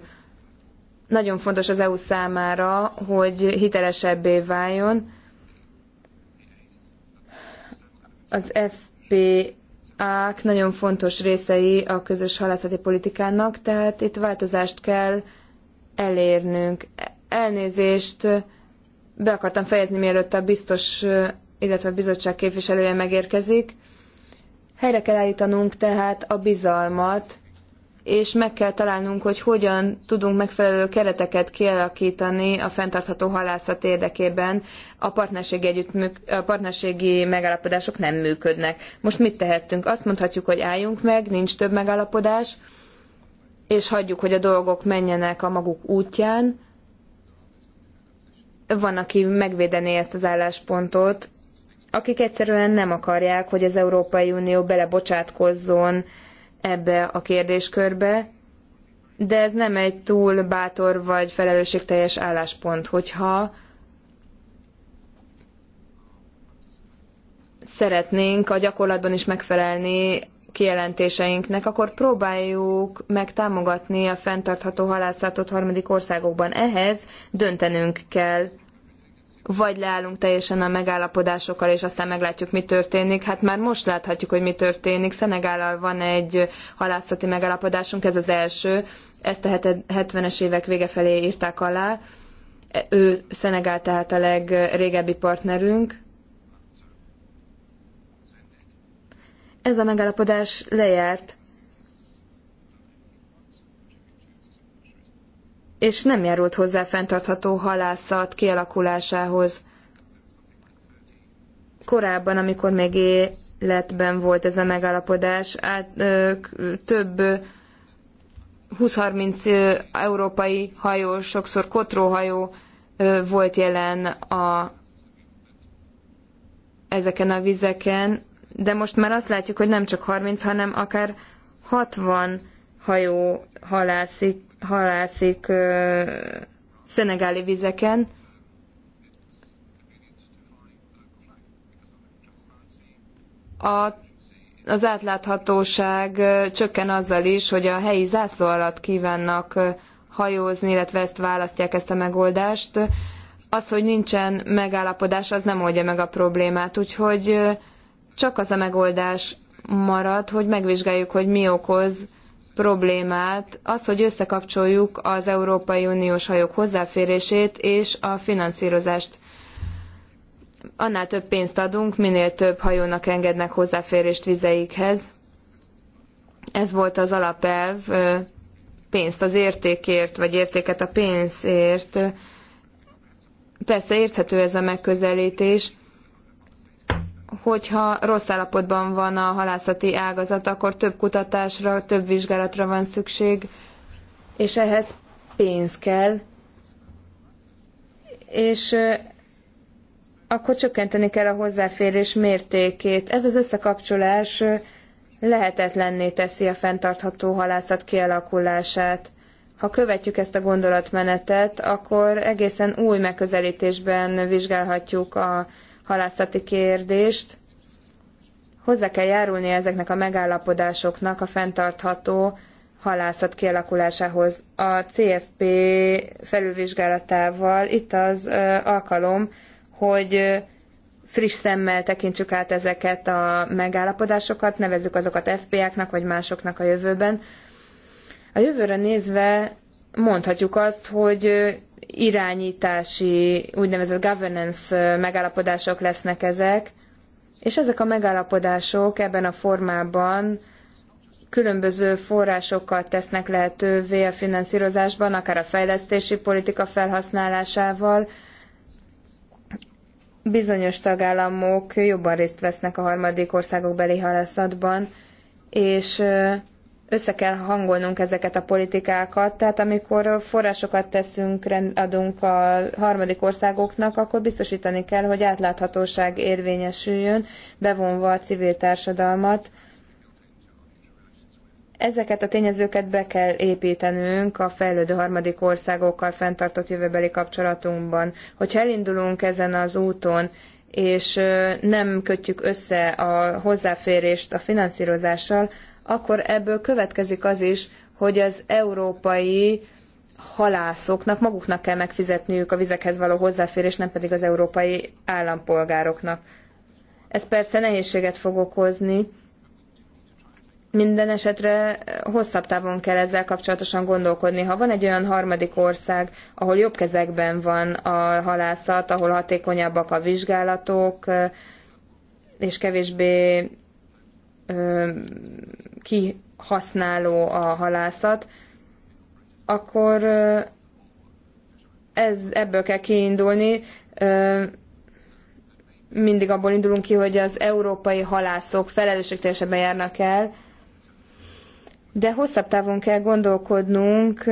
Nagyon fontos az EU számára, hogy hitelesebbé váljon. Az FP ák nagyon fontos részei a közös halászati politikának, tehát itt változást kell elérnünk. Elnézést, be akartam fejezni, mielőtt a biztos, illetve a bizottság képviselője megérkezik. Helyre kell állítanunk tehát a bizalmat, és meg kell találnunk, hogy hogyan tudunk megfelelő kereteket kialakítani a fenntartható halászat érdekében. A partnerségi, együttműk, a partnerségi megállapodások nem működnek. Most mit tehettünk? Azt mondhatjuk, hogy álljunk meg, nincs több megállapodás, és hagyjuk, hogy a dolgok menjenek a maguk útján. Van, aki megvédené ezt az álláspontot, akik egyszerűen nem akarják, hogy az Európai Unió belebocsátkozzon ebbe a kérdéskörbe, de ez nem egy túl bátor vagy felelősségteljes álláspont, hogyha szeretnénk a gyakorlatban is megfelelni kijelentéseinknek, akkor próbáljuk meg támogatni a fenntartható halászatot harmadik országokban. Ehhez döntenünk kell vagy leállunk teljesen a megállapodásokkal, és aztán meglátjuk, mi történik. Hát már most láthatjuk, hogy mi történik. Szenegállal van egy halászati megállapodásunk, ez az első. Ezt a 70-es évek vége felé írták alá. E, ő Szenegál tehát a legrégebbi partnerünk. Ez a megállapodás lejárt. és nem járult hozzá fenntartható halászat kialakulásához. Korábban, amikor még életben volt ez a megállapodás, át, ö, több 20-30 európai hajó, sokszor kotróhajó ö, volt jelen a, ezeken a vizeken, de most már azt látjuk, hogy nem csak 30, hanem akár 60 hajó halászik halászik szenegáli vizeken. A, az átláthatóság csökken azzal is, hogy a helyi zászló alatt kívánnak hajózni, illetve ezt választják ezt a megoldást. Az, hogy nincsen megállapodás, az nem oldja meg a problémát, úgyhogy csak az a megoldás marad, hogy megvizsgáljuk, hogy mi okoz problémát, az, hogy összekapcsoljuk az Európai Uniós hajók hozzáférését és a finanszírozást. Annál több pénzt adunk, minél több hajónak engednek hozzáférést vizeikhez. Ez volt az alapelv, pénzt az értékért, vagy értéket a pénzért. Persze érthető ez a megközelítés, hogyha rossz állapotban van a halászati ágazat, akkor több kutatásra, több vizsgálatra van szükség, és ehhez pénz kell. És akkor csökkenteni kell a hozzáférés mértékét. Ez az összekapcsolás lehetetlenné teszi a fenntartható halászat kialakulását. Ha követjük ezt a gondolatmenetet, akkor egészen új megközelítésben vizsgálhatjuk a halászati kérdést. Hozzá kell járulni ezeknek a megállapodásoknak a fenntartható halászat kialakulásához. A CFP felülvizsgálatával itt az alkalom, hogy friss szemmel tekintsük át ezeket a megállapodásokat, nevezzük azokat FPA-knak vagy másoknak a jövőben. A jövőre nézve mondhatjuk azt, hogy irányítási, úgynevezett governance megállapodások lesznek ezek, és ezek a megállapodások ebben a formában különböző forrásokat tesznek lehetővé a finanszírozásban, akár a fejlesztési politika felhasználásával. Bizonyos tagállamok jobban részt vesznek a harmadik országok beli halászatban, és össze kell hangolnunk ezeket a politikákat, tehát amikor forrásokat teszünk, adunk a harmadik országoknak, akkor biztosítani kell, hogy átláthatóság érvényesüljön, bevonva a civil társadalmat. Ezeket a tényezőket be kell építenünk a fejlődő harmadik országokkal fenntartott jövőbeli kapcsolatunkban. Hogyha elindulunk ezen az úton, és nem kötjük össze a hozzáférést a finanszírozással, akkor ebből következik az is, hogy az európai halászoknak maguknak kell megfizetniük a vizekhez való hozzáférés, nem pedig az európai állampolgároknak. Ez persze nehézséget fog okozni, minden esetre hosszabb távon kell ezzel kapcsolatosan gondolkodni. Ha van egy olyan harmadik ország, ahol jobb kezekben van a halászat, ahol hatékonyabbak a vizsgálatok, és kevésbé kihasználó a halászat, akkor ez, ebből kell kiindulni. Mindig abból indulunk ki, hogy az európai halászok felelősségteljesebben járnak el, de hosszabb távon kell gondolkodnunk,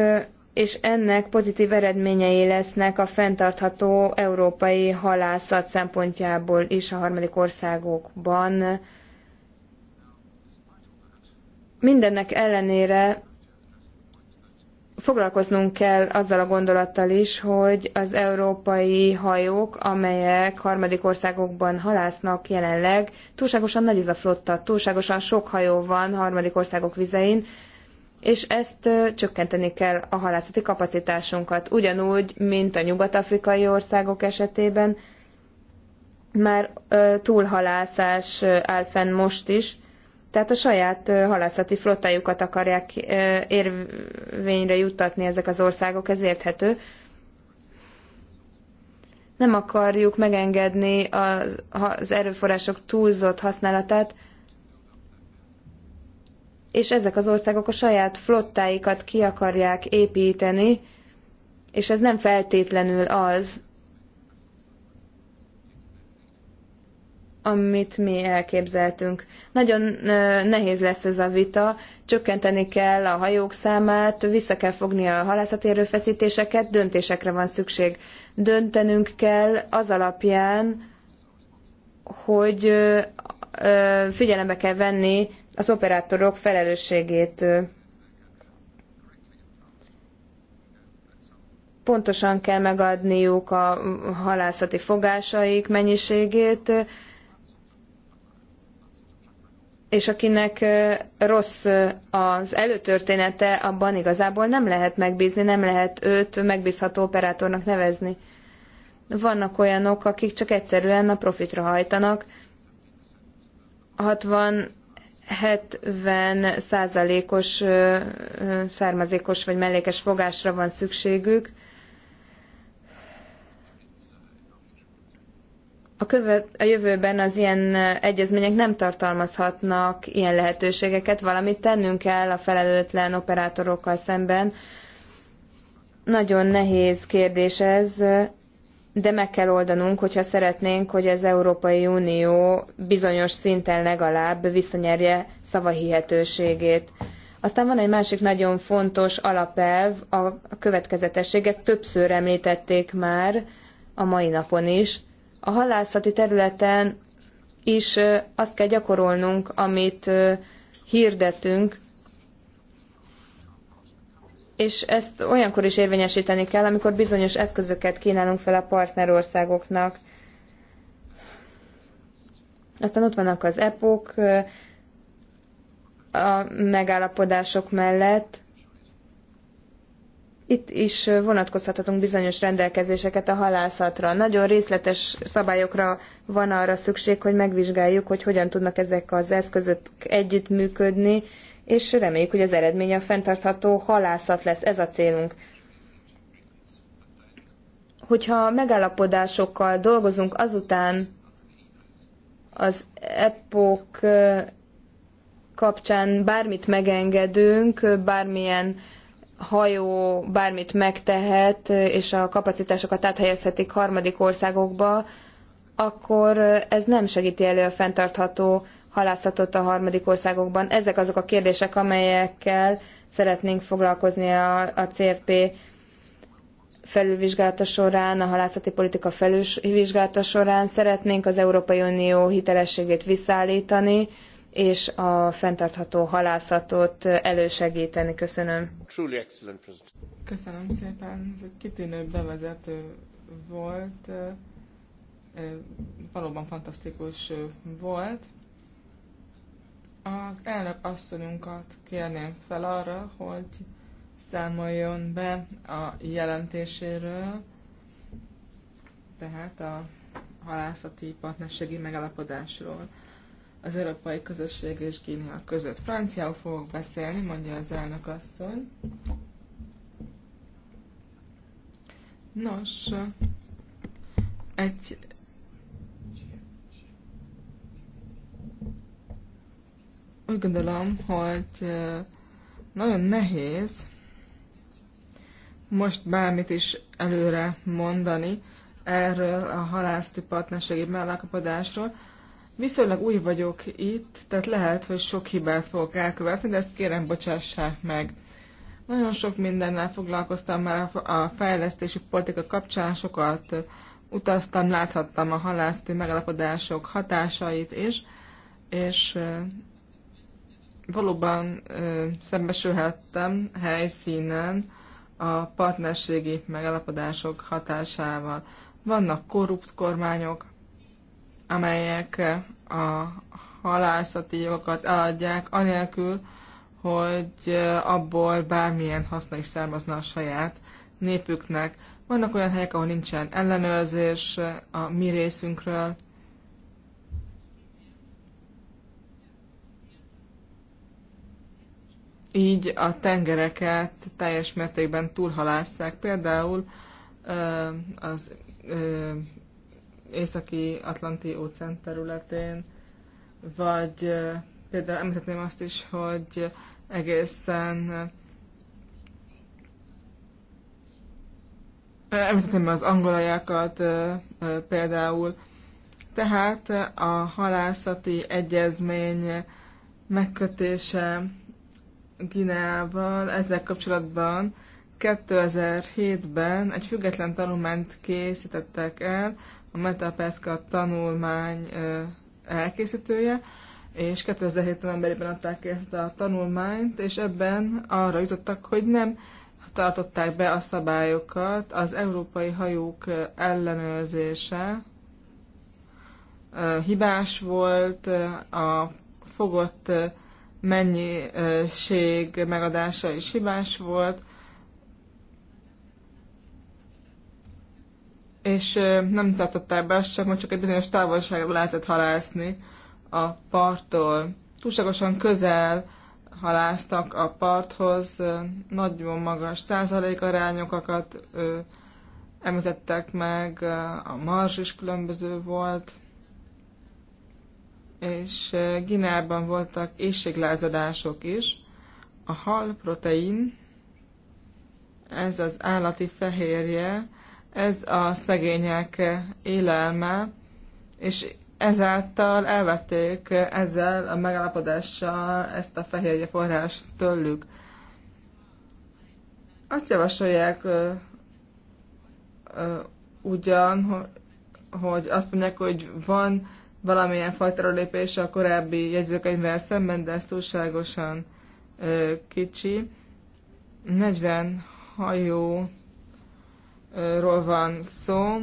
és ennek pozitív eredményei lesznek a fenntartható európai halászat szempontjából is a harmadik országokban Mindennek ellenére foglalkoznunk kell azzal a gondolattal is, hogy az európai hajók, amelyek harmadik országokban halásznak jelenleg, túlságosan nagy ez a flotta, túlságosan sok hajó van harmadik országok vizein, és ezt csökkenteni kell a halászati kapacitásunkat, ugyanúgy, mint a nyugat-afrikai országok esetében, már túlhalászás áll fenn most is, tehát a saját halászati flottájukat akarják érvényre juttatni ezek az országok, ez érthető. Nem akarjuk megengedni az, az erőforrások túlzott használatát, és ezek az országok a saját flottáikat ki akarják építeni, és ez nem feltétlenül az, amit mi elképzeltünk. Nagyon nehéz lesz ez a vita, csökkenteni kell a hajók számát, vissza kell fogni a halászati erőfeszítéseket, döntésekre van szükség. Döntenünk kell az alapján, hogy figyelembe kell venni az operátorok felelősségét. Pontosan kell megadniuk a halászati fogásaik mennyiségét, és akinek rossz az előtörténete, abban igazából nem lehet megbízni, nem lehet őt megbízható operátornak nevezni. Vannak olyanok, akik csak egyszerűen a profitra hajtanak. 60-70 százalékos származékos vagy mellékes fogásra van szükségük, a, követ, a jövőben az ilyen egyezmények nem tartalmazhatnak ilyen lehetőségeket, valamit tennünk kell a felelőtlen operátorokkal szemben. Nagyon nehéz kérdés ez, de meg kell oldanunk, hogyha szeretnénk, hogy az Európai Unió bizonyos szinten legalább visszanyerje szavahihetőségét. Aztán van egy másik nagyon fontos alapelv, a következetesség, ezt többször említették már a mai napon is, a halászati területen is azt kell gyakorolnunk, amit hirdetünk, és ezt olyankor is érvényesíteni kell, amikor bizonyos eszközöket kínálunk fel a partnerországoknak. Aztán ott vannak az epok, a megállapodások mellett, itt is vonatkoztathatunk bizonyos rendelkezéseket a halászatra. Nagyon részletes szabályokra van arra szükség, hogy megvizsgáljuk, hogy hogyan tudnak ezek az eszközök együttműködni, és reméljük, hogy az eredmény a fenntartható halászat lesz. Ez a célunk. Hogyha megállapodásokkal dolgozunk azután az epok kapcsán bármit megengedünk, bármilyen uh, hajó bármit megtehet, és a kapacitásokat áthelyezhetik harmadik országokba, akkor ez nem segíti elő a fenntartható halászatot a harmadik országokban. Ezek azok a kérdések, amelyekkel szeretnénk foglalkozni a, a CFP felülvizsgálata során, a halászati politika felülvizsgálata során. Szeretnénk az Európai Unió hitelességét visszaállítani, és a fenntartható halászatot elősegíteni. Köszönöm. Köszönöm szépen. Ez egy kitűnő bevezető volt. Valóban fantasztikus volt. Az elnök asszonyunkat kérném fel arra, hogy számoljon be a jelentéséről, tehát a halászati partnerségi megállapodásról az európai közösség és Kína között. Franciául fogok beszélni, mondja az elnök asszony. Nos, egy úgy gondolom, hogy nagyon nehéz most bármit is előre mondani erről a halászti partnerségi megállapodásról, Viszonylag új vagyok itt, tehát lehet, hogy sok hibát fogok elkövetni, de ezt kérem, bocsássák meg. Nagyon sok mindennel foglalkoztam már a fejlesztési politika kapcsán, sokat utaztam, láthattam a halászti megalapodások hatásait is, és valóban szembesülhettem helyszínen a partnerségi megalapodások hatásával. Vannak korrupt kormányok, amelyek a halászati jogokat eladják, anélkül, hogy abból bármilyen haszna is származna a saját népüknek. Vannak olyan helyek, ahol nincsen ellenőrzés a mi részünkről. Így a tengereket teljes mértékben túlhalásszák. Például az északi Atlanti óceán területén, vagy például említhetném azt is, hogy egészen említettem az angolajákat például. Tehát a halászati egyezmény megkötése Gineával ezzel kapcsolatban 2007-ben egy független tanulmányt készítettek el, a Metapeska tanulmány elkészítője, és 2007 novemberében adták ezt a tanulmányt, és ebben arra jutottak, hogy nem tartották be a szabályokat az európai hajók ellenőrzése, hibás volt, a fogott mennyiség megadása is hibás volt, és nem tartották be azt most csak egy bizonyos távolságra lehetett halászni a parttól. Túlságosan közel halásztak a parthoz, nagyon magas százalékarányokat említettek meg, a mars is különböző volt, és Ginában voltak éjséglázadások is. A hal protein, ez az állati fehérje, ez a szegények élelme, és ezáltal elvették ezzel a megállapodással ezt a fehérje forrást tőlük. Azt javasolják ugyan, hogy azt mondják, hogy van valamilyen fajta lépés a korábbi jegyzőkönyvvel szemben, de ez túlságosan kicsi. 40 hajó ról van szó.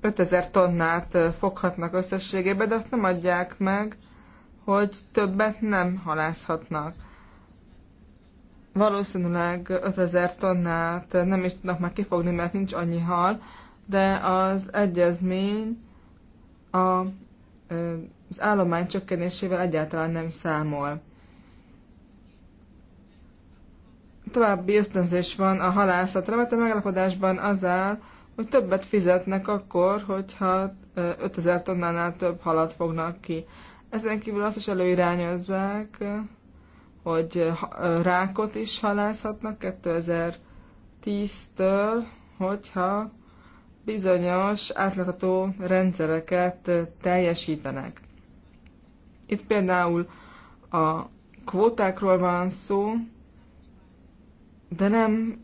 5000 tonnát foghatnak összességében, de azt nem adják meg, hogy többet nem halászhatnak. Valószínűleg 5000 tonnát nem is tudnak már kifogni, mert nincs annyi hal, de az egyezmény a, az állomány csökkenésével egyáltalán nem számol. további ösztönzés van a halászatra, mert a megállapodásban az áll, hogy többet fizetnek akkor, hogyha 5000 tonnánál több halat fognak ki. Ezen kívül azt is előirányozzák, hogy rákot is halászhatnak 2010-től, hogyha bizonyos átlátható rendszereket teljesítenek. Itt például a kvótákról van szó, de nem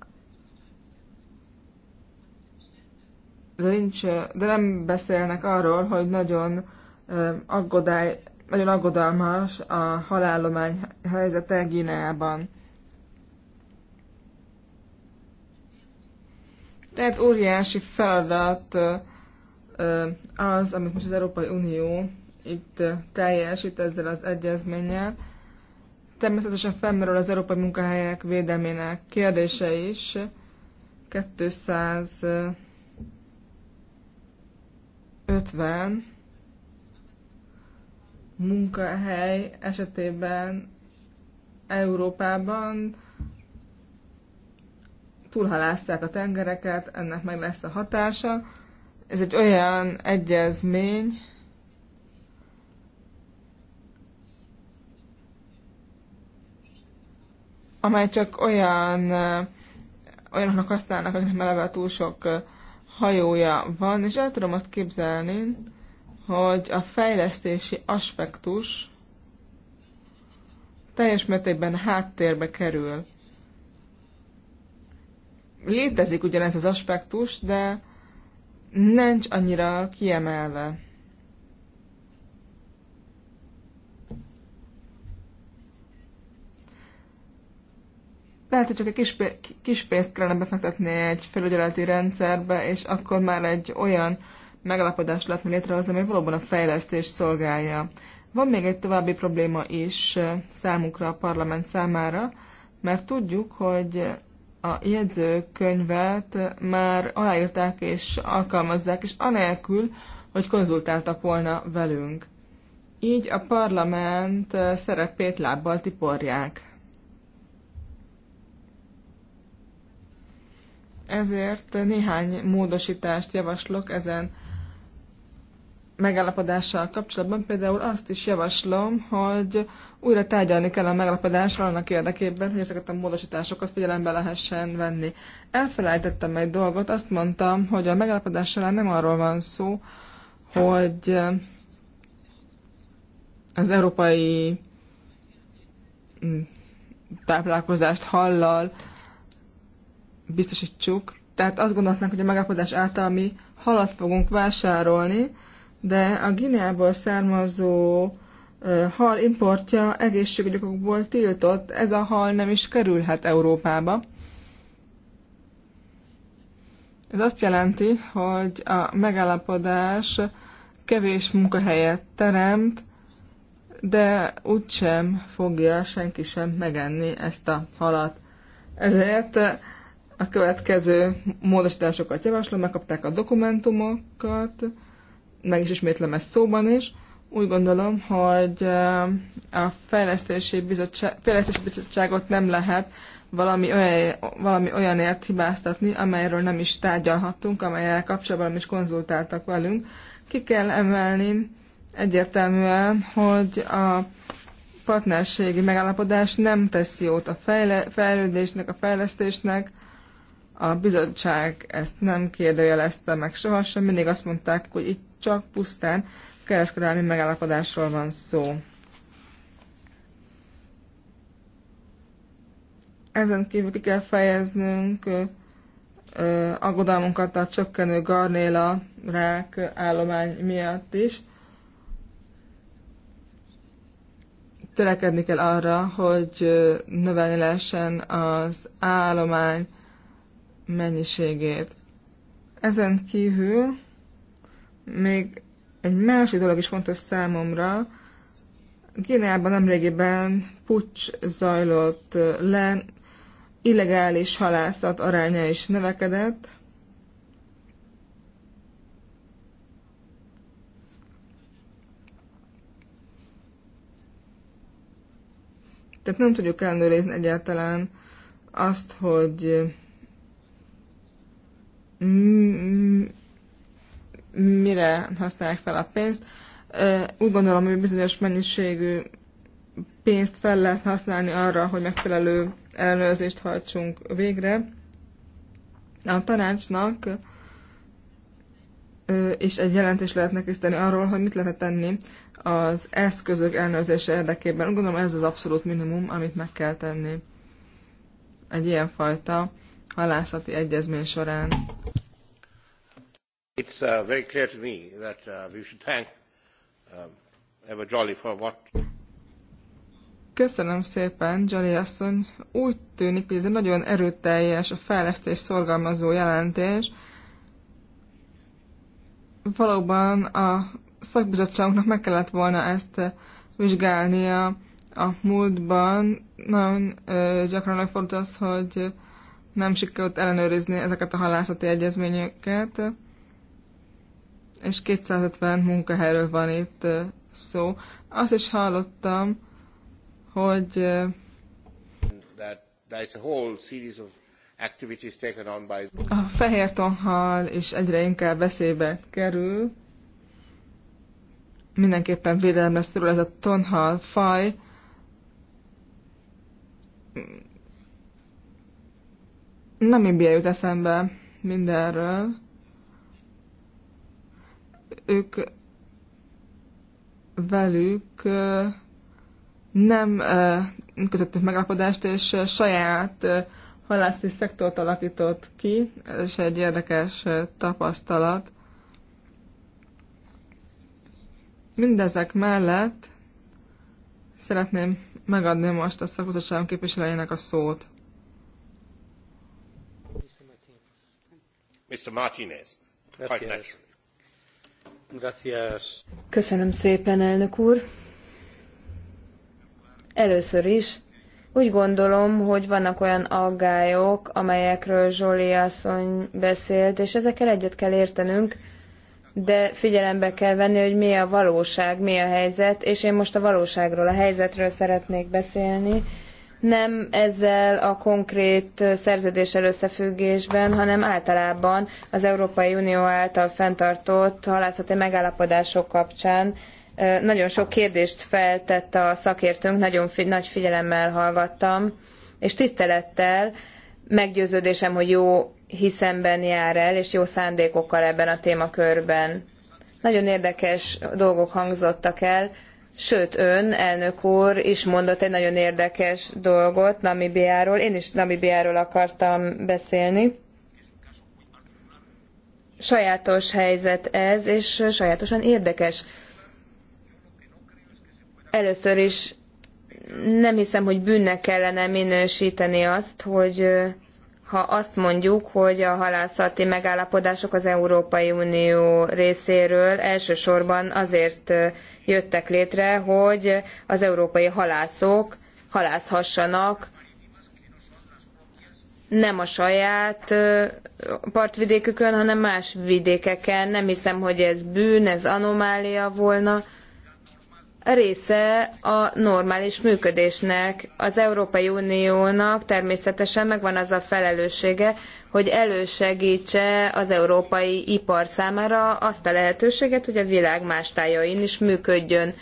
de, nincs, de nem beszélnek arról, hogy nagyon, aggodály, nagyon aggodalmas a halállomány helyzete Gineában. Tehát óriási feladat az, amit most az Európai Unió itt teljesít ezzel az egyezménnyel, Természetesen felmerül az európai munkahelyek védelmének kérdése is. 250 munkahely esetében Európában túlhalászták a tengereket, ennek meg lesz a hatása. Ez egy olyan egyezmény, amely csak olyan olyanoknak használnak, akiknek eleve túl sok hajója van, és el tudom azt képzelni, hogy a fejlesztési aspektus teljes mértékben háttérbe kerül. Létezik ugyanez az aspektus, de nincs annyira kiemelve. lehet, hogy csak egy kis, kis pénzt kellene befektetni egy felügyeleti rendszerbe, és akkor már egy olyan megalapodás lehetne létrehozni, ami valóban a fejlesztés szolgálja. Van még egy további probléma is számukra, a parlament számára, mert tudjuk, hogy a jegyzőkönyvet már aláírták és alkalmazzák, és anélkül, hogy konzultáltak volna velünk. Így a parlament szerepét lábbal tiporják. Ezért néhány módosítást javaslok ezen megállapodással kapcsolatban. Például azt is javaslom, hogy újra tárgyalni kell a megállapodásra annak érdekében, hogy ezeket a módosításokat figyelembe lehessen venni. Elfelejtettem egy dolgot, azt mondtam, hogy a megállapodás során nem arról van szó, hogy az európai mm, táplálkozást hallal biztosítsuk. Tehát azt gondolhatnánk, hogy a megállapodás által mi halat fogunk vásárolni, de a Gineából származó hal importja egészségügyokból tiltott, ez a hal nem is kerülhet Európába. Ez azt jelenti, hogy a megállapodás kevés munkahelyet teremt, de úgysem fogja senki sem megenni ezt a halat. Ezért a következő módosításokat javaslom, megkapták a dokumentumokat, meg is ismétlem ezt szóban is. Úgy gondolom, hogy eh, a fejlesztési, bizottság, fejlesztési bizottságot nem lehet valami, olyan, valami olyanért hibáztatni, amelyről nem is tárgyalhattunk, amelyel kapcsolatban is konzultáltak velünk. Ki kell emelni egyértelműen, hogy a partnerségi megállapodás nem teszi jót a fejle, fejlődésnek, a fejlesztésnek, a bizottság ezt nem kérdőjelezte meg sohasem, mindig azt mondták, hogy itt csak pusztán kereskedelmi megállapodásról van szó. Ezen kívül ki kell fejeznünk aggodalmunkat a csökkenő garnéla rák állomány miatt is. Törekedni kell arra, hogy növelni lehessen az állomány mennyiségét. Ezen kívül még egy másik dolog is fontos számomra. Gineában nemrégiben pucs zajlott le, illegális halászat aránya is növekedett. Tehát nem tudjuk ellenőrizni egyáltalán azt, hogy mire használják fel a pénzt. Úgy gondolom, hogy bizonyos mennyiségű pénzt fel lehet használni arra, hogy megfelelő ellenőrzést hajtsunk végre. A tanácsnak és egy jelentést lehetne készíteni arról, hogy mit lehet tenni az eszközök ellenőrzése érdekében. Úgy gondolom, ez az abszolút minimum, amit meg kell tenni egy ilyenfajta halászati egyezmény során. It's uh, very clear to me that uh, we should thank um, Eva Jolly for what... Köszönöm szépen, Jolly asszony. Úgy tűnik, hogy ez egy nagyon erőteljes, a fejlesztés szorgalmazó jelentés. Valóban a szakbizottságunknak meg kellett volna ezt uh, vizsgálnia a múltban. Nagyon ö, gyakran előfordult az, hogy nem sikerült ellenőrizni ezeket a halászati egyezményeket és 250 munkahelyről van itt szó. Azt is hallottam, hogy a fehér tonhal is egyre inkább veszélybe kerül. Mindenképpen védelemre szorul ez a tonhal faj. Nem Namibia jut eszembe mindenről ők velük nem közöttük megállapodást, és saját halászti szektort alakított ki. Ez is egy érdekes tapasztalat. Mindezek mellett szeretném megadni most a szakbizottságom képviselőjének a szót. Mr. Martinez. Quite naturally. Köszönöm szépen, elnök úr. Először is úgy gondolom, hogy vannak olyan aggályok, amelyekről Zsoli asszony beszélt, és ezekkel egyet kell értenünk, de figyelembe kell venni, hogy mi a valóság, mi a helyzet, és én most a valóságról, a helyzetről szeretnék beszélni nem ezzel a konkrét szerződéssel összefüggésben, hanem általában az Európai Unió által fenntartott halászati megállapodások kapcsán nagyon sok kérdést feltett a szakértőnk, nagyon fi nagy figyelemmel hallgattam, és tisztelettel meggyőződésem, hogy jó hiszemben jár el, és jó szándékokkal ebben a témakörben. Nagyon érdekes dolgok hangzottak el, Sőt, ön, elnök úr is mondott egy nagyon érdekes dolgot Namibiáról. Én is Namibiáról akartam beszélni. Sajátos helyzet ez, és sajátosan érdekes. Először is nem hiszem, hogy bűnnek kellene minősíteni azt, hogy ha azt mondjuk, hogy a halászati megállapodások az Európai Unió részéről elsősorban azért jöttek létre, hogy az európai halászok halászhassanak nem a saját partvidékükön, hanem más vidékeken. Nem hiszem, hogy ez bűn, ez anomália volna. Része a normális működésnek. Az Európai Uniónak természetesen megvan az a felelőssége, hogy elősegítse az európai ipar számára azt a lehetőséget, hogy a világ más tájain is működjön.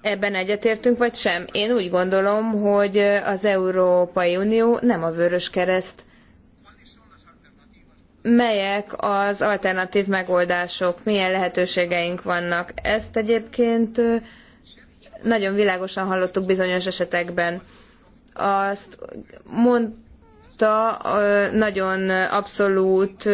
Ebben egyetértünk, vagy sem? Én úgy gondolom, hogy az Európai Unió nem a vörös kereszt. Melyek az alternatív megoldások, milyen lehetőségeink vannak? Ezt egyébként nagyon világosan hallottuk bizonyos esetekben azt mondta nagyon abszolút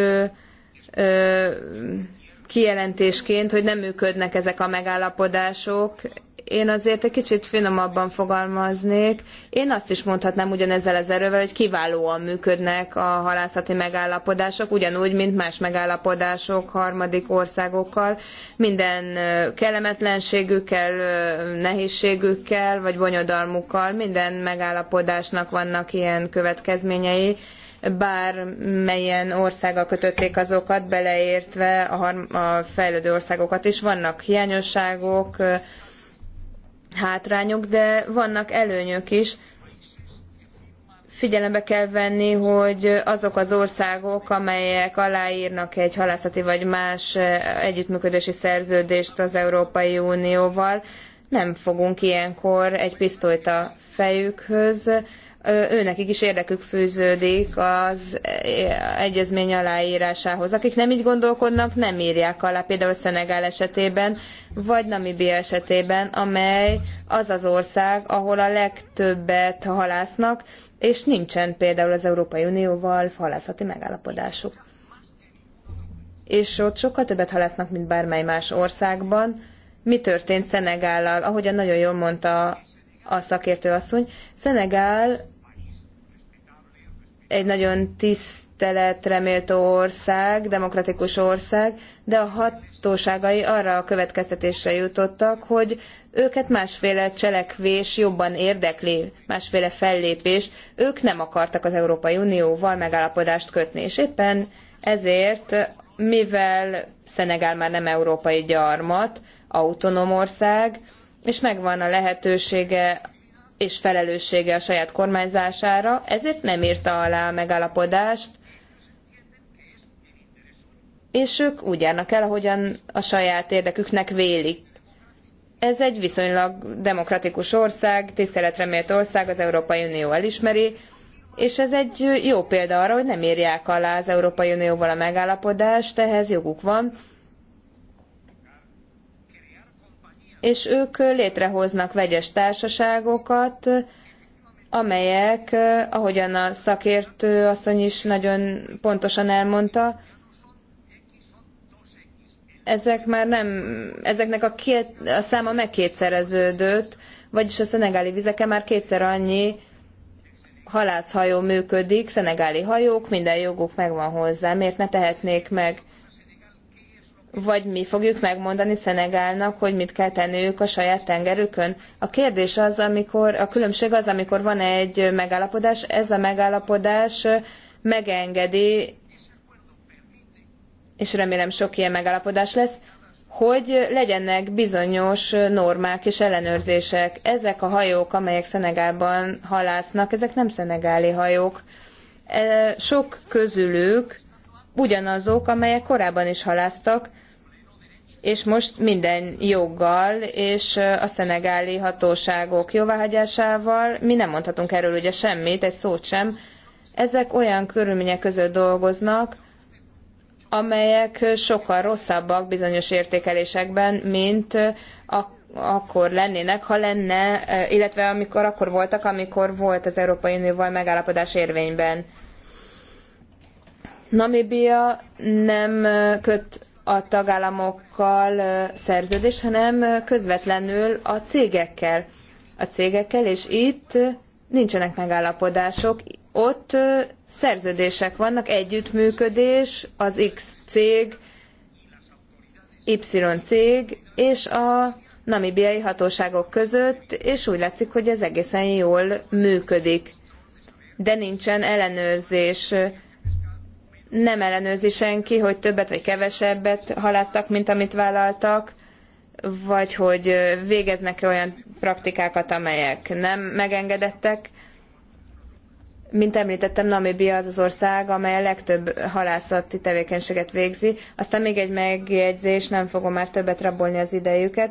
kijelentésként, hogy nem működnek ezek a megállapodások, én azért egy kicsit finomabban fogalmaznék. Én azt is mondhatnám ugyanezzel az erővel, hogy kiválóan működnek a halászati megállapodások, ugyanúgy, mint más megállapodások harmadik országokkal. Minden kellemetlenségükkel, nehézségükkel, vagy bonyodalmukkal, minden megállapodásnak vannak ilyen következményei bármelyen országgal kötötték azokat, beleértve a, a fejlődő országokat is. Vannak hiányosságok, hátrányok, de vannak előnyök is. Figyelembe kell venni, hogy azok az országok, amelyek aláírnak egy halászati vagy más eh, együttműködési szerződést az Európai Unióval, nem fogunk ilyenkor egy pisztolyt a fejükhöz, őnekik is érdekük fűződik az e, egyezmény aláírásához. Akik nem így gondolkodnak, nem írják alá, például Szenegál esetében, vagy Namibia esetében, amely az az ország, ahol a legtöbbet halásznak, és nincsen például az Európai Unióval halászati megállapodásuk. És ott sokkal többet halásznak, mint bármely más országban. Mi történt Szenegállal? Ahogyan nagyon jól mondta a szakértő asszony, Szenegál egy nagyon tiszteletre méltó ország, demokratikus ország, de a hatóságai arra a következtetésre jutottak, hogy őket másféle cselekvés jobban érdekli, másféle fellépés. Ők nem akartak az Európai Unióval megállapodást kötni, és éppen ezért, mivel Szenegál már nem európai gyarmat, autonóm ország, és megvan a lehetősége és felelőssége a saját kormányzására, ezért nem írta alá a megállapodást, és ők úgy járnak el, ahogyan a saját érdeküknek vélik. Ez egy viszonylag demokratikus ország, tiszteletre mért ország, az Európai Unió elismeri, és ez egy jó példa arra, hogy nem írják alá az Európai Unióval a megállapodást, ehhez joguk van, és ők létrehoznak vegyes társaságokat, amelyek, ahogyan a szakértő asszony is nagyon pontosan elmondta, ezek már nem, ezeknek a, két, a száma megkétszereződött, vagyis a szenegáli vizeken már kétszer annyi halászhajó működik, szenegáli hajók, minden joguk megvan hozzá, miért ne tehetnék meg? vagy mi fogjuk megmondani Szenegálnak, hogy mit kell tenniük a saját tengerükön. A kérdés az, amikor, a különbség az, amikor van egy megállapodás, ez a megállapodás megengedi, és remélem sok ilyen megállapodás lesz, hogy legyenek bizonyos normák és ellenőrzések. Ezek a hajók, amelyek Szenegálban halásznak, ezek nem szenegáli hajók. E, sok közülük ugyanazok, amelyek korábban is haláztak, és most minden joggal és a szenegáli hatóságok jóváhagyásával mi nem mondhatunk erről ugye semmit, egy szót sem. Ezek olyan körülmények között dolgoznak, amelyek sokkal rosszabbak bizonyos értékelésekben, mint a akkor lennének, ha lenne, illetve amikor akkor voltak, amikor volt az Európai Unióval megállapodás érvényben. Namibia nem köt a tagállamokkal szerződés, hanem közvetlenül a cégekkel. A cégekkel, és itt nincsenek megállapodások, ott szerződések vannak, együttműködés, az X cég, Y cég és a namibiai hatóságok között, és úgy látszik, hogy ez egészen jól működik. De nincsen ellenőrzés, nem ellenőrzi senki, hogy többet vagy kevesebbet haláztak, mint amit vállaltak, vagy hogy végeznek-e olyan praktikákat, amelyek nem megengedettek. Mint említettem, Namibia az az ország, amely a legtöbb halászati tevékenységet végzi. Aztán még egy megjegyzés, nem fogom már többet rabolni az idejüket.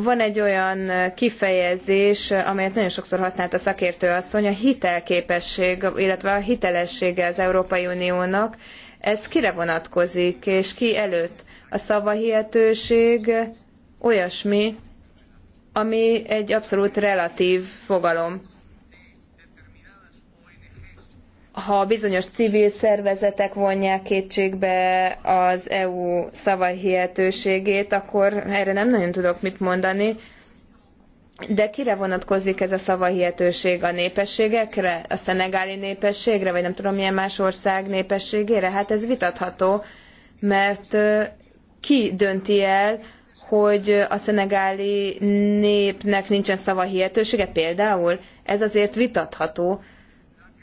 Van egy olyan kifejezés, amelyet nagyon sokszor használt a szakértő asszony, a hitelképesség, illetve a hitelessége az Európai Uniónak. Ez kire vonatkozik, és ki előtt? A szavahihetőség olyasmi, ami egy abszolút relatív fogalom ha bizonyos civil szervezetek vonják kétségbe az EU szavahihetőségét, akkor erre nem nagyon tudok mit mondani. De kire vonatkozik ez a szavahihetőség? A népességekre? A szenegáli népességre? Vagy nem tudom milyen más ország népességére? Hát ez vitatható, mert ki dönti el, hogy a szenegáli népnek nincsen szavahihetősége például? Ez azért vitatható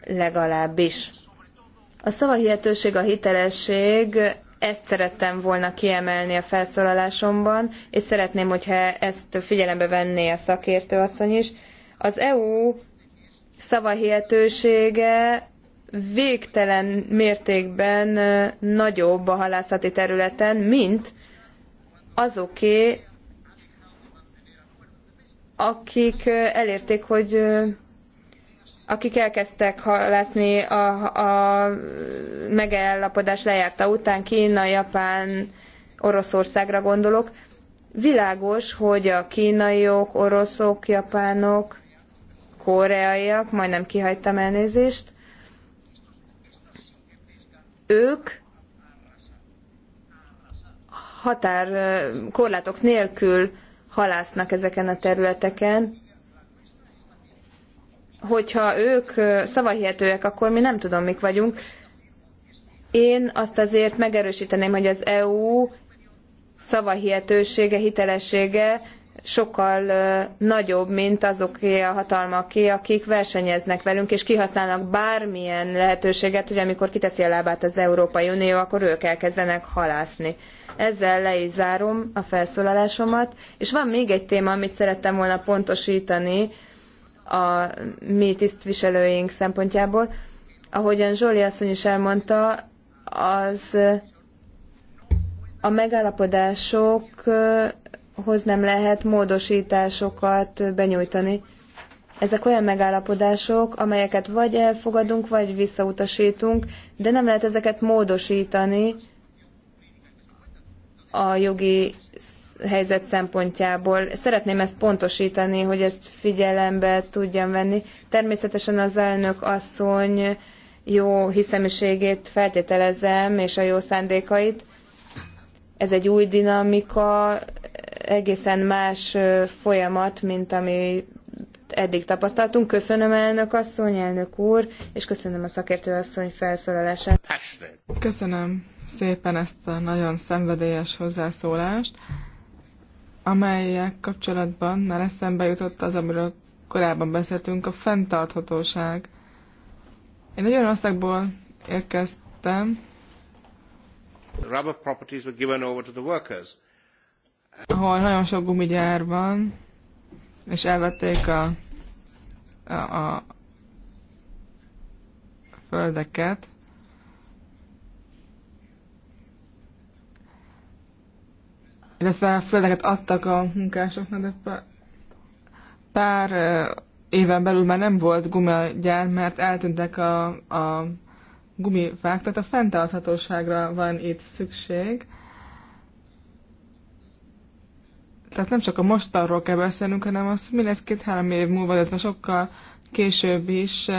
legalábbis. A szavahihetőség, a hitelesség, ezt szerettem volna kiemelni a felszólalásomban, és szeretném, hogyha ezt figyelembe venné a szakértő asszony is. Az EU szavahihetősége végtelen mértékben nagyobb a halászati területen, mint azoké, akik elérték, hogy akik elkezdtek halászni a, a megállapodás lejárta után, Kína, Japán, Oroszországra gondolok, világos, hogy a kínaiok, oroszok, japánok, koreaiak, majdnem kihagytam elnézést, ők határ korlátok nélkül halásznak ezeken a területeken, hogyha ők szavahihetőek, akkor mi nem tudom, mik vagyunk. Én azt azért megerősíteném, hogy az EU szavahihetősége, hitelessége sokkal nagyobb, mint azoké a hatalmaké, akik versenyeznek velünk, és kihasználnak bármilyen lehetőséget, hogy amikor kiteszi a lábát az Európai Unió, akkor ők elkezdenek halászni. Ezzel le is zárom a felszólalásomat, és van még egy téma, amit szerettem volna pontosítani, a mi tisztviselőink szempontjából. Ahogyan Zsoli asszony is elmondta, az a megállapodásokhoz nem lehet módosításokat benyújtani. Ezek olyan megállapodások, amelyeket vagy elfogadunk, vagy visszautasítunk, de nem lehet ezeket módosítani a jogi helyzet szempontjából. Szeretném ezt pontosítani, hogy ezt figyelembe tudjam venni. Természetesen az elnök asszony jó hiszemiségét feltételezem, és a jó szándékait. Ez egy új dinamika, egészen más folyamat, mint ami eddig tapasztaltunk. Köszönöm elnök asszony, elnök úr, és köszönöm a szakértő asszony felszólalását. Köszönöm szépen ezt a nagyon szenvedélyes hozzászólást amelyek kapcsolatban már eszembe jutott az, amiről korábban beszéltünk, a fenntarthatóság. Én nagyon országból érkeztem, rubber properties were given over to the workers. Ahol nagyon sok gumigyár van, és elvették a, a, a földeket. illetve földeket adtak a munkásoknak, de pár éven belül már nem volt gumagyár, mert eltűntek a, a gumifák, tehát a fenntarthatóságra van itt szükség. Tehát nem csak a mostanról kell beszélnünk, hanem az, mi lesz két-három év múlva, illetve sokkal később is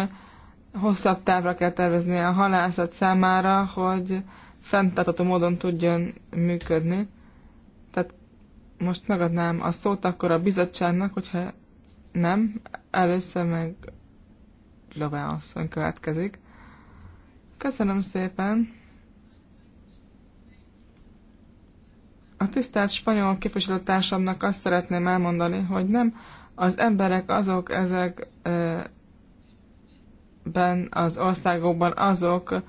hosszabb távra kell tervezni a halászat számára, hogy fenntartható módon tudjon működni most megadnám a szót akkor a bizottságnak, hogyha nem, először meg Lová asszony következik. Köszönöm szépen! A tisztelt spanyol képviselőtársamnak azt szeretném elmondani, hogy nem az emberek azok ezekben az országokban azok,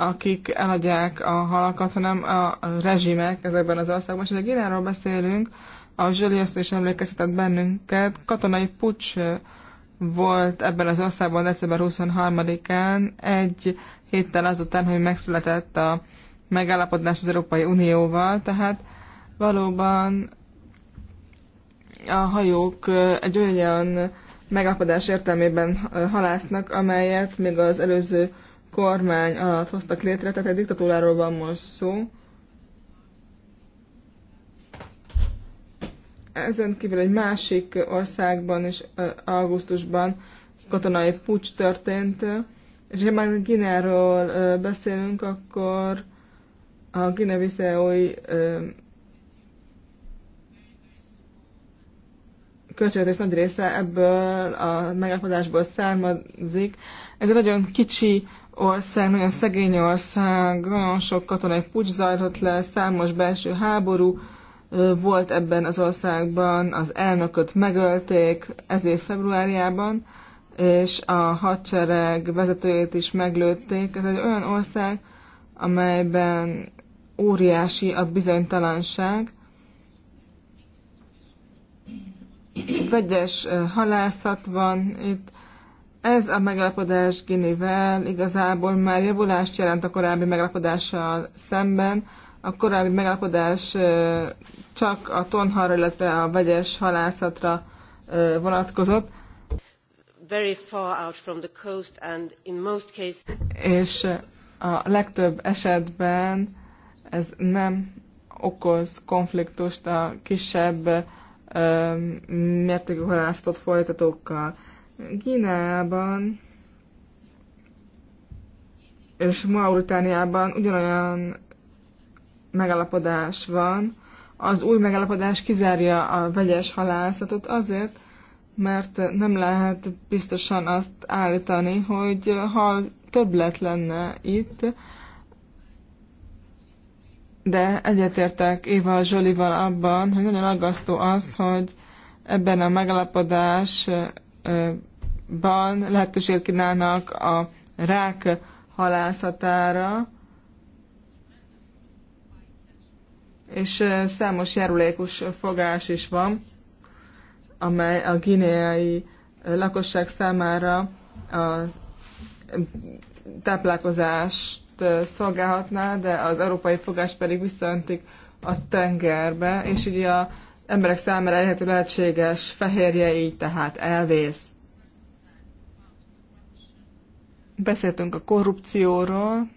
akik eladják a halakat, hanem a rezsimek ezekben az országban. És ugye beszélünk, a Zsöli azt is emlékeztetett bennünket, katonai pucs volt ebben az országban december 23-án, egy héttel azután, hogy megszületett a megállapodás az Európai Unióval, tehát valóban a hajók egy olyan megállapodás értelmében halásznak, amelyet még az előző kormány alatt hoztak létre, tehát egy diktatúráról van most szó. Ezen kívül egy másik országban is augusztusban katonai pucs történt, és ha már Gineáról beszélünk, akkor a Gineviseói költségvetés nagy része ebből a megállapodásból származik. Ez egy nagyon kicsi ország, nagyon szegény ország, nagyon sok katonai pucs zajlott le, számos belső háború volt ebben az országban, az elnököt megölték ez év februárjában, és a hadsereg vezetőjét is meglőtték. Ez egy olyan ország, amelyben óriási a bizonytalanság, vegyes halászat van itt, ez a megállapodás Ginivel igazából már javulást jelent a korábbi megállapodással szemben. A korábbi megállapodás csak a tonhalra, illetve a vegyes halászatra vonatkozott. Very far out from the coast and in most case... És a legtöbb esetben ez nem okoz konfliktust a kisebb mértékű halászatot folytatókkal. Gíneában és Mauritániában ugyanolyan megállapodás van. Az új megállapodás kizárja a vegyes halászatot azért, mert nem lehet biztosan azt állítani, hogy hal többlet lenne itt, de egyetértek Éva Zsolival abban, hogy nagyon aggasztó az, hogy ebben a megalapodás ban lehetőséget kínálnak a rák halászatára, és számos járulékos fogás is van, amely a gineai lakosság számára az táplálkozást szolgálhatná, de az európai fogás pedig visszaöntik a tengerbe, és így a emberek számára elérhető lehetséges fehérje így tehát elvész. Beszéltünk a korrupcióról.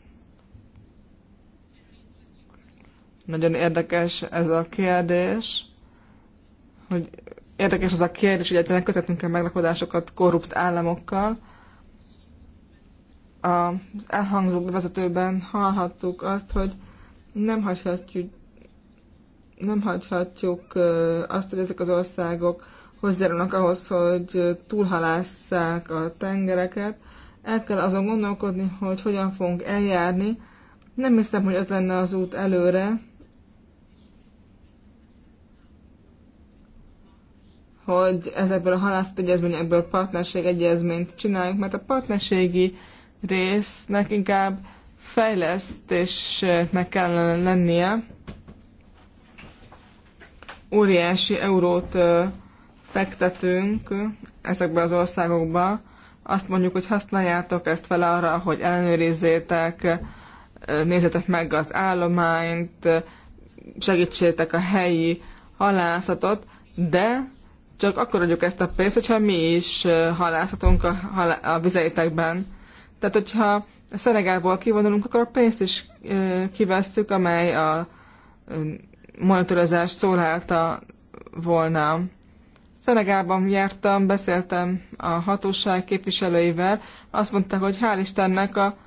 Nagyon érdekes ez a kérdés, hogy érdekes az a kérdés, hogy egyáltalán kötetünk-e meglakodásokat korrupt államokkal. Az elhangzó vezetőben hallhattuk azt, hogy nem hagyhatjuk, nem hagyhatjuk azt, hogy ezek az országok hozzájárulnak ahhoz, hogy túlhalásszák a tengereket, el kell azon gondolkodni, hogy hogyan fogunk eljárni. Nem hiszem, hogy ez lenne az út előre, hogy ezekből a halászat egyezményekből partnerség egyezményt csináljuk, mert a partnerségi résznek inkább fejlesztésnek kellene lennie. Óriási eurót fektetünk ezekbe az országokba, azt mondjuk, hogy használjátok ezt fel arra, hogy ellenőrizzétek, nézzétek meg az állományt, segítsétek a helyi halászatot, de csak akkor adjuk ezt a pénzt, hogyha mi is halászatunk a, a vizeitekben. Tehát, hogyha a szeregából kivonulunk, akkor a pénzt is kivesszük, amely a monitorozás szólálta volna. Szenegában jártam, beszéltem a hatóság képviselőivel, azt mondták, hogy hál' Istennek a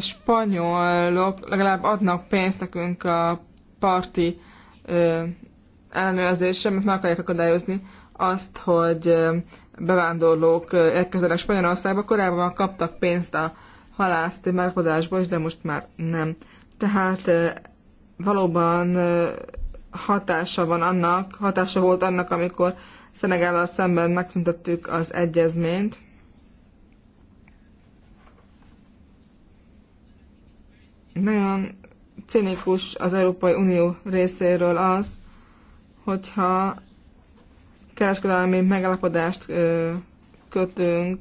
spanyolok legalább adnak pénzt nekünk a parti ellenőrzésre, mert meg akarják akadályozni azt, hogy bevándorlók érkezzenek Spanyolországba. Korábban kaptak pénzt a halászti megalkodásból is, de most már nem. Tehát valóban hatása van annak, hatása volt annak, amikor Szenegállal szemben megszüntettük az egyezményt. Nagyon cinikus az Európai Unió részéről az, hogyha kereskedelmi megállapodást kötünk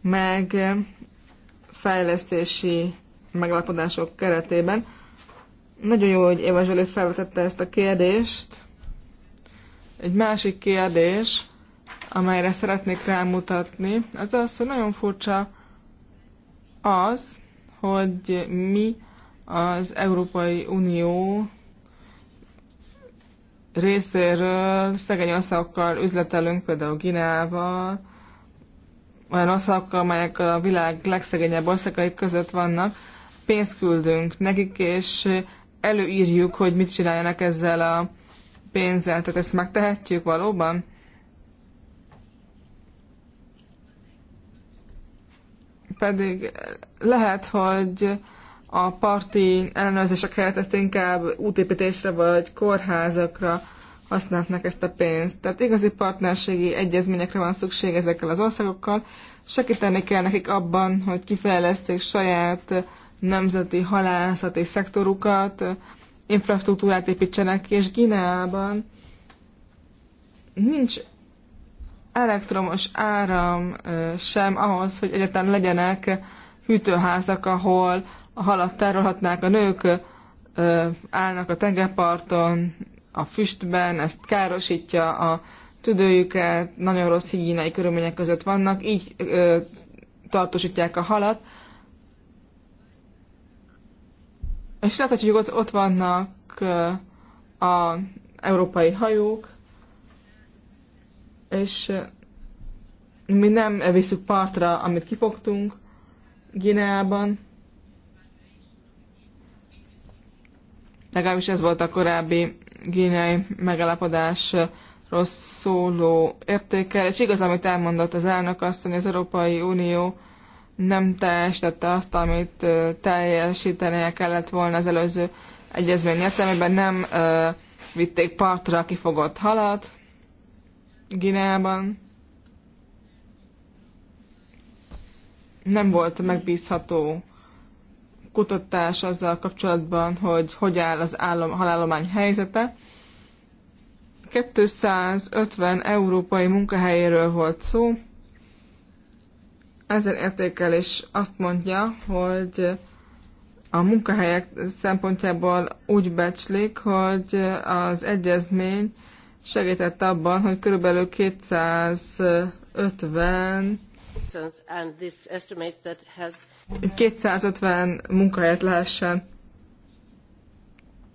meg fejlesztési megállapodások keretében. Nagyon jó, hogy Éva Zsoli felvetette ezt a kérdést, egy másik kérdés, amelyre szeretnék rámutatni, az az, hogy nagyon furcsa az, hogy mi az Európai Unió részéről szegény országokkal üzletelünk, például Gineával, olyan országokkal, amelyek a világ legszegényebb országai között vannak, pénzt küldünk nekik, és előírjuk, hogy mit csináljanak ezzel a pénzzel. Tehát ezt megtehetjük valóban? Pedig lehet, hogy a parti ellenőrzések helyett ezt inkább útépítésre vagy kórházakra használnak ezt a pénzt. Tehát igazi partnerségi egyezményekre van szükség ezekkel az országokkal. Segíteni kell nekik abban, hogy kifejleszték saját nemzeti halászati szektorukat, infrastruktúrát építsenek ki, és Gineában nincs elektromos áram sem ahhoz, hogy egyetlen legyenek hűtőházak, ahol a halat tárolhatnák a nők, állnak a tengerparton, a füstben, ezt károsítja a tüdőjüket, nagyon rossz higiéniai körülmények között vannak, így tartósítják a halat, És láthatjuk, ott, ott vannak a európai hajók, és mi nem visszük partra, amit kifogtunk Gineában. Legalábbis ez volt a korábbi megalapodás rossz szóló értékel, és igaz, amit elmondott az elnök azt, hogy az Európai Unió nem teljesítette azt, amit teljesítenie kellett volna az előző egyezmény értelmében, nem ö, vitték partra a kifogott halat Gineában. Nem volt megbízható kutatás azzal kapcsolatban, hogy hogy áll az állom, halállomány helyzete. 250 európai munkahelyéről volt szó, ezen értékelés azt mondja, hogy a munkahelyek szempontjából úgy becslik, hogy az egyezmény segített abban, hogy körülbelül 250 250 munkahelyet lehessen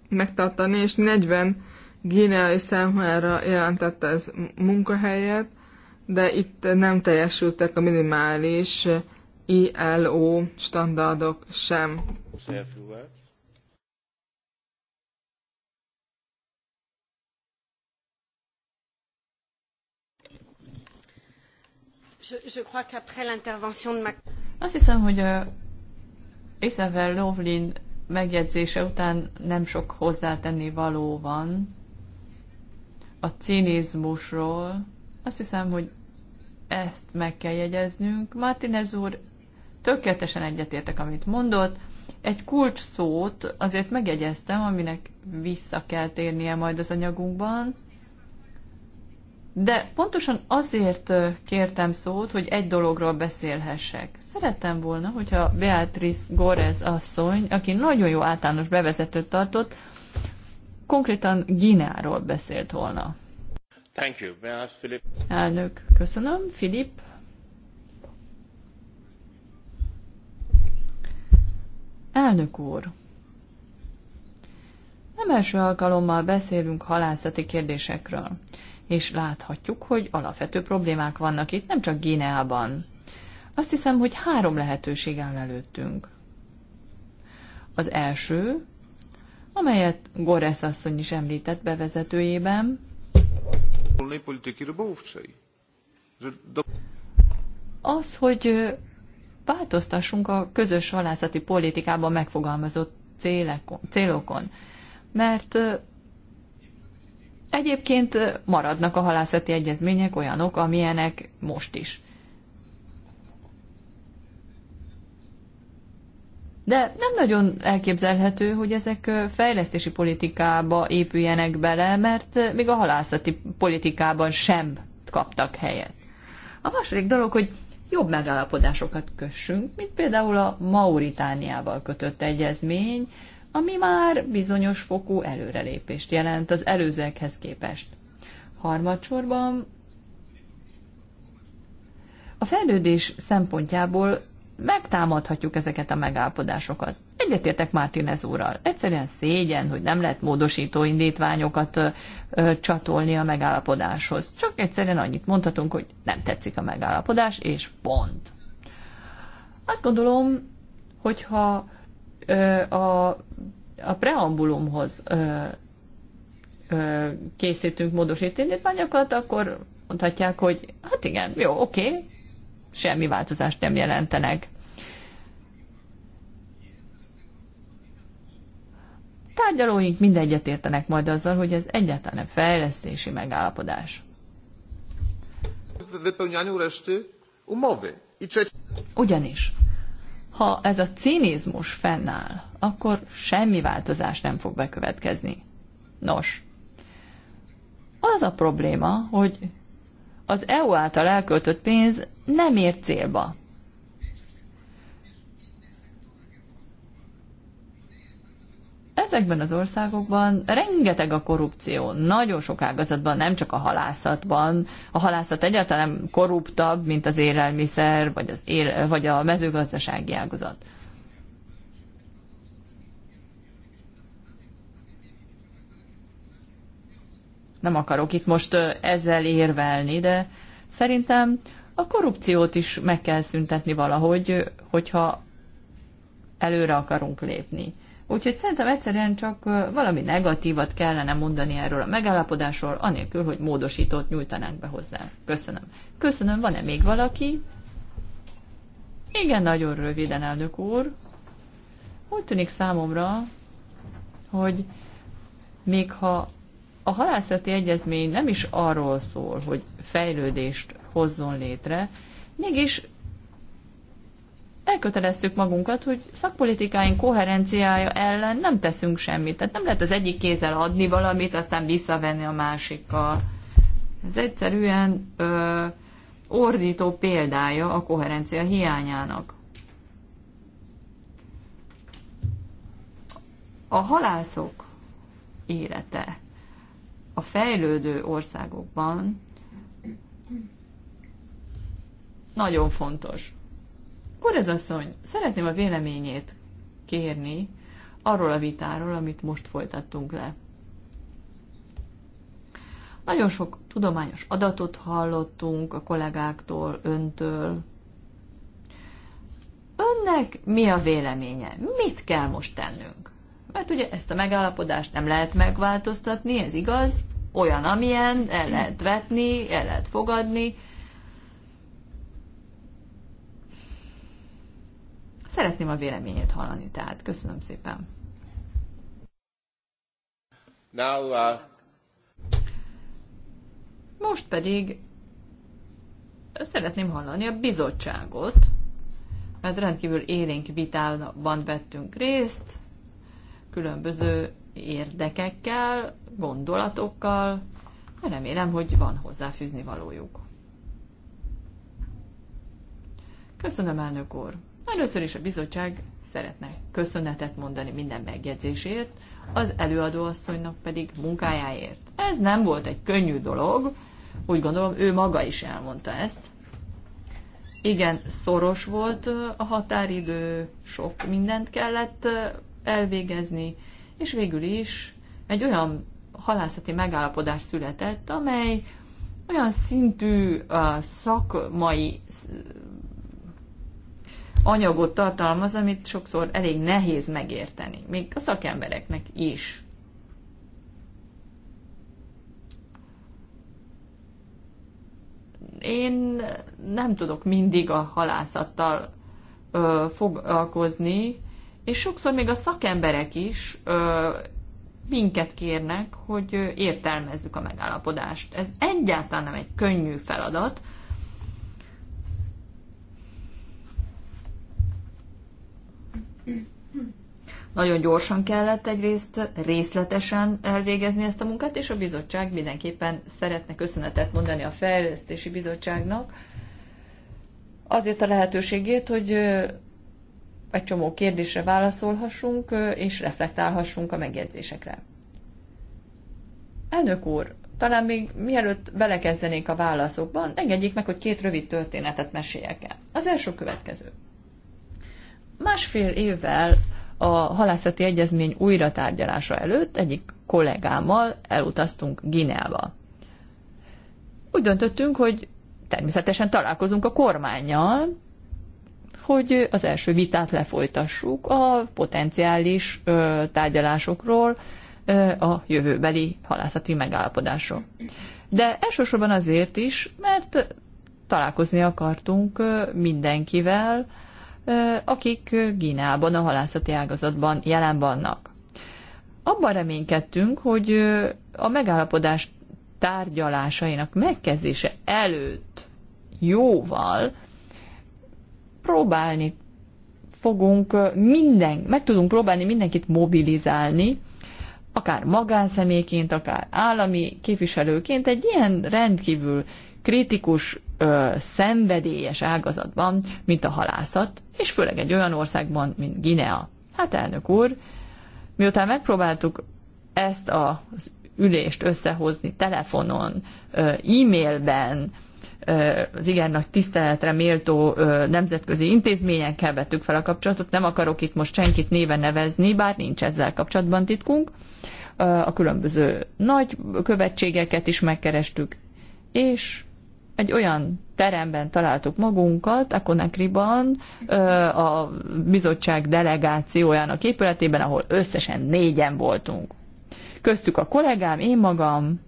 megtartani, és 40 gíneai számára jelentett ez munkahelyet, de itt nem teljesültek a minimális ILO standardok sem. Azt hiszem, hogy a Isabel Lovlin megjegyzése után nem sok hozzátenni való van a cinizmusról, azt hiszem, hogy ezt meg kell jegyeznünk. Martinez úr tökéletesen egyetértek, amit mondott. Egy kulcs szót azért megjegyeztem, aminek vissza kell térnie majd az anyagunkban. De pontosan azért kértem szót, hogy egy dologról beszélhessek. Szerettem volna, hogyha Beatrice Gorez asszony, aki nagyon jó általános bevezetőt tartott, konkrétan Gináról beszélt volna. Thank you. Philip. Elnök, köszönöm. Elnök úr. Nem első alkalommal beszélünk halászati kérdésekről, és láthatjuk, hogy alapvető problémák vannak itt, nem csak Gíneában. Azt hiszem, hogy három lehetőség áll előttünk. Az első, amelyet Goresz asszony is említett bevezetőjében, az, hogy változtassunk a közös halászati politikában megfogalmazott célekon, célokon, mert egyébként maradnak a halászati egyezmények olyanok, amilyenek most is. De nem nagyon elképzelhető, hogy ezek fejlesztési politikába épüljenek bele, mert még a halászati politikában sem kaptak helyet. A második dolog, hogy jobb megállapodásokat kössünk, mint például a Mauritániával kötött egyezmény, ami már bizonyos fokú előrelépést jelent az előzőekhez képest. Harmadsorban a fejlődés szempontjából megtámadhatjuk ezeket a megállapodásokat. Egyetértek Mártinez úrral. Egyszerűen szégyen, hogy nem lehet módosító indítványokat ö, ö, csatolni a megállapodáshoz. Csak egyszerűen annyit mondhatunk, hogy nem tetszik a megállapodás, és pont. Azt gondolom, hogyha ö, a, a preambulumhoz ö, ö, készítünk módosító indítványokat, akkor mondhatják, hogy hát igen, jó, oké, semmi változást nem jelentenek. Tárgyalóink mind egyetértenek majd azzal, hogy ez egyáltalán nem fejlesztési megállapodás. Ugyanis, ha ez a cinizmus fennáll, akkor semmi változás nem fog bekövetkezni. Nos, az a probléma, hogy az EU által elköltött pénz nem ér célba. Ezekben az országokban rengeteg a korrupció, nagyon sok ágazatban, nem csak a halászatban. A halászat egyáltalán nem korruptabb, mint az élelmiszer, vagy, az él, vagy a mezőgazdasági ágazat. Nem akarok itt most ezzel érvelni, de szerintem a korrupciót is meg kell szüntetni valahogy, hogyha előre akarunk lépni. Úgyhogy szerintem egyszerűen csak valami negatívat kellene mondani erről a megállapodásról, anélkül, hogy módosítót nyújtanánk be hozzá. Köszönöm. Köszönöm, van-e még valaki? Igen, nagyon röviden, elnök úr. Úgy tűnik számomra, hogy még ha a halászati egyezmény nem is arról szól, hogy fejlődést hozzon létre. Mégis elköteleztük magunkat, hogy szakpolitikáink koherenciája ellen nem teszünk semmit. Tehát nem lehet az egyik kézzel adni valamit, aztán visszavenni a másikkal. Ez egyszerűen ö, ordító példája a koherencia hiányának. A halászok élete a fejlődő országokban nagyon fontos. Korez asszony, szeretném a véleményét kérni arról a vitáról, amit most folytattunk le. Nagyon sok tudományos adatot hallottunk a kollégáktól, öntől. Önnek mi a véleménye? Mit kell most tennünk? Mert ugye ezt a megállapodást nem lehet megváltoztatni, ez igaz, olyan, amilyen, el lehet vetni, el lehet fogadni, Szeretném a véleményét hallani, tehát köszönöm szépen. Now, uh... Most pedig szeretném hallani a bizottságot, mert rendkívül élénk vitában vettünk részt, különböző érdekekkel, gondolatokkal, remélem, hogy van hozzáfűzni valójuk. Köszönöm, elnök úr! Először is a bizottság szeretne köszönetet mondani minden megjegyzésért, az előadóasszonynak pedig munkájáért. Ez nem volt egy könnyű dolog, úgy gondolom ő maga is elmondta ezt. Igen, szoros volt a határidő, sok mindent kellett elvégezni, és végül is egy olyan halászati megállapodás született, amely olyan szintű szakmai anyagot tartalmaz, amit sokszor elég nehéz megérteni, még a szakembereknek is. Én nem tudok mindig a halászattal ö, foglalkozni, és sokszor még a szakemberek is ö, minket kérnek, hogy értelmezzük a megállapodást. Ez egyáltalán nem egy könnyű feladat, Nagyon gyorsan kellett egyrészt részletesen elvégezni ezt a munkát, és a bizottság mindenképpen szeretne köszönetet mondani a Fejlesztési Bizottságnak azért a lehetőségét, hogy egy csomó kérdésre válaszolhassunk, és reflektálhassunk a megjegyzésekre. Elnök úr, talán még mielőtt belekezdenék a válaszokban, engedjék meg, hogy két rövid történetet meséljek el. Az első következő. Másfél évvel a halászati egyezmény újra tárgyalása előtt egyik kollégámmal elutaztunk Gineába. Úgy döntöttünk, hogy természetesen találkozunk a kormányjal, hogy az első vitát lefolytassuk a potenciális ö, tárgyalásokról, ö, a jövőbeli halászati megállapodásról. De elsősorban azért is, mert találkozni akartunk mindenkivel, akik Gínában, a halászati ágazatban jelen vannak. Abban reménykedtünk, hogy a megállapodás tárgyalásainak megkezdése előtt jóval próbálni fogunk minden, meg tudunk próbálni mindenkit mobilizálni, akár magánszemélyként, akár állami képviselőként egy ilyen rendkívül kritikus, ö, szenvedélyes ágazatban, mint a halászat, és főleg egy olyan országban, mint Guinea. Hát elnök úr, miután megpróbáltuk ezt az ülést összehozni telefonon, e-mailben, az igen nagy tiszteletre méltó nemzetközi intézményekkel vettük fel a kapcsolatot. Nem akarok itt most senkit néven nevezni, bár nincs ezzel kapcsolatban titkunk. A különböző nagy követségeket is megkerestük, és egy olyan teremben találtuk magunkat, a Konakriban, a bizottság delegációjának épületében, ahol összesen négyen voltunk. Köztük a kollégám, én magam,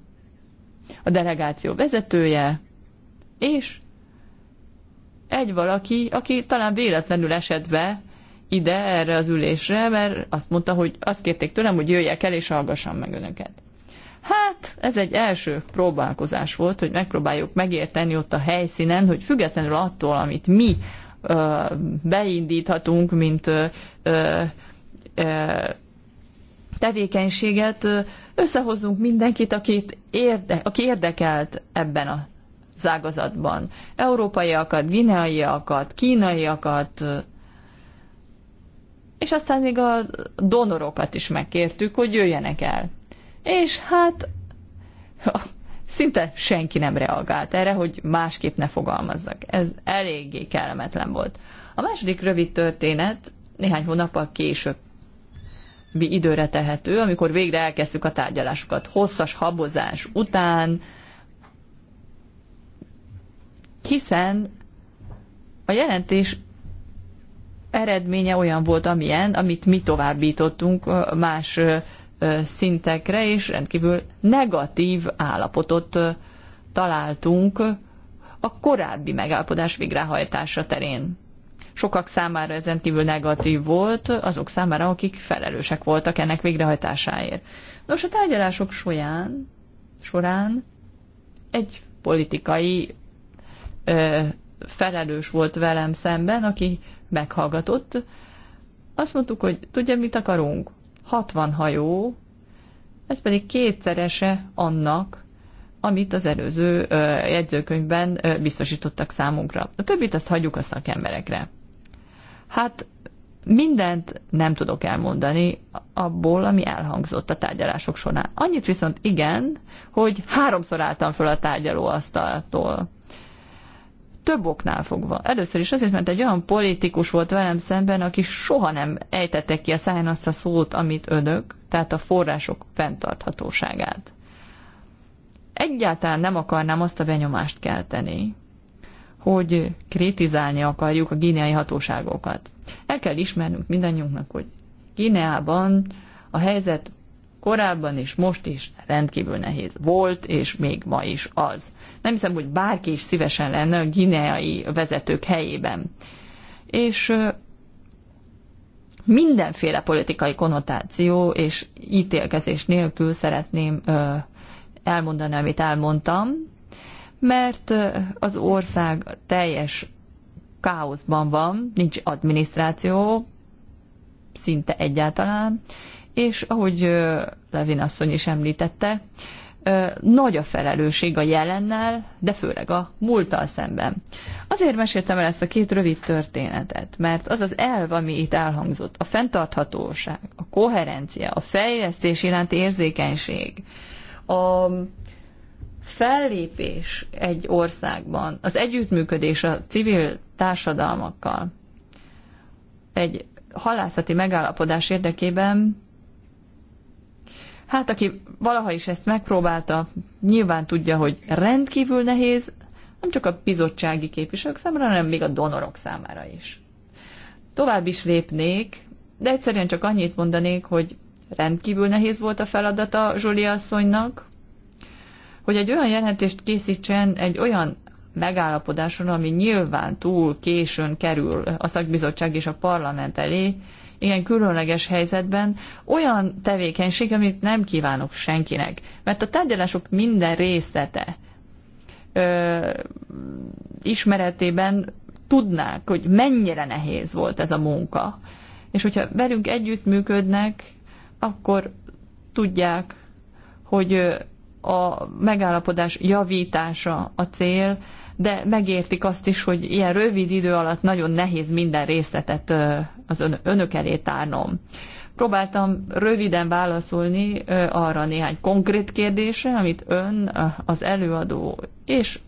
a delegáció vezetője, és egy valaki, aki talán véletlenül esett be ide, erre az ülésre, mert azt mondta, hogy azt kérték tőlem, hogy jöjjek el és hallgassam meg önöket. Hát, ez egy első próbálkozás volt, hogy megpróbáljuk megérteni ott a helyszínen, hogy függetlenül attól, amit mi ö, beindíthatunk, mint ö, ö, tevékenységet, összehozzunk mindenkit, akit érde, aki érdekelt ebben a zágazatban. Európaiakat, gineaiakat, kínaiakat, és aztán még a donorokat is megkértük, hogy jöjjenek el és hát szinte senki nem reagált erre, hogy másképp ne fogalmazzak. Ez eléggé kellemetlen volt. A második rövid történet néhány hónappal később mi időre tehető, amikor végre elkezdtük a tárgyalásokat. Hosszas habozás után, hiszen a jelentés eredménye olyan volt, amilyen, amit mi továbbítottunk más szintekre, és rendkívül negatív állapotot találtunk a korábbi megállapodás végrehajtása terén. Sokak számára ez rendkívül negatív volt, azok számára, akik felelősek voltak ennek végrehajtásáért. Nos, a tárgyalások során, során egy politikai ö, felelős volt velem szemben, aki meghallgatott. Azt mondtuk, hogy tudja, mit akarunk? 60 hajó, ez pedig kétszerese annak, amit az előző jegyzőkönyvben biztosítottak számunkra. A többit azt hagyjuk a szakemberekre. Hát mindent nem tudok elmondani abból, ami elhangzott a tárgyalások során. Annyit viszont igen, hogy háromszor álltam föl a tárgyalóasztaltól több oknál fogva. Először is azért, mert egy olyan politikus volt velem szemben, aki soha nem ejtette ki a száján azt a szót, amit önök, tehát a források fenntarthatóságát. Egyáltalán nem akarnám azt a benyomást kelteni, hogy kritizálni akarjuk a gíneai hatóságokat. El kell ismernünk mindannyiunknak, hogy Gineában a helyzet korábban és most is rendkívül nehéz volt, és még ma is az. Nem hiszem, hogy bárki is szívesen lenne a gineai vezetők helyében. És mindenféle politikai konnotáció és ítélkezés nélkül szeretném elmondani, amit elmondtam, mert az ország teljes káoszban van, nincs adminisztráció, szinte egyáltalán, és ahogy Levin asszony is említette, nagy a felelősség a jelennel, de főleg a múlttal szemben. Azért meséltem el ezt a két rövid történetet, mert az az elv, ami itt elhangzott, a fenntarthatóság, a koherencia, a fejlesztés iránti érzékenység, a fellépés egy országban, az együttműködés a civil társadalmakkal, egy halászati megállapodás érdekében Hát, aki valaha is ezt megpróbálta, nyilván tudja, hogy rendkívül nehéz, nem csak a bizottsági képviselők számára, hanem még a donorok számára is. Tovább is lépnék, de egyszerűen csak annyit mondanék, hogy rendkívül nehéz volt a feladata Zsoli asszonynak, hogy egy olyan jelentést készítsen egy olyan megállapodáson, ami nyilván túl későn kerül a szakbizottság és a parlament elé, ilyen különleges helyzetben olyan tevékenység, amit nem kívánok senkinek. Mert a tárgyalások minden részlete ö, ismeretében tudnák, hogy mennyire nehéz volt ez a munka. És hogyha velünk együttműködnek, akkor tudják, hogy a megállapodás javítása a cél, de megértik azt is, hogy ilyen rövid idő alatt nagyon nehéz minden részletet az ön, önök elé tárnom. Próbáltam röviden válaszolni arra néhány konkrét kérdésre, amit ön, az előadó és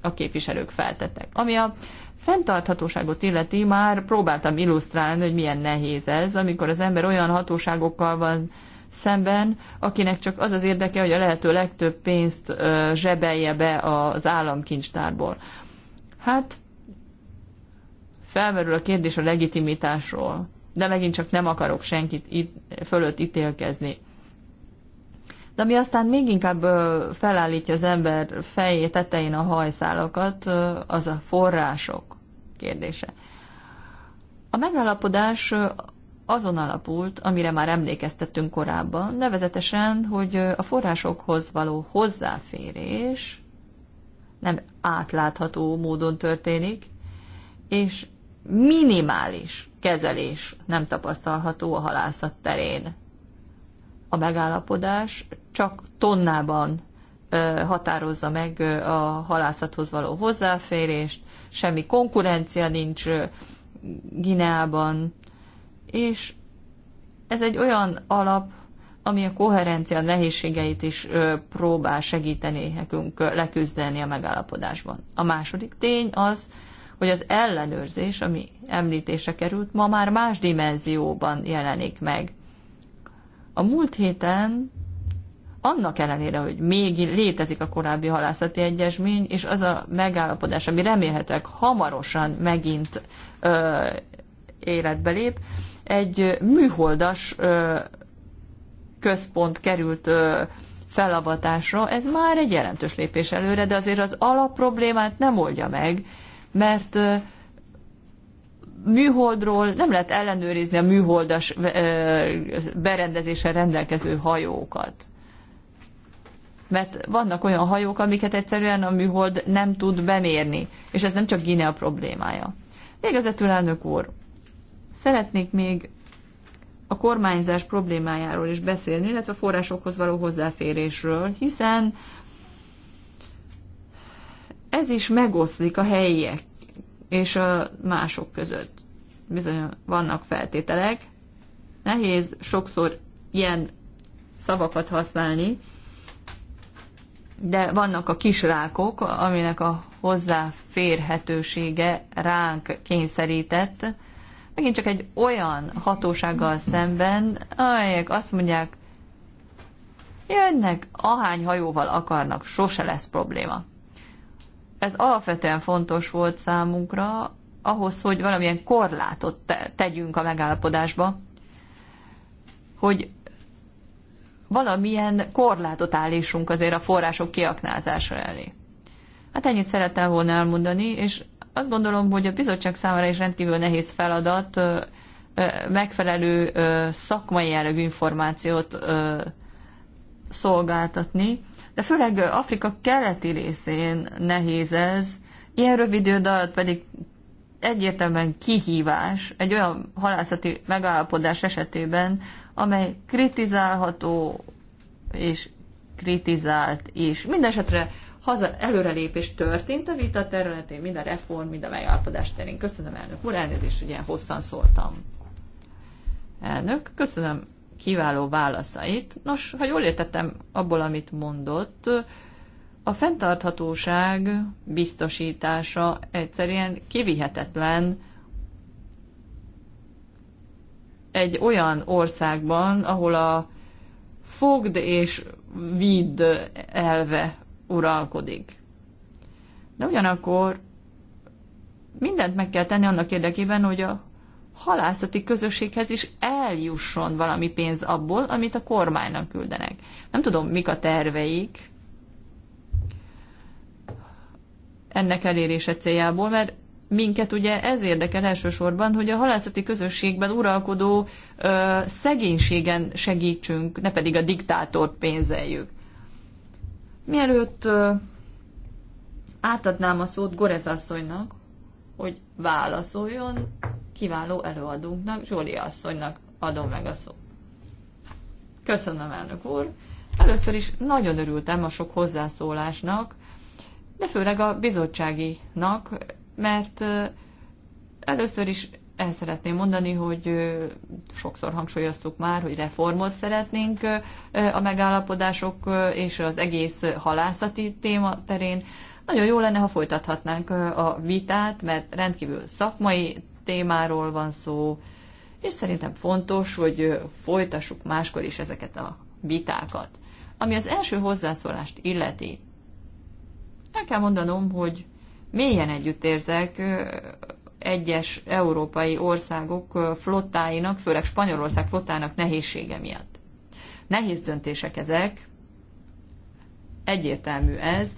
a képviselők feltettek. Ami a fenntarthatóságot illeti, már próbáltam illusztrálni, hogy milyen nehéz ez, amikor az ember olyan hatóságokkal van szemben, akinek csak az az érdeke, hogy a lehető legtöbb pénzt zsebelje be az államkincstárból. Hát felmerül a kérdés a legitimitásról, de megint csak nem akarok senkit itt, fölött ítélkezni. De ami aztán még inkább felállítja az ember fejé tetején a hajszálakat, az a források kérdése. A megállapodás azon alapult, amire már emlékeztettünk korábban, nevezetesen, hogy a forrásokhoz való hozzáférés nem átlátható módon történik, és minimális kezelés nem tapasztalható a halászat terén. A megállapodás csak tonnában határozza meg a halászathoz való hozzáférést, semmi konkurencia nincs Gineában, és ez egy olyan alap, ami a koherencia nehézségeit is próbál segíteni nekünk leküzdeni a megállapodásban. A második tény az, hogy az ellenőrzés, ami említése került, ma már más dimenzióban jelenik meg. A múlt héten annak ellenére, hogy még létezik a korábbi halászati egyezmény, és az a megállapodás, ami remélhetek hamarosan megint ö, életbe lép, egy műholdas központ került felavatásra, ez már egy jelentős lépés előre, de azért az alapproblémát nem oldja meg, mert műholdról nem lehet ellenőrizni a műholdas berendezéssel rendelkező hajókat. Mert vannak olyan hajók, amiket egyszerűen a műhold nem tud bemérni, és ez nem csak Guinea problémája. Végezetül elnök úr, Szeretnék még a kormányzás problémájáról is beszélni, illetve a forrásokhoz való hozzáférésről, hiszen ez is megoszlik a helyiek és a mások között. Bizony vannak feltételek, nehéz sokszor ilyen szavakat használni, de vannak a kisrákok, aminek a hozzáférhetősége ránk kényszerített, megint csak egy olyan hatósággal szemben, amelyek azt mondják, jönnek, ahány hajóval akarnak, sose lesz probléma. Ez alapvetően fontos volt számunkra, ahhoz, hogy valamilyen korlátot te- tegyünk a megállapodásba, hogy valamilyen korlátot állítsunk azért a források kiaknázása elé. Hát ennyit szerettem volna elmondani, és azt gondolom, hogy a bizottság számára is rendkívül nehéz feladat megfelelő szakmai jellegű információt szolgáltatni, de főleg Afrika keleti részén nehéz ez, ilyen rövid idő alatt pedig egyértelműen kihívás egy olyan halászati megállapodás esetében, amely kritizálható és kritizált is. Mindenesetre haza előrelépés történt a vita területén, mind a reform, mind a megállapodás terén. Köszönöm, elnök úr, elnézést, hogy ilyen hosszan szóltam. Elnök, köszönöm kiváló válaszait. Nos, ha jól értettem abból, amit mondott, a fenntarthatóság biztosítása egyszerűen kivihetetlen egy olyan országban, ahol a fogd és vidd elve uralkodik. De ugyanakkor mindent meg kell tenni annak érdekében, hogy a halászati közösséghez is eljusson valami pénz abból, amit a kormánynak küldenek. Nem tudom, mik a terveik ennek elérése céljából, mert minket ugye ez érdekel elsősorban, hogy a halászati közösségben uralkodó ö, szegénységen segítsünk, ne pedig a diktátort pénzeljük. Mielőtt átadnám a szót Gorez asszonynak, hogy válaszoljon kiváló előadónknak, Zsoli asszonynak adom meg a szót. Köszönöm, elnök úr! Először is nagyon örültem a sok hozzászólásnak, de főleg a bizottságinak, mert először is el szeretném mondani, hogy sokszor hangsúlyoztuk már, hogy reformot szeretnénk a megállapodások és az egész halászati téma terén. Nagyon jó lenne, ha folytathatnánk a vitát, mert rendkívül szakmai témáról van szó, és szerintem fontos, hogy folytassuk máskor is ezeket a vitákat. Ami az első hozzászólást illeti, el kell mondanom, hogy mélyen együtt érzek egyes európai országok flottáinak, főleg Spanyolország flottának nehézsége miatt. Nehéz döntések ezek, egyértelmű ez.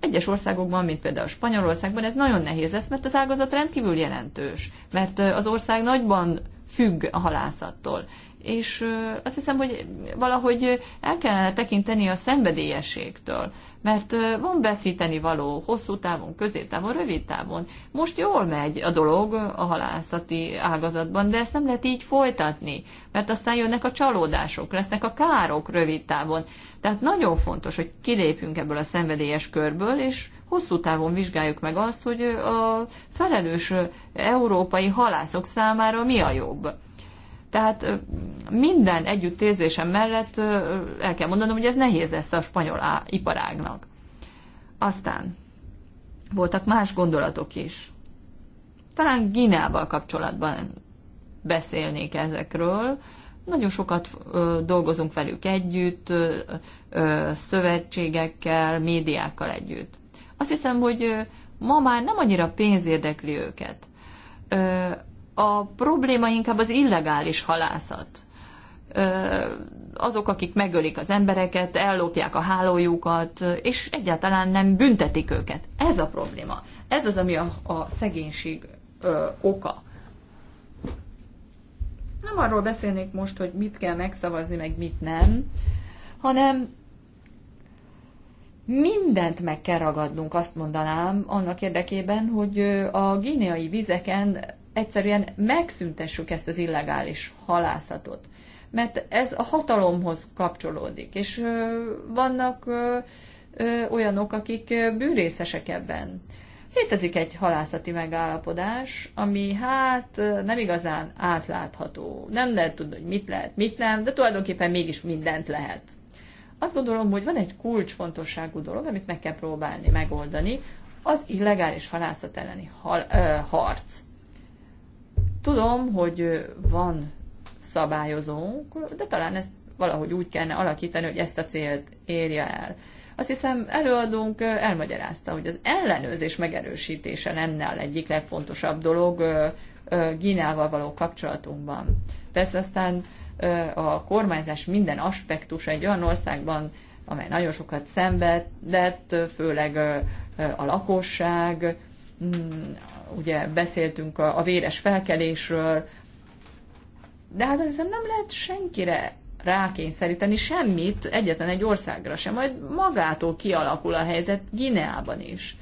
Egyes országokban, mint például Spanyolországban, ez nagyon nehéz lesz, mert az ágazat rendkívül jelentős, mert az ország nagyban függ a halászattól és azt hiszem, hogy valahogy el kellene tekinteni a szenvedélyességtől, mert van beszíteni való hosszú távon, középtávon, rövid távon. Most jól megy a dolog a halászati ágazatban, de ezt nem lehet így folytatni, mert aztán jönnek a csalódások, lesznek a károk rövid távon. Tehát nagyon fontos, hogy kilépjünk ebből a szenvedélyes körből, és hosszú távon vizsgáljuk meg azt, hogy a felelős európai halászok számára mi a jobb tehát minden együttérzésem mellett el kell mondanom, hogy ez nehéz lesz a spanyol iparágnak. Aztán voltak más gondolatok is. Talán Gineával kapcsolatban beszélnék ezekről. Nagyon sokat dolgozunk velük együtt, szövetségekkel, médiákkal együtt. Azt hiszem, hogy ma már nem annyira pénz érdekli őket a probléma inkább az illegális halászat. Azok, akik megölik az embereket, ellopják a hálójukat, és egyáltalán nem büntetik őket. Ez a probléma. Ez az, ami a, a szegénység ö, oka. Nem arról beszélnék most, hogy mit kell megszavazni, meg mit nem, hanem mindent meg kell ragadnunk, azt mondanám, annak érdekében, hogy a gíneai vizeken egyszerűen megszüntessük ezt az illegális halászatot. Mert ez a hatalomhoz kapcsolódik, és vannak olyanok, akik bűrészesek ebben. Létezik egy halászati megállapodás, ami hát nem igazán átlátható. Nem lehet tudni, hogy mit lehet, mit nem, de tulajdonképpen mégis mindent lehet. Azt gondolom, hogy van egy kulcsfontosságú dolog, amit meg kell próbálni megoldani, az illegális halászat elleni hal, ö, harc. Tudom, hogy van szabályozónk, de talán ezt valahogy úgy kellene alakítani, hogy ezt a célt érje el. Azt hiszem előadónk elmagyarázta, hogy az ellenőrzés megerősítése lenne a egyik legfontosabb dolog Gínával való kapcsolatunkban. Persze aztán a kormányzás minden aspektusa egy olyan országban, amely nagyon sokat szenvedett, főleg a lakosság, mm, ugye beszéltünk a, a véres felkelésről, de hát hiszem nem lehet senkire rákényszeríteni semmit, egyetlen egy országra sem, majd magától kialakul a helyzet Gineában is.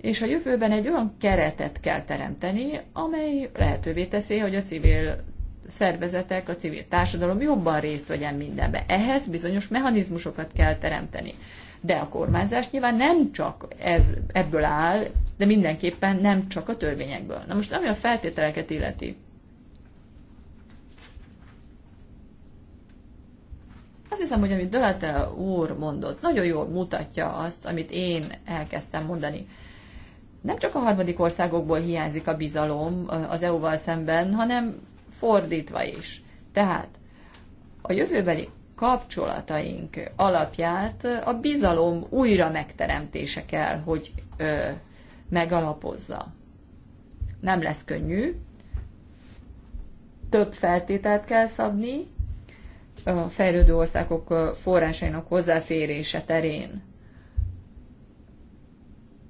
És a jövőben egy olyan keretet kell teremteni, amely lehetővé teszi, hogy a civil szervezetek, a civil társadalom jobban részt vegyen mindenbe. Ehhez bizonyos mechanizmusokat kell teremteni. De a kormányzás nyilván nem csak ez, ebből áll, de mindenképpen nem csak a törvényekből. Na most, ami a feltételeket illeti, azt hiszem, hogy amit Dölete úr mondott, nagyon jól mutatja azt, amit én elkezdtem mondani. Nem csak a harmadik országokból hiányzik a bizalom az EU-val szemben, hanem fordítva is. Tehát a jövőbeli kapcsolataink alapját a bizalom újra megteremtése kell, hogy ö, megalapozza. Nem lesz könnyű, több feltételt kell szabni a fejlődő országok forrásainak hozzáférése terén.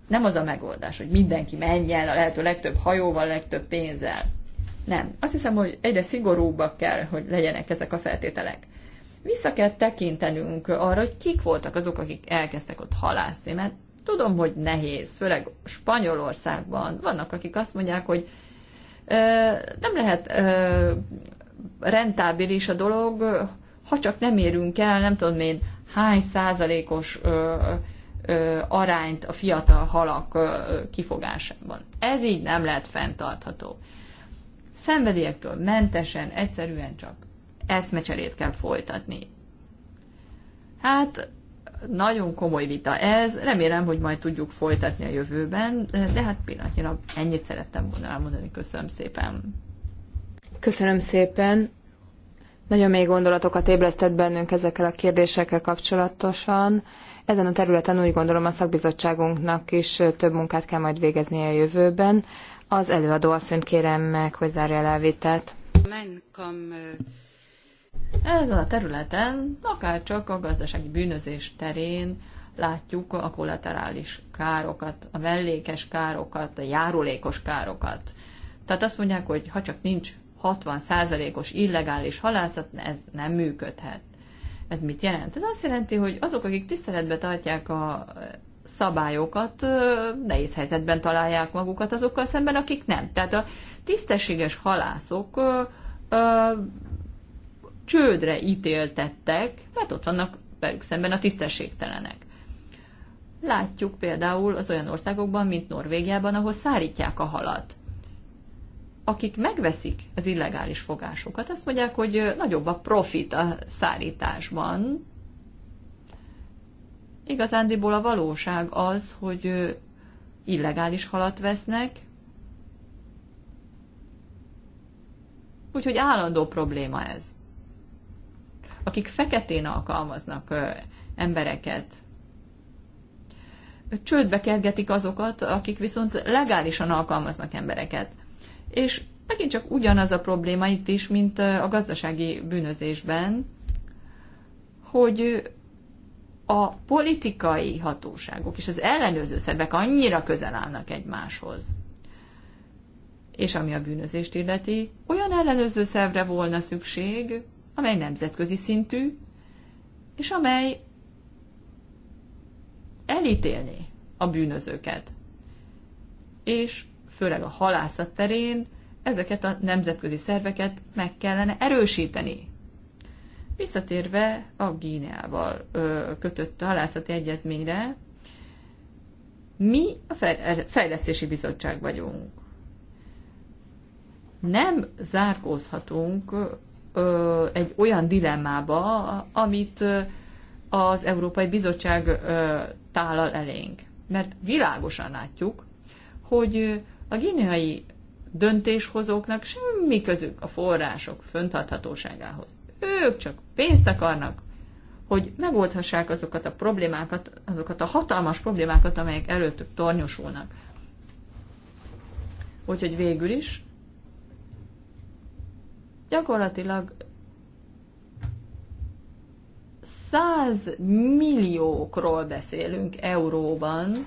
Nem az a megoldás, hogy mindenki menjen a lehető legtöbb hajóval, legtöbb pénzzel. Nem. Azt hiszem, hogy egyre szigorúbbak kell, hogy legyenek ezek a feltételek. Vissza kell tekintenünk arra, hogy kik voltak azok, akik elkezdtek ott halászni, mert Tudom, hogy nehéz, főleg Spanyolországban. Vannak, akik azt mondják, hogy ö, nem lehet ö, rentábilis a dolog, ha csak nem érünk el, nem tudom én, hány százalékos ö, ö, arányt a fiatal halak ö, kifogásában. Ez így nem lehet fenntartható. Szenvedélyektől mentesen, egyszerűen csak eszmecserét kell folytatni. Hát nagyon komoly vita ez, remélem, hogy majd tudjuk folytatni a jövőben, de hát pillanatnyilag ennyit szerettem volna elmondani. Köszönöm szépen. Köszönöm szépen. Nagyon mély gondolatokat ébresztett bennünk ezekkel a kérdésekkel kapcsolatosan. Ezen a területen úgy gondolom a szakbizottságunknak is több munkát kell majd végezni a jövőben. Az előadó azt kérem meg, hogy zárja el a vitát. Ezen a területen, akár csak a gazdasági bűnözés terén látjuk a kollaterális károkat, a mellékes károkat, a járulékos károkat. Tehát azt mondják, hogy ha csak nincs 60%-os illegális halászat, ez nem működhet. Ez mit jelent? Ez azt jelenti, hogy azok, akik tiszteletbe tartják a e, szabályokat, nehéz helyzetben találják magukat azokkal szemben, akik nem. Tehát a tisztességes halászok csődre ítéltettek, mert ott vannak velük szemben a tisztességtelenek. Látjuk például az olyan országokban, mint Norvégiában, ahol szárítják a halat. Akik megveszik az illegális fogásokat, azt mondják, hogy nagyobb a profit a szárításban. Igazándiból a valóság az, hogy illegális halat vesznek, úgyhogy állandó probléma ez akik feketén alkalmaznak embereket. Csődbe kergetik azokat, akik viszont legálisan alkalmaznak embereket. És megint csak ugyanaz a probléma itt is, mint a gazdasági bűnözésben, hogy a politikai hatóságok és az ellenőrző szervek annyira közel állnak egymáshoz. És ami a bűnözést illeti, olyan ellenőrző szervre volna szükség, amely nemzetközi szintű, és amely elítélni a bűnözőket. És főleg a halászat terén ezeket a nemzetközi szerveket meg kellene erősíteni. Visszatérve a Gíneával kötött halászati egyezményre, mi a fejlesztési bizottság vagyunk. Nem zárkózhatunk ö, egy olyan dilemmába, amit ö, az Európai Bizottság ö, tálal elénk. Mert világosan látjuk, hogy a guineai döntéshozóknak semmi közük a források föntarthatóságához. Ők csak pénzt akarnak, hogy megoldhassák azokat a problémákat, azokat a hatalmas problémákat, amelyek előttük tornyosulnak. Úgyhogy végül is Gyakorlatilag 100 milliókról beszélünk euróban,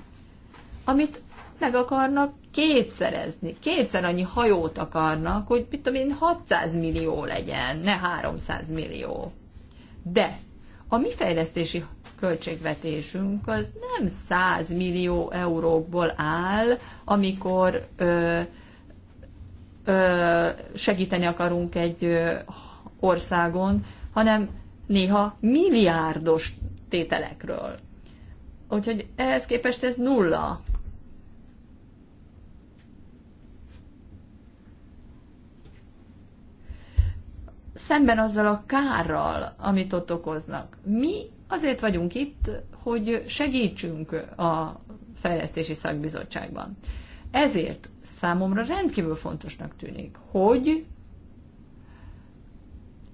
amit meg akarnak kétszerezni. Kétszer annyi hajót akarnak, hogy mit tudom én, 600 millió legyen, ne 300 millió. De a mi fejlesztési költségvetésünk az nem 100 millió eurókból áll, amikor ö, segíteni akarunk egy országon, hanem néha milliárdos tételekről. Úgyhogy ehhez képest ez nulla. Szemben azzal a kárral, amit ott okoznak. Mi azért vagyunk itt, hogy segítsünk a fejlesztési szakbizottságban. Ezért számomra rendkívül fontosnak tűnik, hogy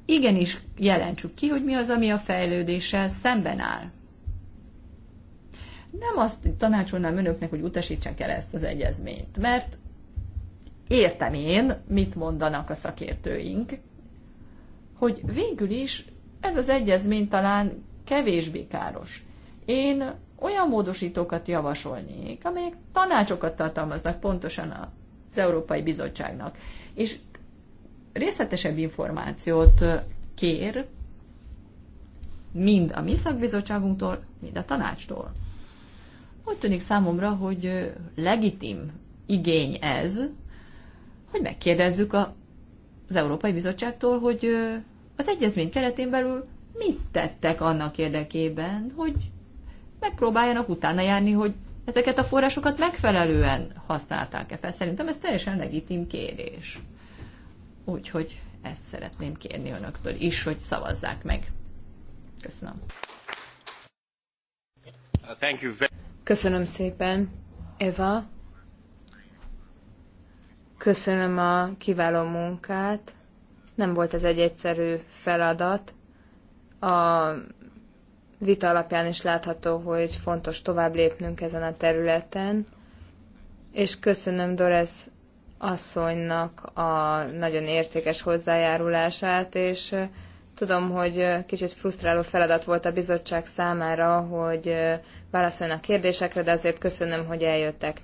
igenis jelentsük ki, hogy mi az, ami a fejlődéssel szemben áll. Nem azt tanácsolnám önöknek, hogy utasítsák el ezt az egyezményt, mert értem én, mit mondanak a szakértőink, hogy végül is ez az egyezmény talán kevésbé káros. Én olyan módosítókat javasolnék, amelyek tanácsokat tartalmaznak pontosan az Európai Bizottságnak, és részletesebb információt kér mind a mi szakbizottságunktól, mind a tanácstól. Úgy tűnik számomra, hogy legitim igény ez, hogy megkérdezzük a, az Európai Bizottságtól, hogy az egyezmény keretén belül mit tettek annak érdekében, hogy megpróbáljanak utána járni, hogy ezeket a forrásokat megfelelően használták-e fel. Szerintem ez teljesen legitim kérés. Úgyhogy ezt szeretném kérni önöktől is, hogy szavazzák meg. Köszönöm. Köszönöm szépen, Eva. Köszönöm a kiváló munkát. Nem volt ez egy egyszerű feladat. A vita alapján is látható, hogy fontos tovább lépnünk ezen a területen, és köszönöm Doresz asszonynak a nagyon értékes hozzájárulását, és tudom, hogy kicsit frusztráló feladat volt a bizottság számára, hogy válaszoljanak kérdésekre, de azért köszönöm, hogy eljöttek.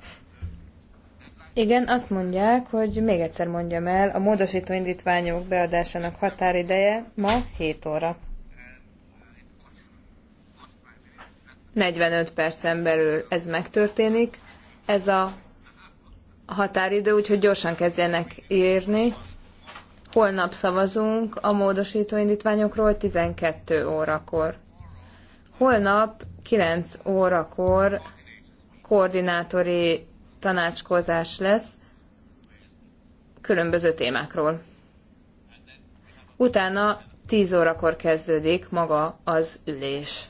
Igen, azt mondják, hogy még egyszer mondjam el, a módosító indítványok beadásának határideje ma 7 óra. 45 percen belül ez megtörténik. Ez a határidő, úgyhogy gyorsan kezdjenek írni. Holnap szavazunk a módosító indítványokról 12 órakor. Holnap 9 órakor koordinátori tanácskozás lesz különböző témákról. Utána 10 órakor kezdődik maga az ülés.